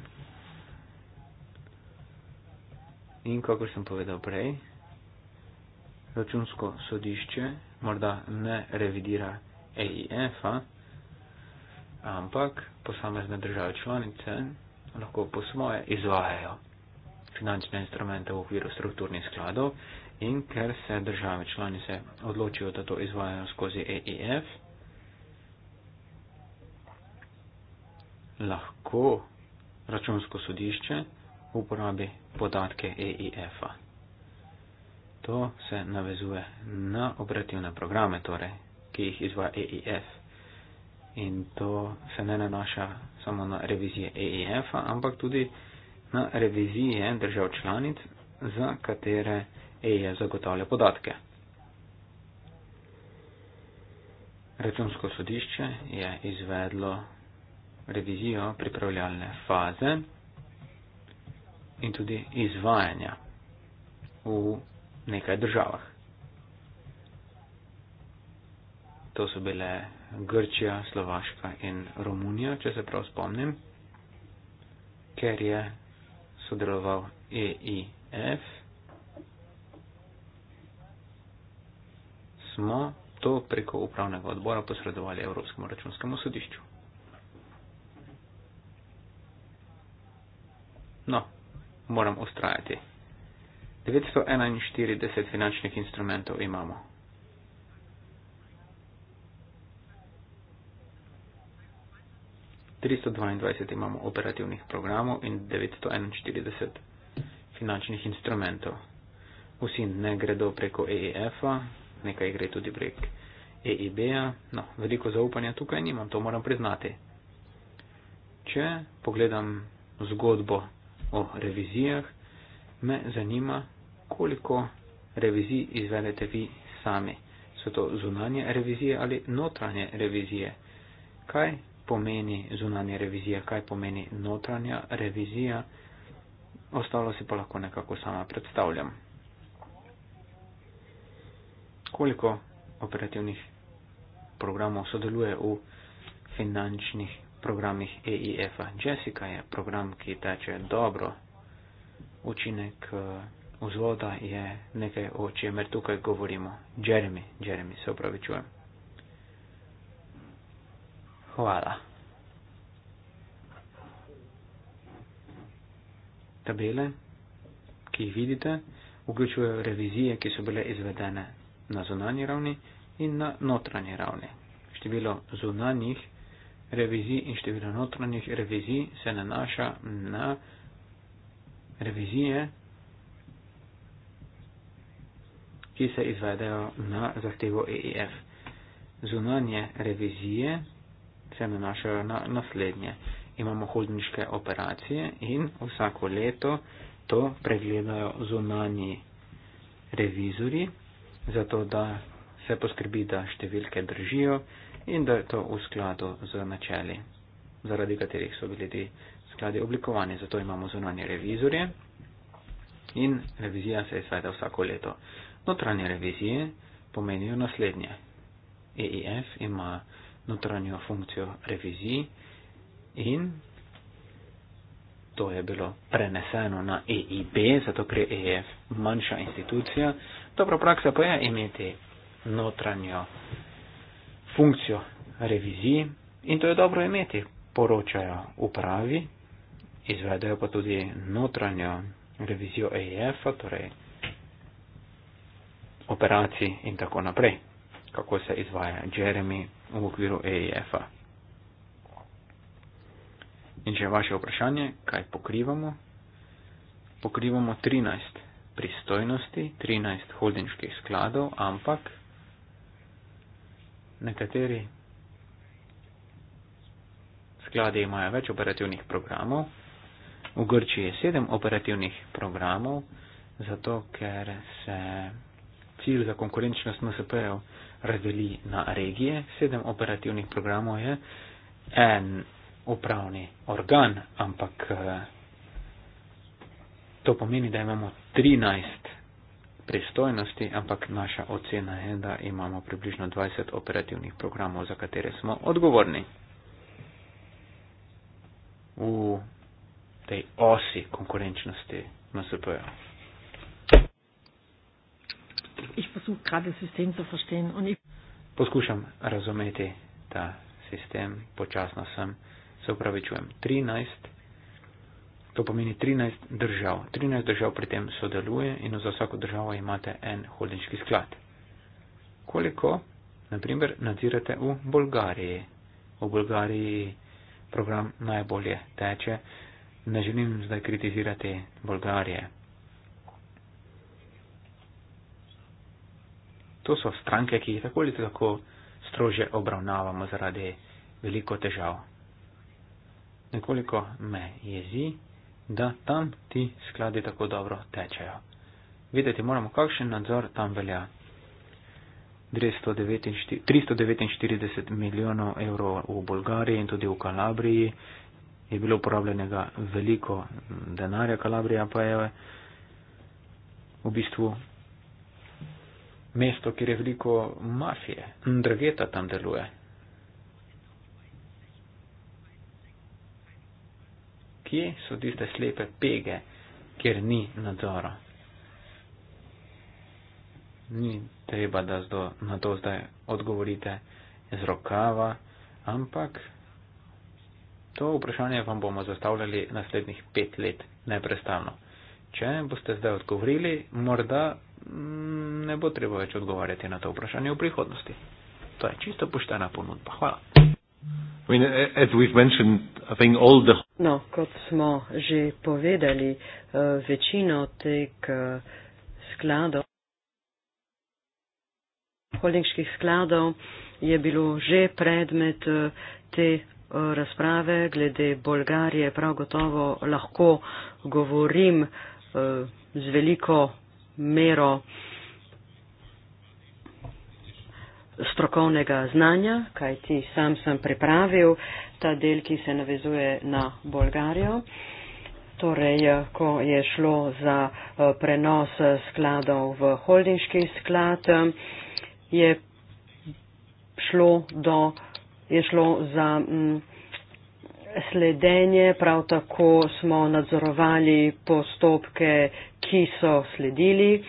in kako sem povedal prej, računsko sodišče morda ne revidira EIF-a, ampak posamezne države članice lahko po svoje izvajajo finančne instrumente v okviru strukturnih skladov in ker se države članice odločijo, da to izvajajo skozi EIF, lahko računsko sodišče uporabi podatke EIF-a. To se navezuje na operativne programe, torej, ki jih izvaja EIF. In to se ne nanaša samo na revizije EIF-a, ampak tudi na revizije držav članic, za katere EIF zagotavlja podatke. Računsko sodišče je izvedlo revizijo pripravljalne faze in tudi izvajanja v nekaj državah. To so bile Grčija, Slovaška in Romunija, če se prav spomnim, ker je sodeloval EIF. Smo to preko upravnega odbora posredovali Evropskemu računskemu sodišču. No, moram ustrajati. 941 finančnih instrumentov imamo. tristo dvaindvajset imamo operativnih programov in devetsto enainštirideset finančnih instrumentov. Vsi ne gredo preko EEF-a, nekaj gre tudi prek EIB-a, no, veliko zaupanja tukaj nimam, to moram priznati. Če pogledam zgodbo o revizijah, me zanima, koliko revizij izvedete vi sami. So to zunanje revizije ali notranje revizije? Kaj pomeni zunanje revizije, kaj pomeni notranja revizija? Ostalo si pa lahko nekako sama predstavljam. Koliko operativnih programov sodeluje v finančnih programih EIF-a. Jessica je program, ki teče dobro. Učinek eh, vzvoda je nekaj, o čemer tukaj govorimo. Jeremy, Jeremy, se opravičujem. Hvala. Tabele, ki jih vidite, vključujejo revizije, ki so bile izvedene na zunanji ravni in na notranji ravni. Število zunanjih revizij in število notranjih revizij se nanaša na revizije, ki se izvedejo na zahtevo EEF. Zunanje revizije se nanašajo na naslednje. Imamo holdniške operacije in vsako leto to pregledajo zunanji revizori, zato da se poskrbi, da številke držijo in da je to v skladu z načeli, zaradi katerih so bili ti skladi oblikovani. Zato imamo zunanje revizorje in revizija se izvede vsako leto. Notranje revizije pomenijo naslednje. EIF ima notranjo funkcijo revizij in to je bilo preneseno na EIB, zato ker je EIF manjša institucija. Dobra praksa pa je imeti notranjo revizijo funkcijo revizij in to je dobro imeti. Poročajo upravi, izvedejo pa tudi notranjo revizijo EIF-a, torej operacij in tako naprej, kako se izvaja Jeremy v okviru EIF-a. In že vaše vprašanje, kaj pokrivamo? Pokrivamo 13 pristojnosti, 13 holdinških skladov, ampak nekateri skladi imajo več operativnih programov. V Grčiji je sedem operativnih programov, zato ker se cilj za konkurenčnost NSP-jev razdeli na regije. Sedem operativnih programov je en upravni organ, ampak eh, to pomeni, da imamo 13 pristojnosti, ampak naša ocena je, da imamo približno 20 operativnih programov, za katere smo odgovorni. V tej osi konkurenčnosti MSP-ja. Poskušam razumeti ta sistem, počasno sem, se upravičujem, 13 To pomeni 13 držav. 13 držav pri tem sodeluje in za vsako državo imate en holdinški sklad. Koliko, na primer, nadzirate v Bolgariji? V Bolgariji program najbolje teče. Ne želim zdaj kritizirati Bolgarije. To so stranke, ki jih tako ali tako strože obravnavamo zaradi veliko težav. Nekoliko me jezi, da tam ti skladi tako dobro tečejo. Videti moramo, kakšen nadzor tam velja. 349 milijonov evrov v Bolgariji in tudi v Kalabriji je bilo uporabljenega veliko denarja, Kalabrija pa je v bistvu mesto, kjer je veliko mafije. Drageta tam deluje, kje so tiste slepe pege, kjer ni nadzora. Ni treba, da na to zdaj odgovorite z rokava, ampak to vprašanje vam bomo zastavljali naslednjih pet let neprestano. Če boste zdaj odgovorili, morda mm, ne bo treba več odgovarjati na to vprašanje v prihodnosti. To je čisto poštena ponudba. Hvala. No, kot smo že povedali, eh, večino teh eh, skladov, holdingskih skladov, je bilo že predmet eh, te razprave glede Bolgarije. Prav gotovo lahko govorim z veliko mero strokovnega znanja, kaj ti sam sem pripravil, ta del, ki se navezuje na Bolgarijo. Torej, ko je šlo za eh, prenos skladov v holdinški sklad, je šlo, do, je šlo za mm, sledenje, prav tako smo nadzorovali postopke, ki so sledili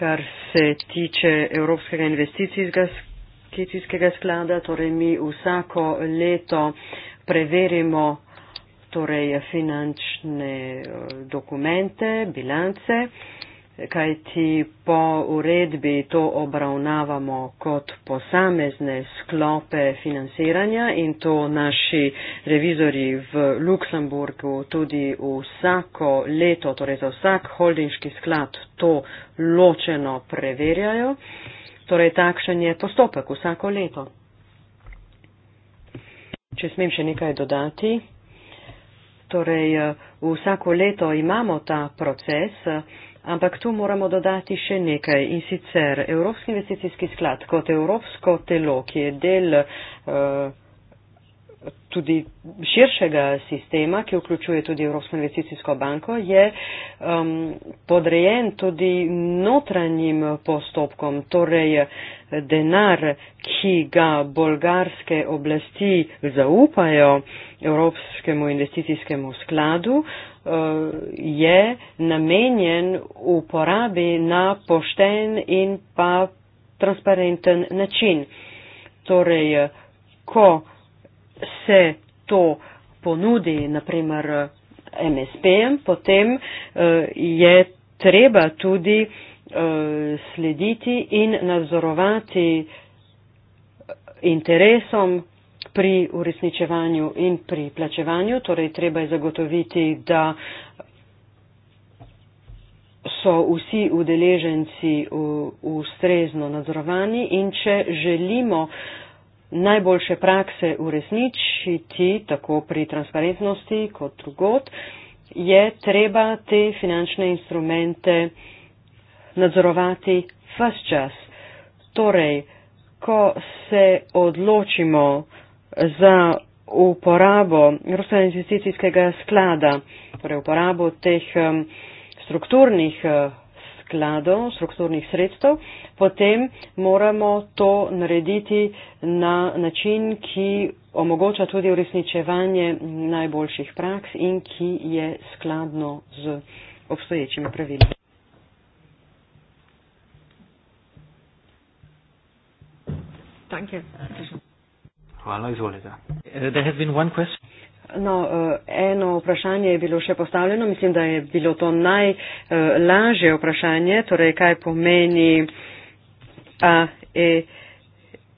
kar se tiče Evropskega investicijskega sklada, torej mi vsako leto preverimo torej finančne eh, dokumente, bilance kaj ti po uredbi to obravnavamo kot posamezne sklope financiranja in to naši revizori v Luksemburgu tudi vsako leto, torej za vsak holdinški sklad to ločeno preverjajo. Torej takšen je postopek vsako leto. Če smem še nekaj dodati. Torej, vsako leto imamo ta proces, Ampak tu moramo dodati še nekaj in sicer Evropski investicijski sklad kot Evropsko telo, ki je del eh, tudi širšega sistema, ki vključuje tudi Evropsko investicijsko banko, je um, podrejen tudi notranjim postopkom, torej denar, ki ga bolgarske oblasti zaupajo Evropskemu investicijskemu skladu, uh, Eh, je namenjen uporabi na pošten in pa transparenten način. Torej, ko se to ponudi, naprimer MSP-jem, potem eh, je treba tudi eh, slediti in nadzorovati interesom pri uresničevanju in pri plačevanju, torej treba je zagotoviti, da so vsi udeleženci ustrezno nadzorovani in če želimo najboljše prakse uresničiti, tako pri transparentnosti kot drugot, je treba te finančne instrumente nadzorovati vse čas. Torej, ko se odločimo, za uporabo Ruskega investicijskega sklada, torej uporabo teh um, strukturnih uh, skladov, strukturnih sredstev, potem moramo to narediti na način, ki omogoča tudi uresničevanje najboljših praks in ki je skladno z obstoječimi pravili. Danke. Ja. Hvala, izvolite. Eh, no, eh, eno vprašanje je bilo še postavljeno. Mislim, da je bilo to najlažje vprašanje, torej kaj pomeni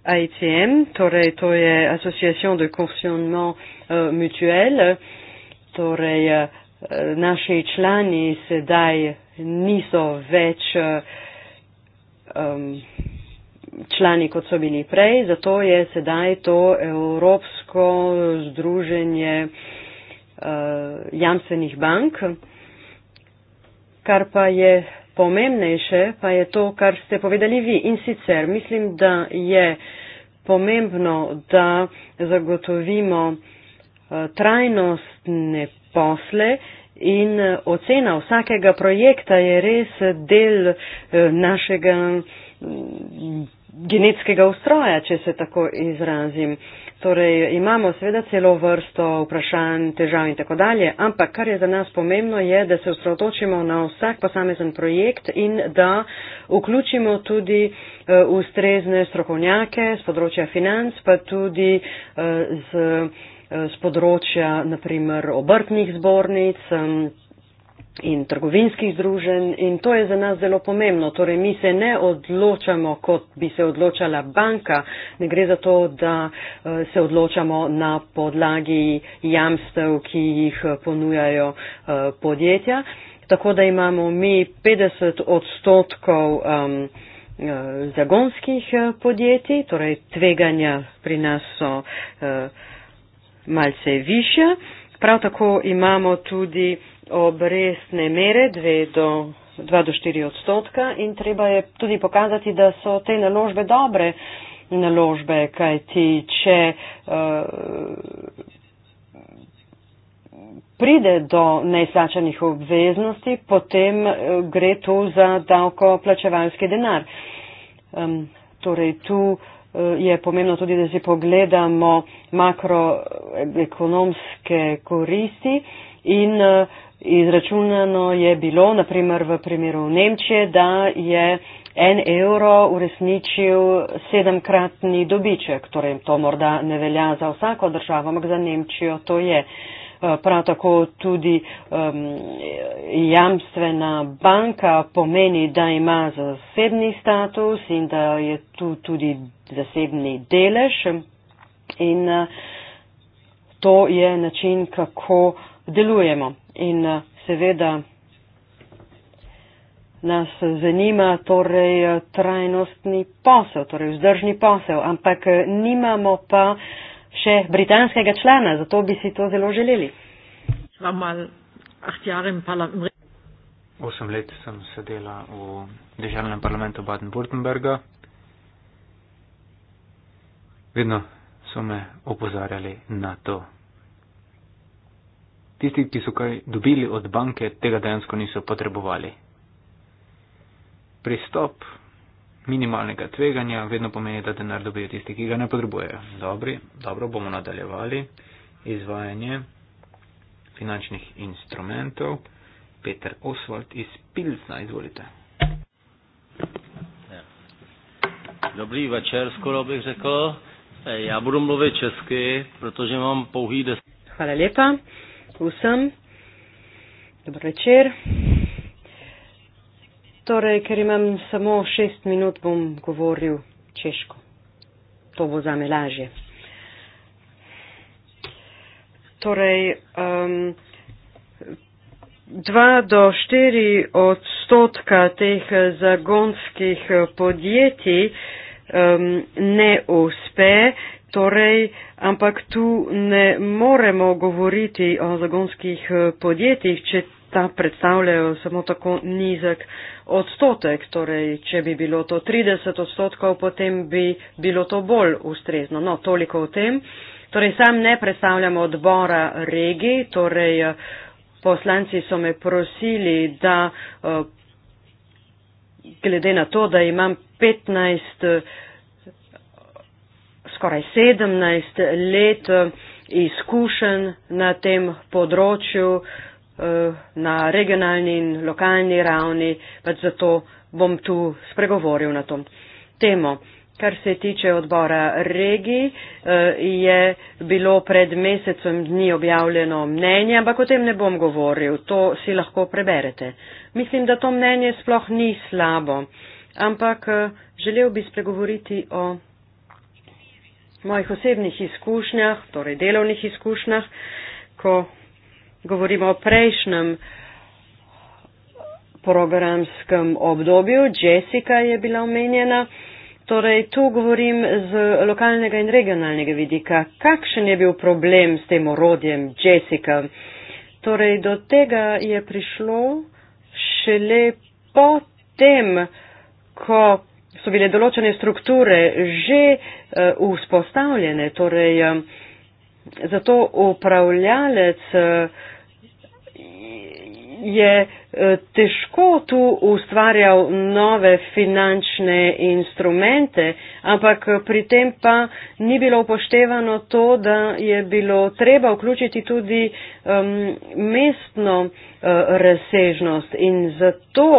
AICM, e torej to je Association de Consignement eh, Mutuel, torej naši člani sedaj niso več. Um, člani, kot so bili prej, zato je sedaj to Evropsko združenje uh, jamstvenih bank. Kar pa je pomembnejše, pa je to, kar ste povedali vi. In sicer mislim, da je pomembno, da zagotovimo uh, trajnostne posle. In eh, ocena vsakega projekta je res del našega mm, genetskega ustroja, če se tako izrazim. Torej, imamo seveda celo vrsto vprašanj, težav in tako dalje, ampak kar je za nas pomembno je, da se osredotočimo na vsak posamezen projekt in da vključimo tudi uh, ustrezne strokovnjake z področja financ, pa tudi uh, z, uh, eh, z področja, naprimer, obrtnih zbornic. Um, in trgovinskih združenj in to je za nas zelo pomembno. Torej, mi se ne odločamo, kot bi se odločala banka, ne gre za to, da eh, se odločamo na podlagi jamstev, ki jih eh, ponujajo eh, podjetja. Tako da imamo mi 50 odstotkov um, zagonskih podjetij, torej tveganja pri nas so uh, malce više. Prav tako imamo tudi obrestne mere 2 do, 2 do 4 odstotka in treba je tudi pokazati, da so te naložbe dobre naložbe, kaj ti, če uh, pride do neizplačanih obveznosti, potem uh, gre tu za davkoplačevalski denar. Um, torej tu eh, je pomembno tudi, da si pogledamo makroekonomske koristi in uh, Izračunano je bilo, naprimer v primeru Nemčije, da je en evro uresničil sedemkratni dobiček, torej to morda ne velja za vsako državo, ampak za Nemčijo to je. Eh, prav tako tudi um, jamstvena banka pomeni, da ima zasebni status in da je tu tudi zasebni delež in uh, to je način, kako delujemo in eh, seveda nas zanima torej eh, trajnostni posel, torej vzdržni posel, ampak eh, nimamo pa še britanskega člana, zato bi si to zelo želeli. Osem let sem sedela v državnem parlamentu Baden-Württemberga. Vedno so me opozarjali na to, Tisti, ki so kaj dobili od banke, tega dejansko niso potrebovali. Pristop minimalnega tveganja vedno pomeni, da denar dobijo tisti, ki ga ne potrebujejo. Dobri, dobro, bomo nadaljevali. Izvajanje finančnih instrumentov. Peter Oswald iz Pilsna, izvolite. Dobrý večer, skoro bych řekl. E, já budu mluvit česky, protože mám pouhý deset. Hvala lepa vsem. Dobro večer. Torej, ker imam samo šest minut, bom govoril češko. To bo zame lažje. Torej, um, dva do štiri odstotka teh zagonskih podjetij um, ne uspe, Torej, ampak tu ne moremo govoriti o zagonskih eh, podjetjih, če ta predstavljajo samo tako nizek odstotek. Torej, če bi bilo to 30 odstotkov, potem bi bilo to bolj ustrezno. No, toliko o tem. Torej, sam ne predstavljam odbora regij, torej eh, poslanci so me prosili, da eh, glede na to, da imam 15 odstotkov, skoraj 17 let eh, izkušenj na tem področju, eh, na regionalni in lokalni ravni, pa zato bom tu spregovoril na to temo. Kar se tiče odbora regij, eh, je bilo pred mesecem dni objavljeno mnenje, ampak o tem ne bom govoril, to si lahko preberete. Mislim, da to mnenje sploh ni slabo, ampak želel bi spregovoriti o mojih osebnih izkušnjah, torej delovnih izkušnjah, ko govorimo o prejšnjem programskem obdobju, Jessica je bila omenjena, torej tu govorim z lokalnega in regionalnega vidika, kakšen je bil problem s tem orodjem Jessica. Torej do tega je prišlo šele po tem, ko so bile določene strukture že uh, vzpostavljene, torej um, zato upravljalec uh, je težko tu ustvarjal nove finančne instrumente, ampak pri tem pa ni bilo upoštevano to, da je bilo treba vključiti tudi um, mestno uh, razsežnost. In zato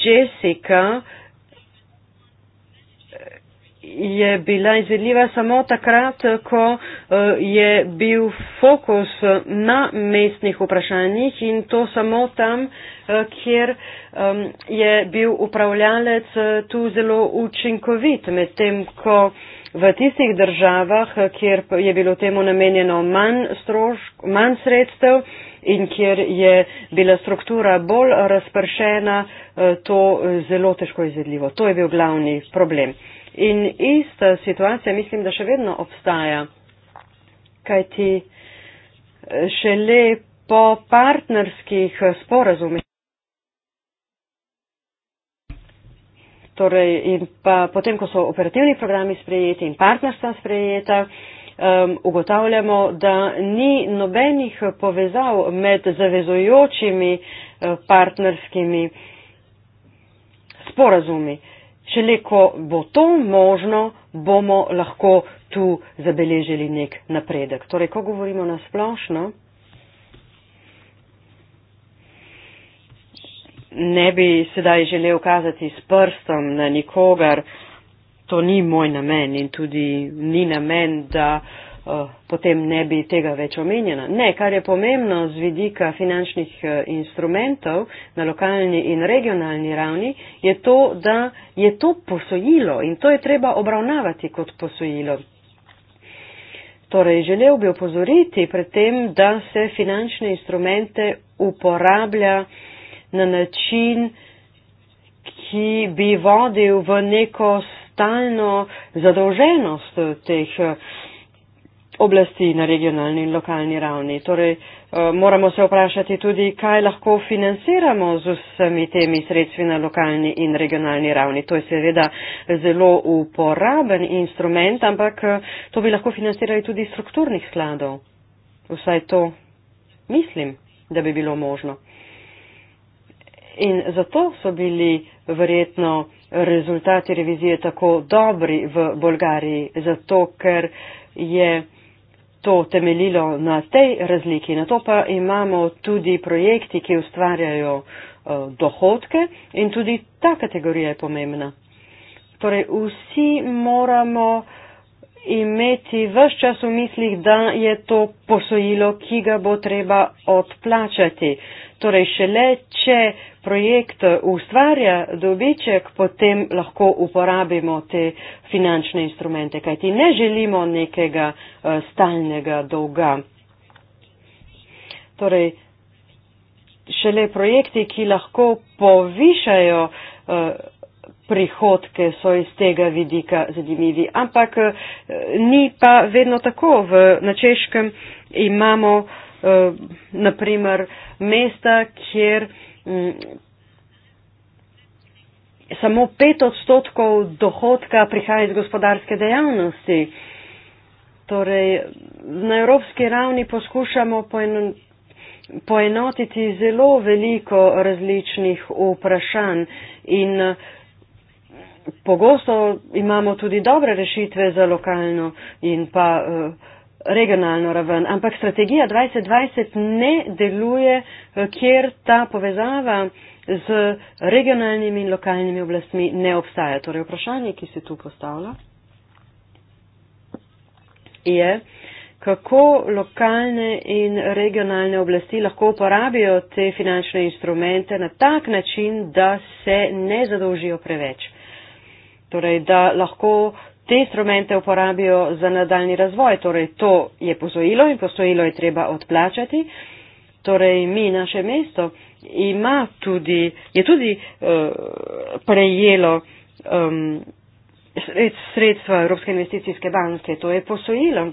Jessica uh, je bila izvedljiva samo takrat, ko e, je bil fokus na mestnih vprašanjih in to samo tam, e, kjer je bil upravljalec e, tu zelo učinkovit, medtem ko v tistih državah, kjer je bilo temu namenjeno manj, strošk, manj sredstev in kjer je bila struktura bolj razpršena, to zelo težko izvedljivo. To je bil glavni problem. In ista situacija mislim, da še vedno obstaja, kajti eh, šele po partnerskih sporazumih. Torej, in pa potem, ko so operativni programi sprejeti in partnerstva sprejeta, um, ugotavljamo, da ni nobenih povezav med zavezojočimi uh, eh, partnerskimi sporazumi. Uh, Šele ko bo to možno, bomo lahko tu zabeležili nek napredek. Torej, ko govorimo na splošno, ne bi sedaj želel kazati s prstom na nikogar, to ni moj namen in tudi ni namen, da uh, Eh, potem ne bi tega več omenjena. Ne, kar je pomembno z vidika finančnih eh, instrumentov na lokalni in regionalni ravni, je to, da je to posojilo in to je treba obravnavati kot posojilo. Torej, želel bi opozoriti pred tem, da se finančne instrumente uporablja na način, ki bi vodil v neko stalno zadolženost teh eh, oblasti na regionalni in lokalni ravni. Torej, eh, moramo se vprašati tudi, kaj lahko financiramo z vsemi temi sredstvi na lokalni in regionalni ravni. To je seveda zelo uporaben instrument, ampak eh, to bi lahko financirali tudi strukturnih skladov. Vsaj to mislim, da bi bilo možno. In zato so bili verjetno rezultati revizije tako dobri v Bolgariji, zato ker je to temeljilo na tej razliki. Na to pa imamo tudi projekti, ki ustvarjajo uh, dohodke in tudi ta kategorija je pomembna. Torej, vsi moramo uh, imeti vse čas v mislih, da je to posojilo, ki ga bo treba odplačati. Torej, šele če projekt ustvarja dobiček, potem lahko uporabimo te finančne instrumente, kajti ne želimo nekega eh, stalnega dolga. Torej, šele projekti, ki lahko povišajo eh, prihodke so iz tega vidika zanimivi. Ampak eh, ni pa vedno tako. V, na češkem imamo eh, naprimer mesta, kjer mm, samo pet odstotkov dohodka prihaja iz gospodarske dejavnosti. Torej, na evropski ravni poskušamo poenotiti zelo veliko različnih vprašanj in uh, pogosto imamo tudi dobre rešitve za lokalno in pa eh, regionalno raven, ampak strategija 2020 ne deluje, eh, kjer ta povezava z regionalnimi in lokalnimi oblastmi ne obstaja. Torej vprašanje, ki se tu postavlja, je, kako lokalne in regionalne oblasti lahko uporabijo te finančne instrumente na tak način, da se ne zadolžijo preveč torej da lahko te instrumente uporabijo za nadaljni razvoj. Torej, to je posojilo in posojilo je treba odplačati. Torej, mi, naše mesto, tudi, je tudi uh, prejelo um, sredstva Evropske investicijske banke, to je posojilo.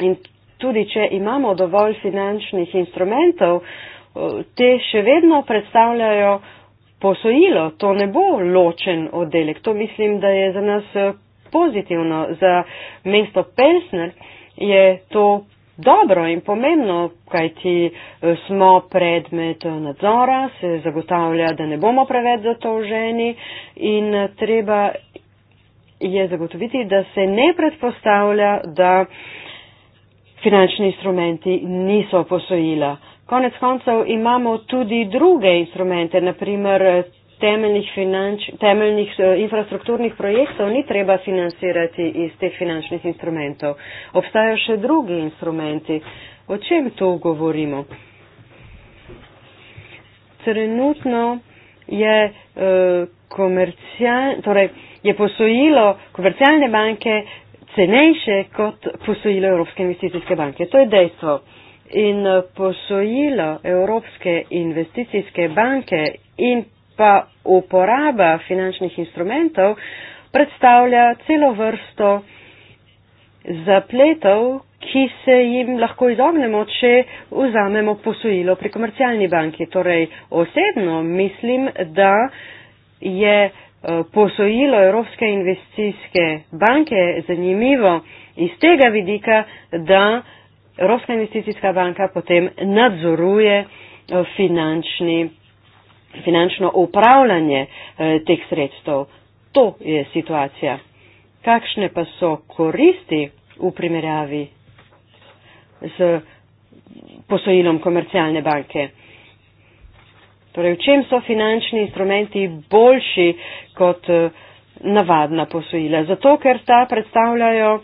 In tudi, če imamo dovolj finančnih instrumentov, uh, te še vedno predstavljajo uh, posojilo, to ne bo ločen oddelek. To mislim, da je za nas eh, pozitivno. Za mesto Pelsner je to dobro in pomembno, kajti eh, smo predmet eh, nadzora, se zagotavlja, da ne bomo preveč zatoženi in treba je zagotoviti, da se ne predpostavlja, da finančni instrumenti niso posojila. Konec koncev imamo tudi druge instrumente, naprimer temeljnih, finanč, temeljnih eh, infrastrukturnih projektov ni treba financirati iz teh finančnih instrumentov. Obstajajo še drugi instrumenti. O čem tu govorimo? Trenutno je, eh, torej je posojilo komercialne banke cenejše kot posojilo Evropske investicijske banke. To je dejstvo in eh, posojila Evropske investicijske banke in pa uporaba finančnih instrumentov predstavlja celo vrsto zapletov, ki se jim lahko izognemo, če vzamemo posojilo pri komercialni banki. Torej, osebno mislim, da je eh, posojilo Evropske investicijske banke zanimivo iz tega vidika, da Evropska investicijska banka potem nadzoruje eh, finančni, finančno upravljanje eh, teh sredstev. To je situacija. Kakšne pa so koristi v primerjavi z posojilom komercialne banke? Torej, v čem so finančni instrumenti boljši kot eh, navadna posojila? Zato, ker ta predstavljajo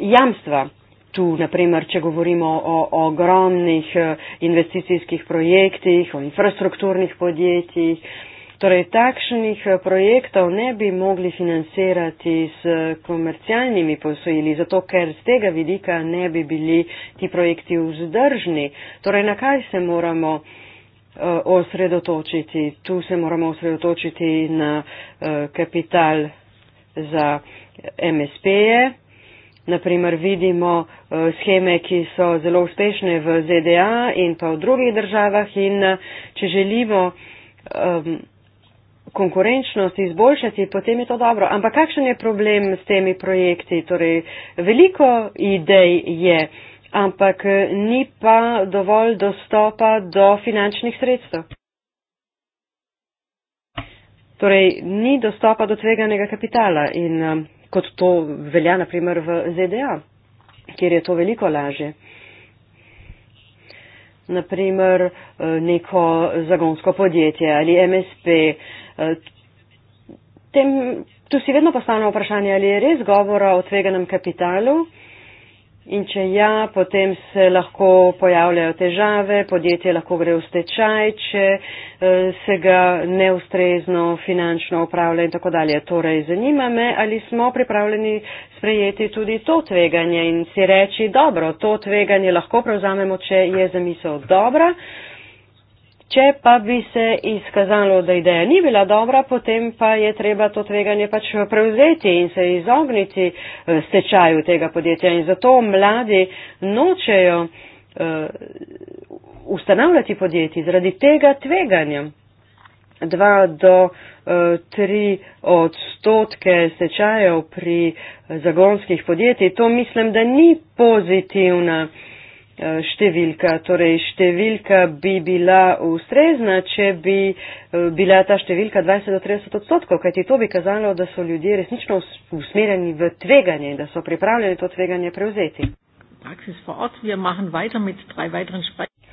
jamstva, tu, naprimer, če govorimo o, o ogromnih eh, investicijskih projektih, o infrastrukturnih podjetjih. Torej, takšnih eh, projektov ne bi mogli financirati s eh, komercialnimi posojili, zato ker z tega vidika ne bi bili ti projekti vzdržni. Torej, na kaj se moramo uh, osredotočiti? Tu se moramo osredotočiti na uh, kapital za MSP-je. Naprimer vidimo eh, scheme, ki so zelo uspešne v ZDA in pa v drugih državah in eh, če želimo um, konkurenčnost izboljšati, potem je to dobro. Ampak kakšen je problem s temi projekti? Torej, veliko idej je, ampak eh, ni pa dovolj dostopa do finančnih sredstev. Torej, ni dostopa do tveganega kapitala in um, kot to velja naprimer v ZDA, kjer je to veliko laže. Naprimer eh, neko zagonsko podjetje ali MSP. Eh, tem, tu si vedno postavljamo vprašanje, ali je res govora o tveganem kapitalu In če ja, potem se lahko pojavljajo težave, podjetje lahko gre v stečaj, če eh, se ga neustrezno finančno upravlja in tako dalje. Torej, zanima me, ali smo pripravljeni sprejeti tudi to tveganje in si reči, dobro, to tveganje lahko prevzamemo, če je zamisel dobra. Če pa bi se izkazalo, da ideja ni bila dobra, potem pa je treba to tveganje pač prevzeti in se izogniti eh, stečaju tega podjetja. In zato mladi nočejo uh, ustanavljati podjetji zaradi tega tveganja. Dva do uh, tri odstotke stečajev pri zagonskih podjetij, to mislim, da ni pozitivna. Uh, Eh, številka. Torej, številka bi bila ustrezna, če bi eh, bila ta številka 20 do 30 odstotkov, kajti to bi kazalo, da so ljudje resnično usmerjeni v tveganje in da so pripravljeni to tveganje prevzeti.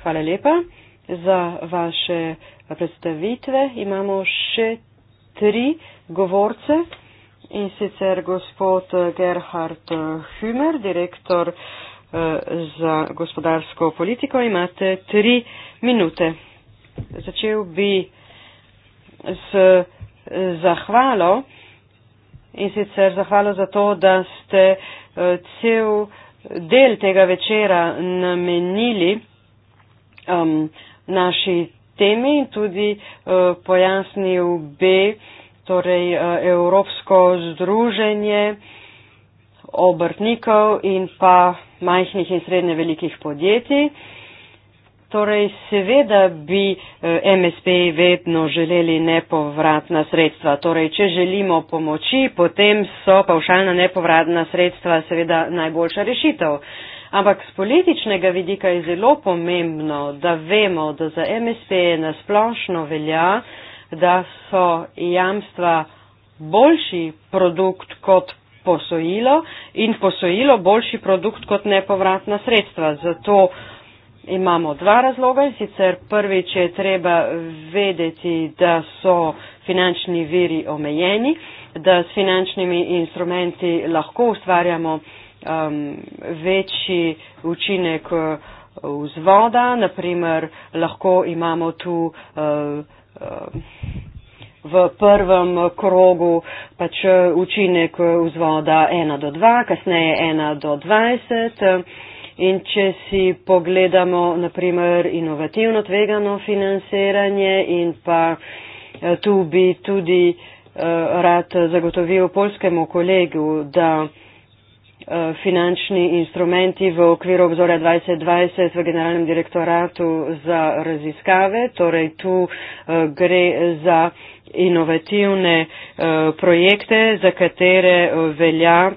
Hvala lepa za vaše predstavitve. Imamo še tri govorce in sicer gospod Gerhard Hümer, direktor uh, Eh, za gospodarsko politiko. Imate tri minute. Začel bi z eh, zahvalo in sicer zahvalo za to, da ste eh, cel del tega večera namenili um, naši temi in tudi uh, pojasnil B, torej uh, Evropsko združenje uh, obrtnikov in pa majhnih in srednje velikih podjetij. Torej, seveda bi eh, MSP vedno želeli nepovratna sredstva. Torej, če želimo pomoči, potem so pavšalna nepovratna sredstva seveda najboljša rešitev. Ampak z političnega vidika je zelo pomembno, da vemo, da za MSP nasplošno velja, da so jamstva boljši produkt kot posojilo in posojilo boljši produkt kot nepovratna sredstva. Zato imamo dva razloga in sicer prvič je treba vedeti, da so finančni viri omejeni, da s finančnimi instrumenti lahko ustvarjamo um, večji učinek uh, vzvoda, naprimer lahko imamo tu uh, uh, v prvem krogu pač eh, učinek eh, vzvoda 1 do 2, kasneje 1 do 20. In če si pogledamo, naprimer, inovativno tvegano financiranje in pa eh, tu bi tudi uh, rad zagotovil polskemu kolegu, da finančni instrumenti v okviru obzorja 2020 v Generalnem direktoratu za raziskave, torej tu gre za inovativne uh, projekte, za katere uh, velja,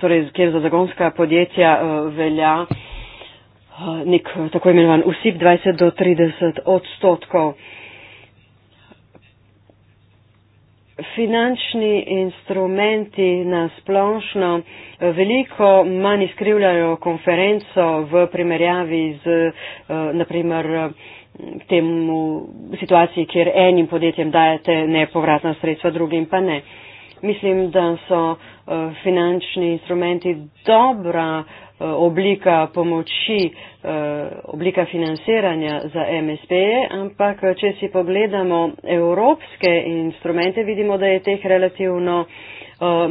torej kjer za zagonska podjetja uh, velja uh, nek tako imenovan usip 20 do 30 odstotkov. Finančni instrumenti na splošno veliko manj izkrivljajo konferenco v primerjavi z, uh, naprimer, uh, v tem situaciji, kjer enim podjetjem dajete nepovratna sredstva, drugim pa ne. Mislim, da so eh, finančni instrumenti dobra eh, oblika pomoči, eh, oblika financiranja za MSP, ampak če si pogledamo evropske instrumente, vidimo, da je teh relativno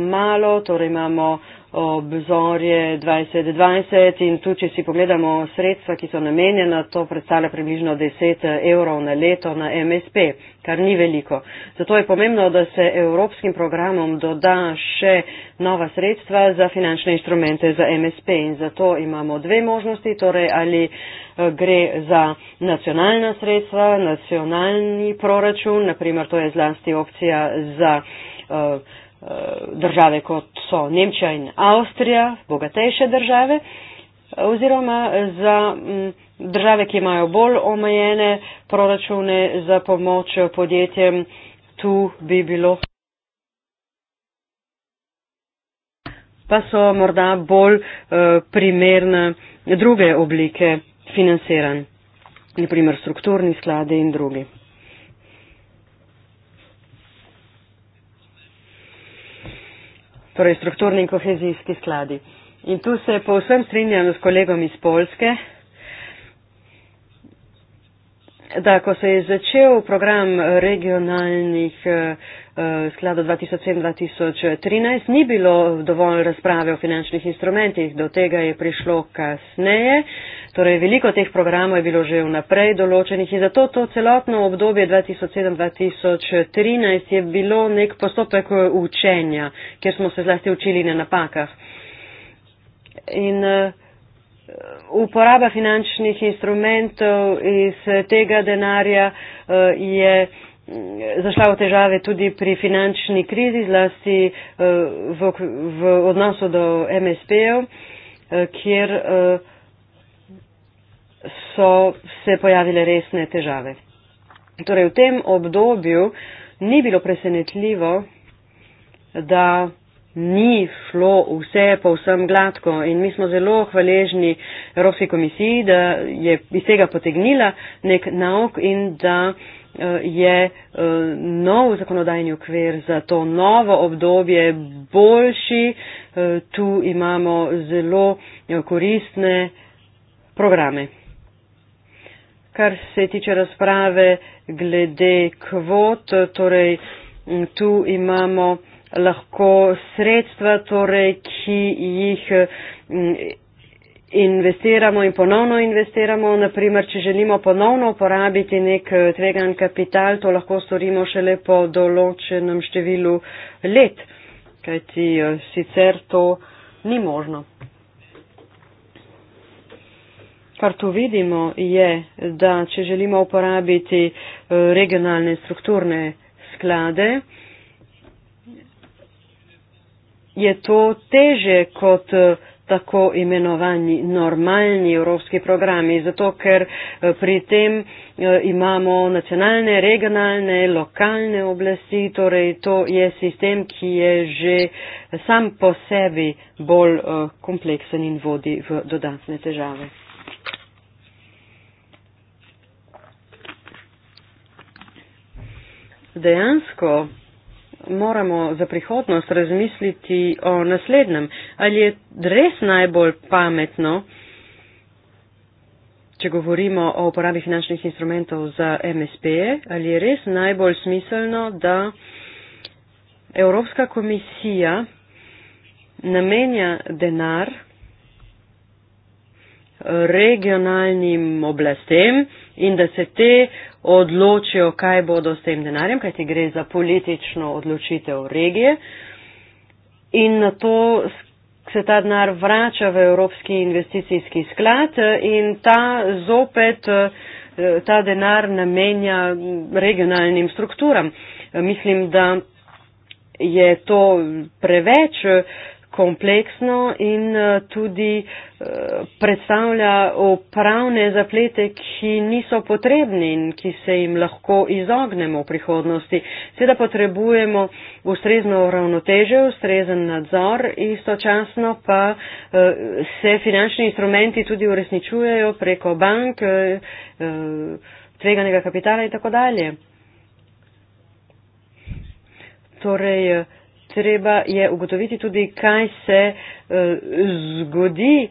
malo, torej imamo obzorje 2020 in tu, če si pogledamo sredstva, ki so namenjena, to predstavlja približno 10 evrov na leto na MSP, kar ni veliko. Zato je pomembno, da se evropskim programom doda še nova sredstva za finančne instrumente za MSP in zato imamo dve možnosti, torej ali eh, gre za nacionalna sredstva, nacionalni proračun, naprimer to je zlasti opcija za. Uh, Eh, države, kot so Nemčija in Avstrija, bogatejše države, oziroma za mm, države, ki imajo bolj omejene proračune za pomoč podjetjem, tu bi bilo. Pa so morda bolj eh, primerne druge oblike financiranja, naprimer strukturni skladi in drugi. torej strukturni in kohezijski skladi. In tu se povsem strinjam s kolegom iz Polske, da ko se je začel program regionalnih eh, eh, skladov 2007-2013, ni bilo dovolj razprave o finančnih instrumentih, do tega je prišlo kasneje. Torej, veliko teh programov je bilo že vnaprej določenih in zato to celotno obdobje 2007-2013 je bilo nek postopek eh, učenja, kjer smo se zlasti učili na napakah. In eh, uporaba finančnih instrumentov iz eh, tega denarja je mm, zašla v težave tudi pri finančni krizi, zlasti v odnosu do MSP-ev, kjer so se pojavile resne težave. Torej, v tem obdobju ni bilo presenetljivo, da ni šlo vse povsem gladko in mi smo zelo hvaležni Evropski komisiji, da je iz tega potegnila nek nauk in da eh, je eh, nov zakonodajni okvir za to novo obdobje boljši. Eh, tu imamo zelo koristne programe kar se tiče razprave glede kvot, torej tu imamo lahko sredstva, torej, ki jih investiramo in ponovno investiramo. Naprimer, če želimo ponovno uporabiti nek eh, tvegan kapital, to lahko storimo šele po določenem številu let, kajti eh, sicer to ni možno kar tu vidimo, je, da če želimo uporabiti eh, regionalne strukturne sklade, je to teže kot eh, tako imenovani normalni evropski programi, zato ker eh, pri tem imamo nacionalne, regionalne, lokalne oblasti, torej to je sistem, ki je že sam po sebi bolj kompleksen in vodi v dodatne težave. dejansko moramo za prihodnost razmisliti o naslednjem. Ali je res najbolj pametno, če govorimo o uporabi finančnih instrumentov za MSP-je, ali je res najbolj smiselno, da Evropska komisija namenja denar, regionalnim oblastem in da se te odločijo, kaj bodo s tem denarjem, kaj ti gre za politično odločitev regije. In na to se ta denar vrača v Evropski investicijski sklad in ta zopet eh, ta denar namenja regionalnim strukturam. Mislim, da je to preveč uh, kompleksno in eh, tudi eh, predstavlja upravne zaplete, ki niso potrebni in ki se jim lahko izognemo v prihodnosti. Seveda potrebujemo ustrezno ravnoteže, ustrezen nadzor, istočasno pa eh, se finančni instrumenti tudi uresničujejo preko bank, tveganega kapitala in tako dalje. Torej, treba je ugotoviti tudi, kaj se eh, zgodi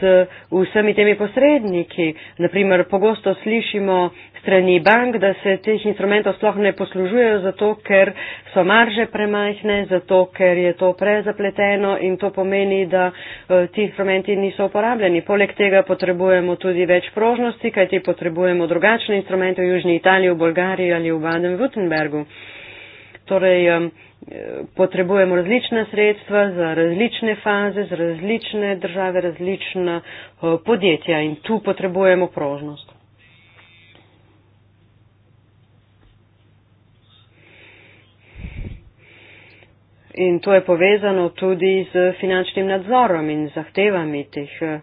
z vsemi temi posredniki. Naprimer, pogosto slišimo strani bank, da se teh instrumentov sploh ne poslužujejo, zato ker so marže premajhne, zato ker je to prezapleteno in to pomeni, da eh, ti instrumenti niso uporabljeni. Poleg tega potrebujemo tudi več prožnosti, kajti potrebujemo drugačne instrumente v Južni Italiji, v Bolgariji ali v Baden-Württembergu. Torej, potrebujemo različna sredstva za različne faze, za različne države, različna eh, podjetja in tu potrebujemo prožnost. In to je povezano tudi z finančnim nadzorom in zahtevami teh eh,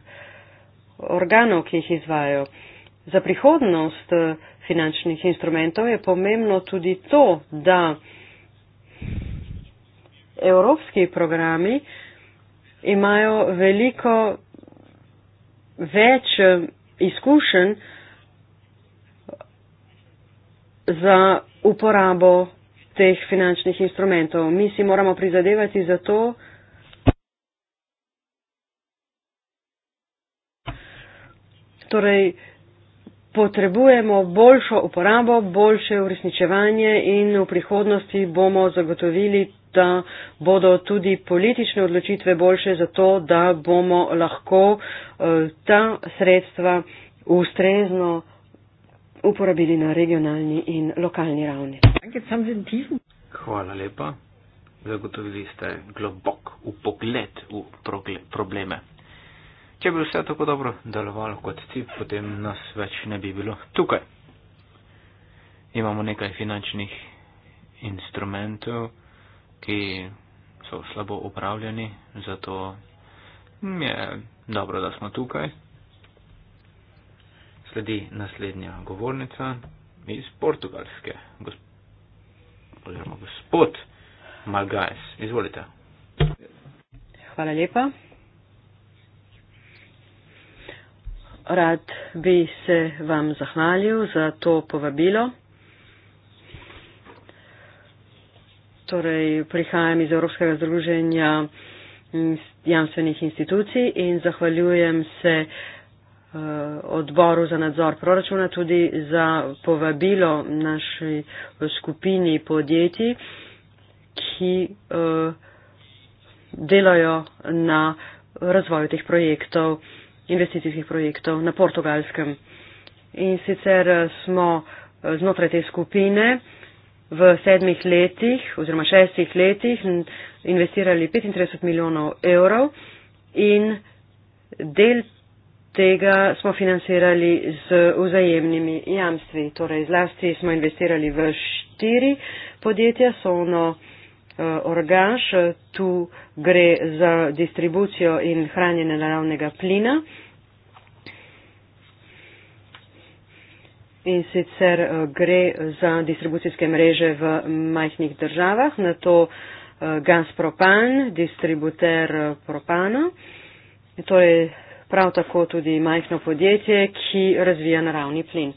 organov, ki jih izvajo. Za prihodnost eh, finančnih instrumentov je pomembno tudi to, da evropski programi imajo veliko več eh, izkušenj za uporabo teh finančnih instrumentov. Mi si moramo prizadevati za to, torej potrebujemo boljšo uporabo, boljše uresničevanje in v prihodnosti bomo zagotovili da bodo tudi politične odločitve boljše za to, da bomo lahko eh, ta sredstva ustrezno uporabili na regionalni in lokalni ravni. Hvala lepa. Zagotovili ste globok upogled v probleme. Če bi vse tako dobro delovalo kot ti, potem nas več ne bi bilo tukaj. Imamo nekaj finančnih instrumentov ki so slabo upravljeni, zato je dobro, da smo tukaj. Sledi naslednja govornica iz Portugalske, gosp oziroma gospod Malgajs. Izvolite. Hvala lepa. Rad bi se vam zahvalil za to povabilo. torej prihajam iz Evropskega združenja mm, jamstvenih institucij in zahvaljujem se eh, odboru za nadzor proračuna tudi za povabilo naši skupini podjetij, ki eh, delajo na razvoju teh projektov, investicijskih projektov na portugalskem. In sicer eh, smo znotraj te skupine, v sedmih letih oziroma šestih letih investirali 35 milijonov evrov in del tega smo financirali z vzajemnimi jamstvi. Torej, zlasti smo investirali v štiri podjetja, Sono, eh, Orgaš, tu gre za distribucijo in hranjenje naravnega plina. in sicer eh, gre za distribucijske mreže v majhnih državah, na to eh, Gazpropan, distributer eh, propana. To je prav tako tudi majhno podjetje, ki razvija naravni plin.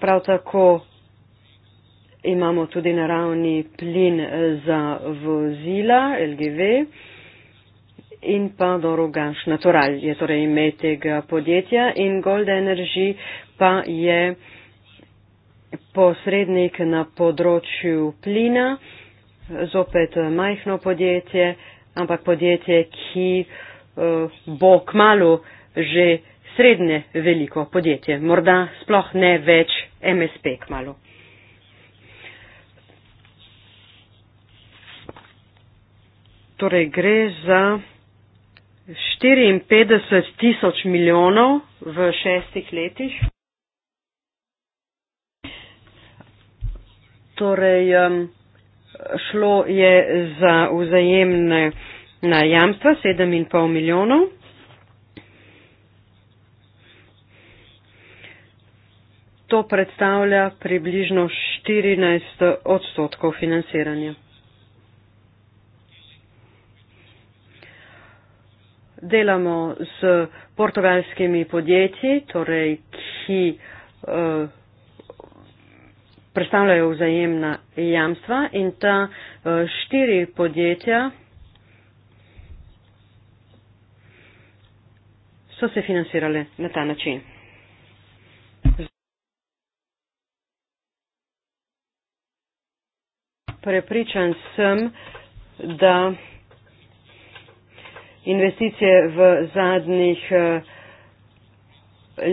Prav tako imamo tudi naravni plin za vozila, LGV in pa Dorogaš Natural je torej ime tega podjetja in Gold Energy pa je posrednik na področju plina, zopet majhno podjetje, ampak podjetje, ki eh, bo k malu že srednje veliko podjetje, morda sploh ne več MSP k malu. Torej gre za 54 tisoč milijonov v šestih letih. torej um, šlo je za vzajemne najamstva 7,5 milijonov. To predstavlja približno 14 odstotkov financiranja. Delamo s portugalskimi podjetji, torej ki uh, predstavljajo vzajemna jamstva in ta eh, štiri podjetja so se financirale na ta način. Prepričan sem, da investicije v zadnjih eh,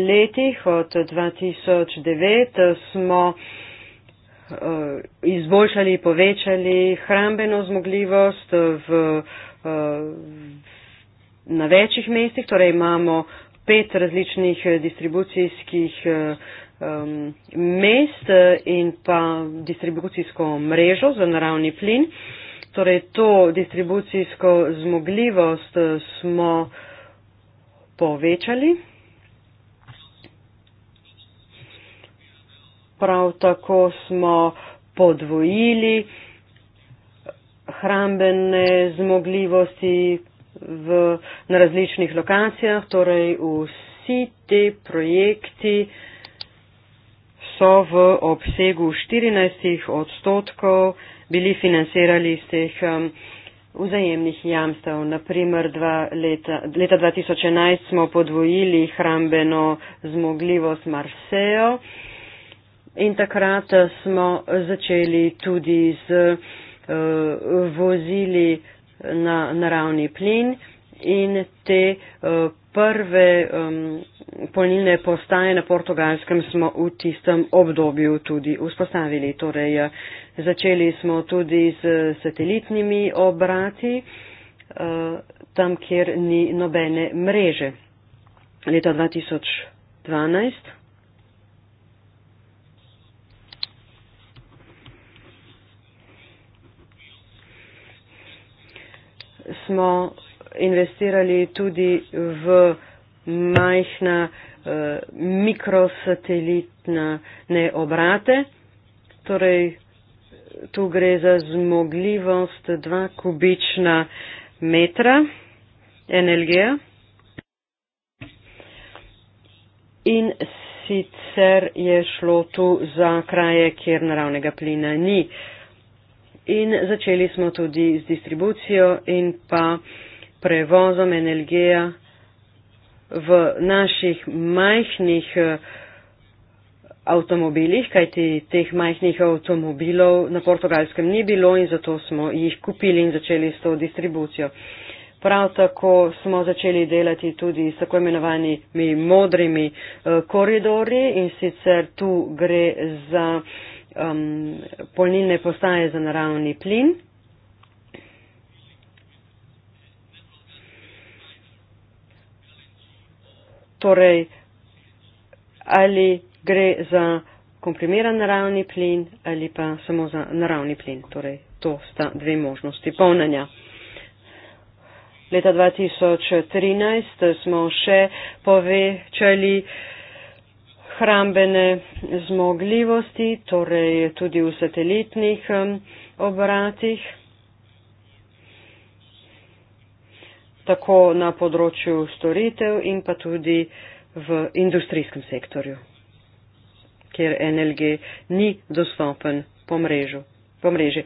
letih od 2009 eh, smo Eh, izboljšali, povečali hrambeno zmogljivost v, eh, na večjih mestih, torej imamo pet različnih distribucijskih eh, mest in pa distribucijsko mrežo za naravni plin. Torej, to distribucijsko zmogljivost smo povečali, prav tako smo podvojili hrambene zmogljivosti v, na različnih lokacijah, torej vsi te projekti so v obsegu 14 odstotkov bili financirali iz teh um, vzajemnih jamstev. Naprimer, leta, leta 2011 smo podvojili hrambeno zmogljivost Marsejo. In takrat eh, smo začeli tudi z uh, vozili na naravni plin in te uh, prve um, polnilne postaje na portugalskem smo v tistem obdobju tudi vzpostavili. Torej, začeli smo tudi z satelitnimi obrati, uh, tam, kjer ni nobene mreže. Leta 2012. smo investirali tudi v majhna uh, mikrosatelitna neobrate. Torej, tu gre za zmogljivost 2 kubična metra energije. In sicer je šlo tu za kraje, kjer naravnega plina ni. Uh, in začeli smo tudi z distribucijo in pa prevozom energije v naših majhnih eh, avtomobilih, kajti teh majhnih avtomobilov na portugalskem ni bilo in zato smo jih kupili in začeli s to distribucijo. Prav tako smo začeli delati tudi s tako imenovanimi modrimi eh, koridori in sicer tu gre za um, polnilne postaje za naravni plin. Torej, ali gre za komprimiran naravni plin ali pa samo za naravni plin. Torej, to sta dve možnosti polnjenja. Leta 2013 smo še povečali obrambene zmogljivosti, torej tudi v satelitnih obratih, tako na področju storitev in pa tudi v industrijskem sektorju, kjer NLG ni dostopen po, mrežu, po mreži.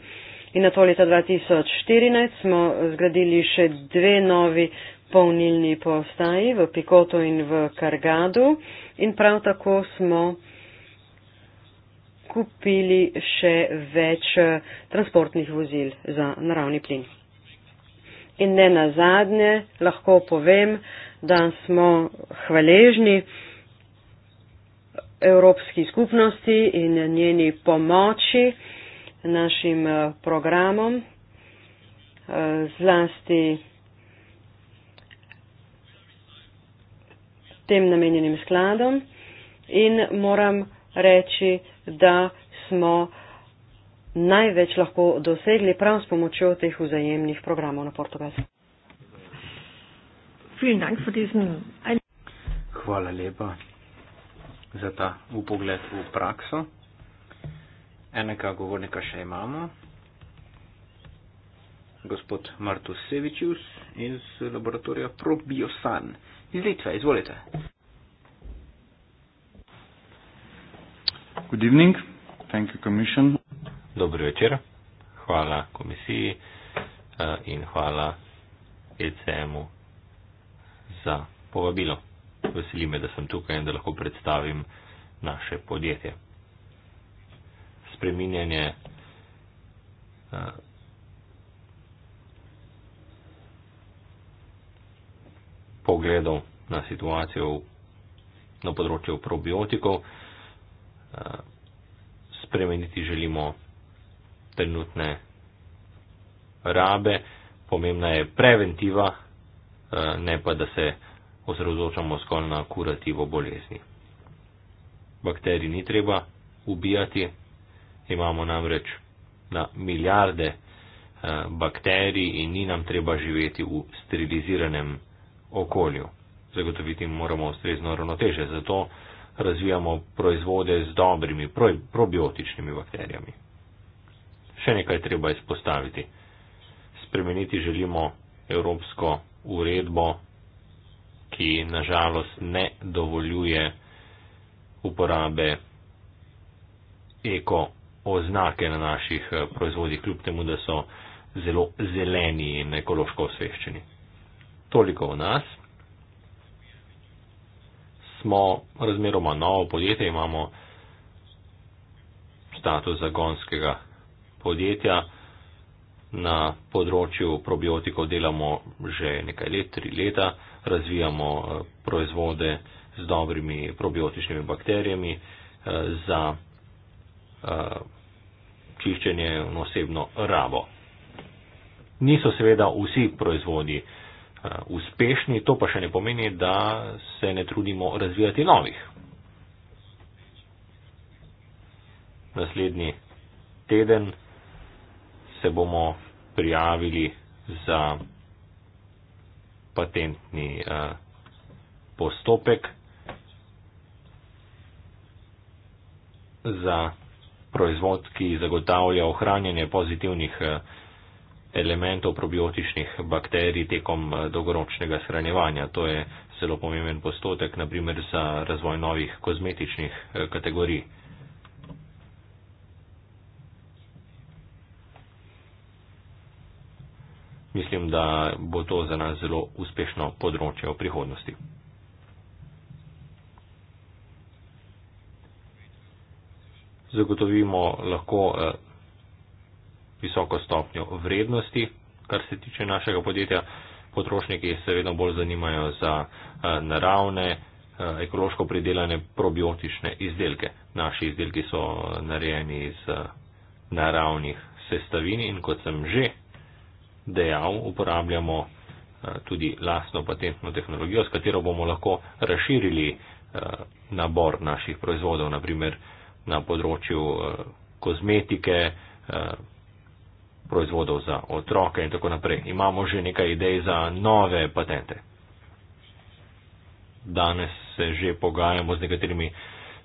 In na to leta 2014 smo zgradili še dve novi polnilni postaji v Pikoto in v Kargadu in prav tako smo kupili še več eh, transportnih vozil za naravni plin. In ne na zadnje, lahko povem, da smo hvaležni Evropski skupnosti in njeni pomoči našim eh, programom, eh, zlasti tem namenjenim skladom in moram reči, da smo največ lahko dosegli prav s pomočjo teh vzajemnih programov na Portugalsku. Hvala lepa za ta upogled v prakso. Enega govornika še imamo. Gospod Martus Sevičius iz laboratorija ProBiosan iz Litve. Izvolite. Good evening. Thank you, Commission. Dobro večer. Hvala komisiji uh, in hvala ECM-u za povabilo. Veseli me, da sem tukaj in da lahko predstavim naše podjetje. Spreminjanje uh, pogledov na situacijo na področju probiotikov. Eh, spremeniti želimo trenutne rabe, pomembna je preventiva, eh, ne pa da se osredotočamo skolj na kurativo bolezni. Bakterij ni treba ubijati, imamo namreč na milijarde eh, bakterij in ni nam treba živeti v steriliziranem okolju. Zagotoviti moramo ustrezno ravnoteže, zato razvijamo proizvode z dobrimi pro, probiotičnimi bakterijami. Še nekaj treba izpostaviti. Spremeniti želimo evropsko uredbo, ki nažalost ne dovoljuje uporabe eko oznake na naših eh, proizvodih, kljub temu, da so zelo zeleni in ekološko osveščeni toliko v nas. Smo razmeroma novo podjetje, imamo status zagonskega podjetja. Na področju probiotikov delamo že nekaj let, tri leta, razvijamo eh, proizvode z dobrimi probiotičnimi bakterijami eh, za eh, čiščenje in osebno rabo. Niso seveda vsi proizvodi uh, Eh, uspešni, to pa še ne pomeni, da se ne trudimo razvijati novih. Naslednji teden se bomo prijavili za patentni eh, postopek za proizvod, ki zagotavlja ohranjanje pozitivnih eh, elementov probiotičnih bakterij tekom eh, dolgoročnega shranjevanja. To je zelo pomemben postotek, naprimer za razvoj novih kozmetičnih eh, kategorij. Mislim, da bo to za nas zelo uspešno področje v prihodnosti. Zagotovimo lahko eh, visoko stopnjo vrednosti, kar se tiče našega podjetja. Potrošniki se vedno bolj zanimajo za eh, naravne, eh, ekološko pridelane probiotične izdelke. Naši izdelki so eh, narejeni iz naravnih sestavin in kot sem že dejal, uporabljamo tudi lastno patentno tehnologijo, s katero bomo lahko razširili nabor naših proizvodov, naprimer na področju kozmetike, proizvodov za otroke in tako naprej. Imamo že nekaj idej za nove patente. Danes se že pogajamo z nekaterimi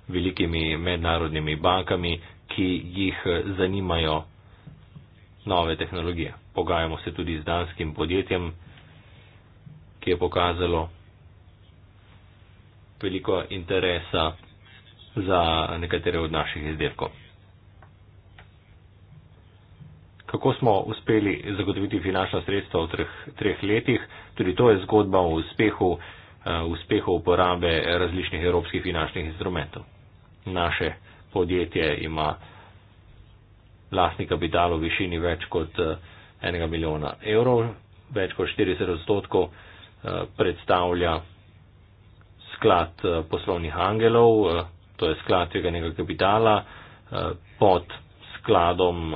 velikimi mednarodnimi bankami, ki jih zanimajo nove tehnologije. Pogajamo se tudi z danskim podjetjem, ki je pokazalo veliko interesa za nekatere od naših izdelkov kako smo uspeli zagotoviti finančna sredstva v treh, treh letih. Tudi to je zgodba o uspehu, eh, uspehu uporabe različnih evropskih finančnih instrumentov. Naše podjetje ima lastni kapital v višini več kot eh, enega milijona evrov, več kot 40 odstotkov eh, predstavlja sklad poslovnih angelov, to je sklad tveganega kapitala pod skladom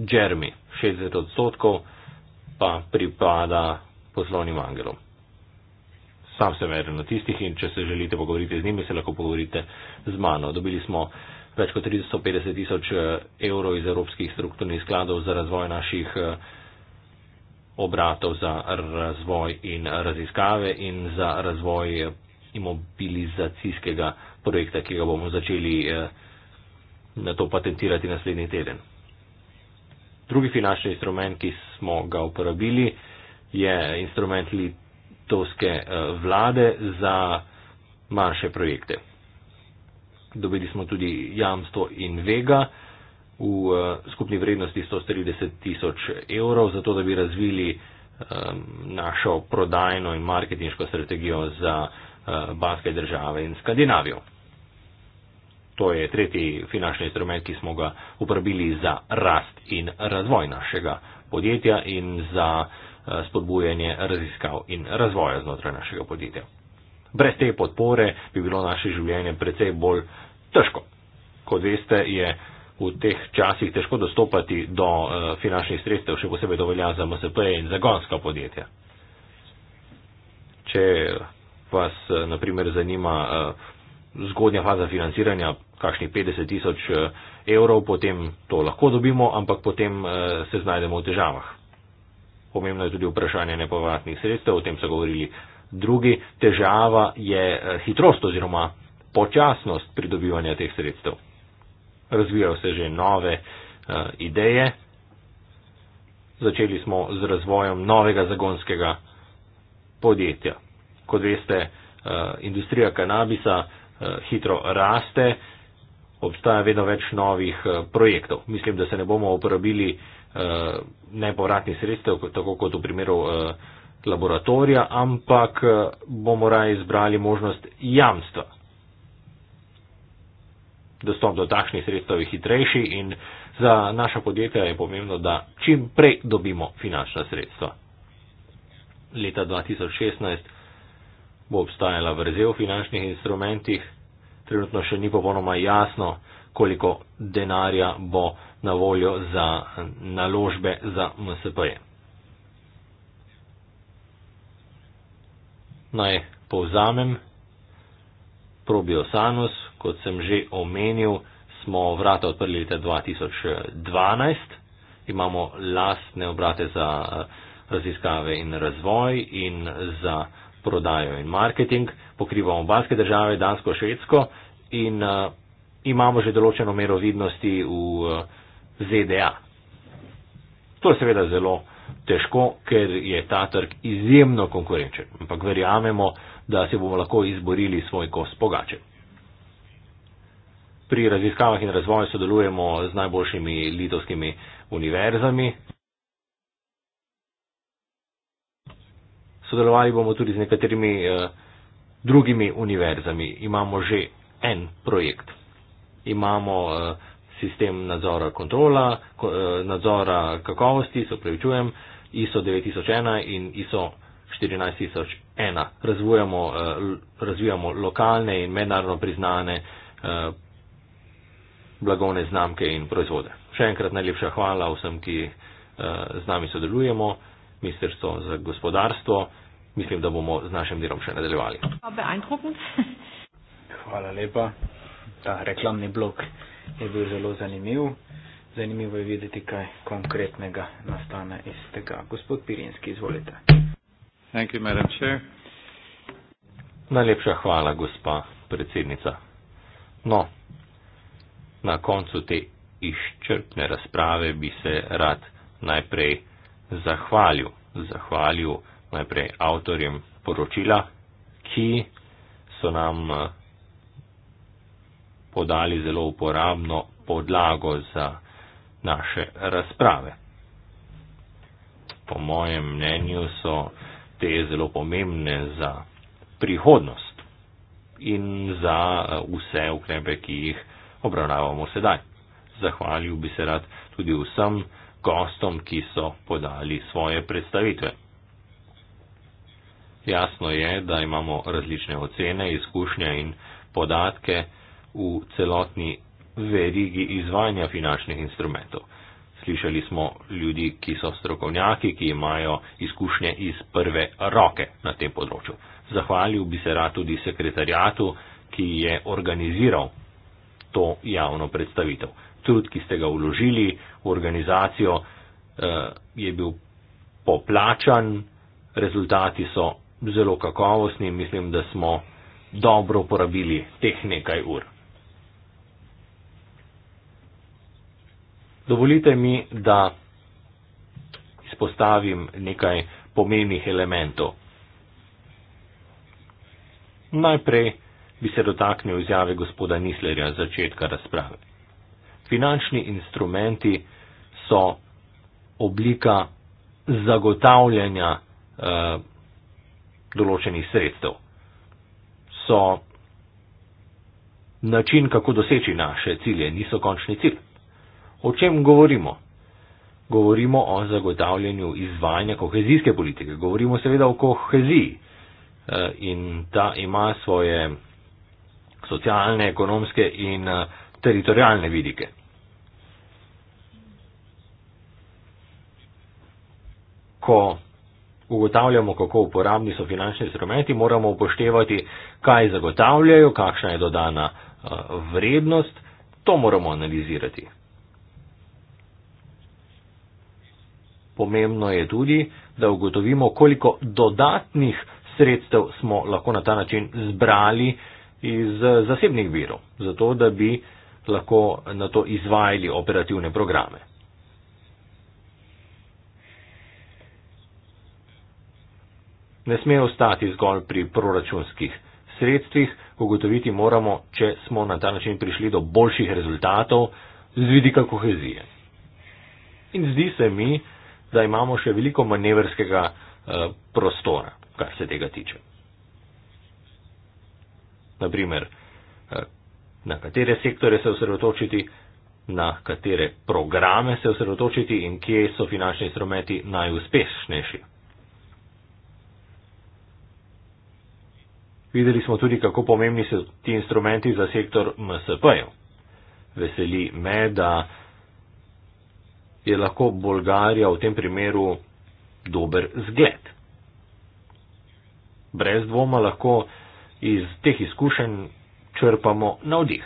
Jeremy, 60 odstotkov, pa pripada poslovnim angelom. Sam sem eden od tistih in če se želite pogovoriti z njimi, se lahko pogovorite z mano. Dobili smo več kot 350 tisoč eh, evrov iz evropskih strukturnih skladov za razvoj naših eh, obratov za razvoj in raziskave in za razvoj imobilizacijskega projekta, ki ga bomo začeli eh, na to patentirati naslednji teden drugi finančni instrument, ki smo ga uporabili, je instrument litovske eh, vlade za manjše projekte. Dobili smo tudi jamstvo in vega v eh, skupni vrednosti 130 tisoč evrov, zato da bi razvili ehm, našo prodajno in marketinško strategijo za eh, baske države in Skandinavijo. To je tretji finančni instrument, ki smo ga uporabili za rast in razvoj našega podjetja in za eh, spodbujanje raziskav in razvoja znotraj našega podjetja. Brez te podpore bi bilo naše življenje precej bolj težko. Kot veste, je v teh časih težko dostopati do eh, finančnih sredstev, še posebej to velja za MSP in za gonska podjetja. Če vas, eh, na primer, zanima zgodnja faza financiranja, kakšnih 50 tisoč eh, evrov, potem to lahko dobimo, ampak potem eh, se znajdemo v težavah. Pomembno je tudi vprašanje nepovratnih sredstev, o tem so govorili drugi. Težava je eh, hitrost oziroma počasnost pridobivanja teh sredstev. Razvijajo se že nove ideje. Začeli smo z razvojem novega zagonskega podjetja. Kot veste, industrija kanabisa Eh, hitro raste, obstaja vedno več novih eh, projektov. Mislim, da se ne bomo uporabili eh, nepovratnih sredstev, tako kot v primeru laboratorija, ampak bomo raje izbrali možnost jamstva. Dostop do takšnih sredstev je hitrejši in za naša podjetja je pomembno, da čim prej dobimo finančna sredstva. Leta 2016 bo obstajala vrzel v finančnih instrumentih. Trenutno še ni popolnoma jasno, koliko denarja bo na voljo za naložbe za MSP. -je. Naj povzamem. Probiosanus, kot sem že omenil, smo vrata odprli leta 2012. Imamo lastne obrate za eh, raziskave in razvoj in za prodajo in marketing, pokrivamo baske države, Dansko, Švedsko in uh, imamo že določeno mero vidnosti v uh, ZDA. To je seveda zelo težko, ker je ta trg izjemno konkurenčen, ampak verjamemo, da se bomo lahko izborili svoj kos pogače. Pri raziskavah in razvoju sodelujemo z najboljšimi litovskimi univerzami, sodelovali bomo tudi z nekaterimi uh, drugimi univerzami. Imamo že en projekt. Imamo uh, sistem nadzora kontrola, ko, uh, nadzora kakovosti, se upravičujem, ISO 9001 in ISO 14001. Razvijamo, uh, razvijamo lokalne in mednarodno priznane uh, blagovne znamke in proizvode. Še enkrat najlepša hvala vsem, ki uh, z nami sodelujemo. Ministrstvo za gospodarstvo mislim, da bomo z našim delom še nadaljevali. Hvala lepa. Ta reklamni blok je bil zelo zanimiv. Zanimivo je videti, kaj konkretnega nastane iz tega. Gospod Pirinski, izvolite. Thank you, madam chair. Najlepša hvala, gospa predsednica. No, na koncu te izčrpne razprave bi se rad najprej zahvalil. Zahvalil najprej avtorjem poročila, ki so nam eh, podali zelo uporabno podlago za naše razprave. Po mojem mnenju so te zelo pomembne za prihodnost in za eh, vse ukrepe, ki jih obravnavamo sedaj. Zahvalil bi se rad tudi vsem gostom, ki so podali svoje predstavitve. Jasno je, da imamo različne ocene, izkušnje in podatke v celotni verigi izvajanja finančnih instrumentov. Slišali smo ljudi, ki so strokovnjaki, ki imajo izkušnje iz prve roke na tem področju. Zahvalil bi se rad tudi sekretarjatu, ki je organiziral to javno predstavitev. Trud, ki ste ga vložili v organizacijo, eh, je bil poplačan, rezultati so zelo kakovostni in mislim, da smo dobro uporabili teh nekaj ur. Dovolite mi, da izpostavim nekaj pomembnih elementov. Najprej bi se dotaknil izjave gospoda Nislerja z začetka razprave. Finančni instrumenti so oblika zagotavljanja eh, določenih sredstev. So način, kako doseči naše cilje, niso končni cilj. O čem govorimo? Govorimo o zagotavljanju izvajanja kohezijske politike. Govorimo seveda o koheziji eh, in ta ima svoje socialne, ekonomske in eh, teritorijalne vidike. Ko ugotavljamo, kako uporabni so finančni instrumenti, moramo upoštevati, kaj zagotavljajo, kakšna je dodana eh, vrednost. To moramo analizirati. Pomembno je tudi, da ugotovimo, koliko dodatnih sredstev smo lahko na ta način zbrali iz eh, zasebnih virov, zato da bi lahko na to izvajali operativne programe. ne sme ostati zgolj pri proračunskih sredstvih, ugotoviti moramo, če smo na ta način prišli do boljših rezultatov z vidika kohezije. In zdi se mi, da imamo še veliko manevrskega eh, prostora, kar se tega tiče. Naprimer, eh, na katere sektore se osredotočiti, na katere programe se osredotočiti in kje so finančni instrumenti najuspešnejši. Videli smo tudi, kako pomembni so ti instrumenti za sektor MSP-ju. Veseli me, da je lahko Bolgarija v tem primeru dober zgled. Brez dvoma lahko iz teh izkušenj črpamo navdih.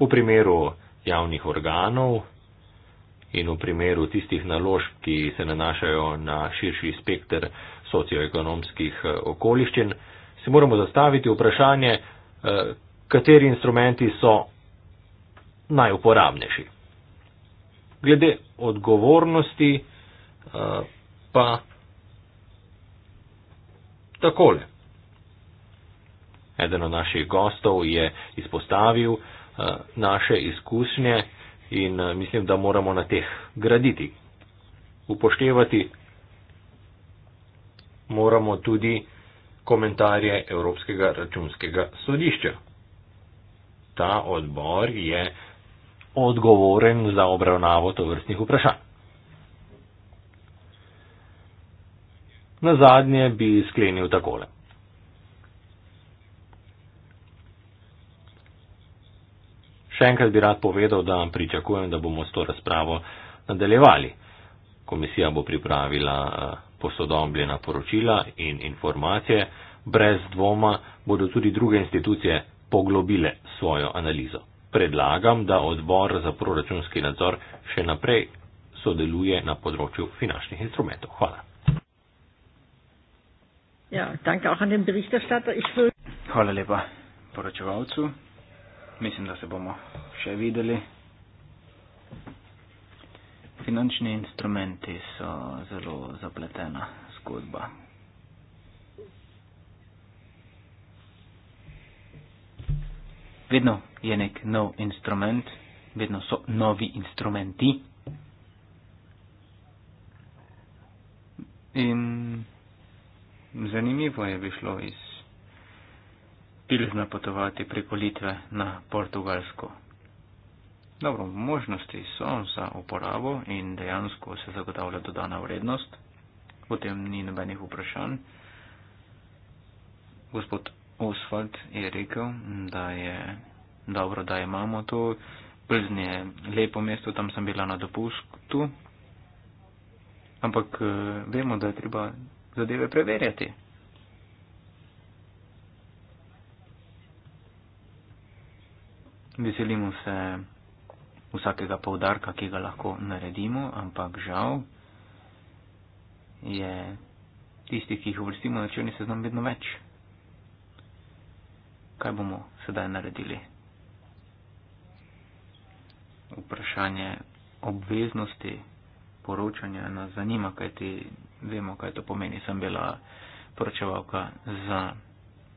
V primeru javnih organov in v primeru tistih naložb, ki se nanašajo na širši spektr socioekonomskih okoliščin, si moramo zastaviti vprašanje, eh, kateri instrumenti so najuporabnejši. Glede odgovornosti eh, pa takole. Eden od naših gostov je izpostavil eh, naše izkušnje in mislim, da moramo na teh graditi. Upoštevati moramo tudi komentarje Evropskega računskega sodišča. Ta odbor je odgovoren za obravnavo tovrstnih vprašanj. Na zadnje bi sklenil takole. Še enkrat bi rad povedal, da pričakujem, da bomo s to razpravo nadaljevali. Komisija bo pripravila eh, posodobljena poročila in informacije, brez dvoma bodo tudi druge institucije poglobile svojo analizo. Predlagam, da odbor za proračunski nadzor še naprej sodeluje na področju finančnih instrumentov. Hvala. Ja, Hvala lepa poročevalcu. Mislim, da se bomo še videli finančni instrumenti so zelo zapletena zgodba. Vedno je nek nov instrument, vedno so novi instrumenti. In zanimivo je bi šlo iz Pilzna potovati preko Litve na Portugalsko. Dobro, možnosti so za uporabo in dejansko se zagotavlja dodana vrednost. O tem ni nobenih vprašanj. Gospod Oswald je rekel, da je dobro, da imamo to. Plzn je lepo mesto, tam sem bila na dopustu. Ampak eh, vemo, da je treba zadeve preverjati. Veselimo se vsakega povdarka, ki ga lahko naredimo, ampak žal je tistih, ki jih uvrstimo na črni seznam, vedno več. Kaj bomo sedaj naredili? Vprašanje obveznosti poročanja nas zanima, kaj ti vemo, kaj to pomeni. Sem bila poročevalka za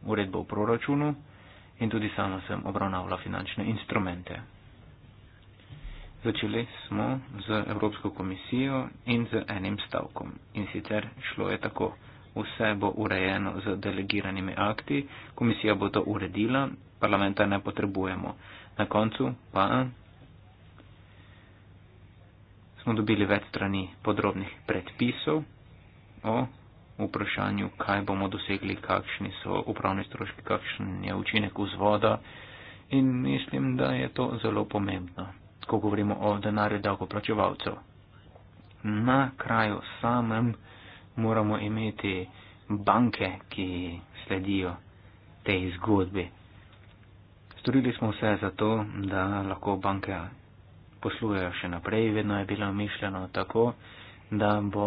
uredbo v proračunu in tudi sama sem obravnavala finančne instrumente. Začeli smo z Evropsko komisijo in z enim stavkom. In sicer šlo je tako, vse bo urejeno z delegiranimi akti, komisija bo to uredila, parlamenta ne potrebujemo. Na koncu pa smo dobili več strani podrobnih predpisov o vprašanju, kaj bomo dosegli, kakšni so upravni stroški, kakšen je učinek vzvoda. In mislim, da je to zelo pomembno ko govorimo o denarju davkoplačevalcev. Na kraju samem moramo imeti banke, ki sledijo tej zgodbi. Storili smo vse zato, da lahko banke poslujejo še naprej. Vedno je bilo mišljeno tako, da bo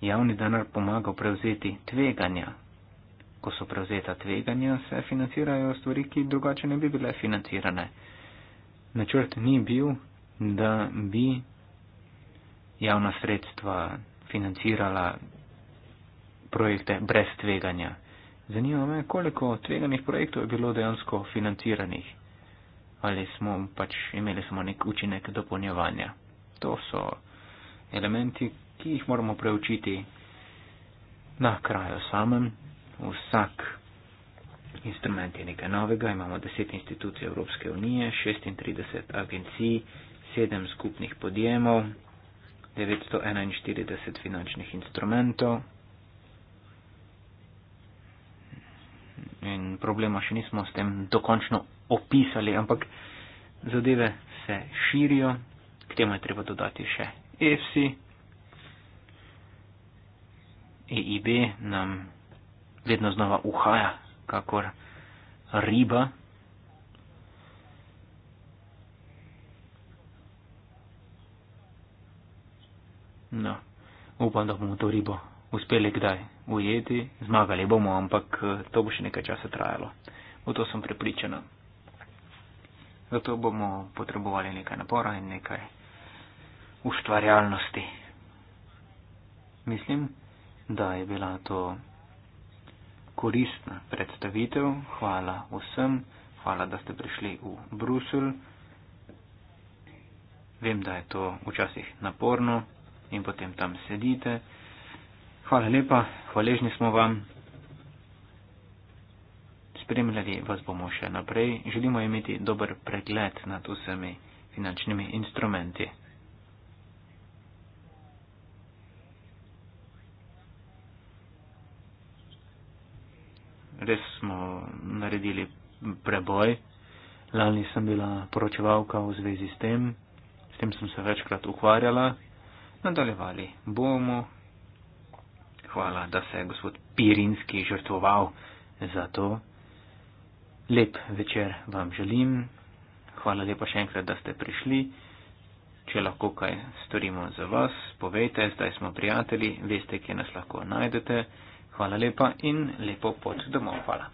javni denar pomagal prevzeti tveganja. Ko so prevzeta tveganja, se financirajo stvari, ki drugače ne bi bile financirane načrt ni bil, da bi javna sredstva financirala projekte brez tveganja. Zanima me, koliko tveganih projektov je bilo dejansko financiranih. Ali smo pač imeli samo nek učinek dopolnjevanja. To so elementi, ki jih moramo preučiti na kraju samem. Vsak instrumenti nekaj novega, imamo 10 institucij Evropske unije, 36 agencij, 7 skupnih podjemov, 941 finančnih instrumentov. In problema še nismo s tem dokončno opisali, ampak zadeve se širijo, k temu je treba dodati še EFSI, EIB nam vedno znova uhaja kakor riba. No, upam, da bomo to ribo uspeli kdaj ujeti, zmagali bomo, ampak eh, to bo še nekaj časa trajalo. V to sem prepričana. Zato bomo potrebovali nekaj napora in nekaj ustvarjalnosti. Mislim, da je bila to koristna predstavitev. Hvala vsem, hvala, da ste prišli v Bruselj. Vem, da je to včasih naporno in potem tam sedite. Hvala lepa, hvaležni smo vam. Spremljali vas bomo še naprej. Želimo imeti dober pregled nad vsemi finančnimi instrumenti. res smo naredili preboj. Lani sem bila poročevalka v zvezi s tem, s tem sem se večkrat ukvarjala. Nadaljevali bomo. Hvala, da se je gospod Pirinski žrtvoval za to. Lep večer vam želim. Hvala lepa še enkrat, da ste prišli. Če lahko kaj storimo za vas, povejte, zdaj smo prijatelji, veste, kje nas lahko najdete. Hvala lepa in lepo pot domov. Hvala.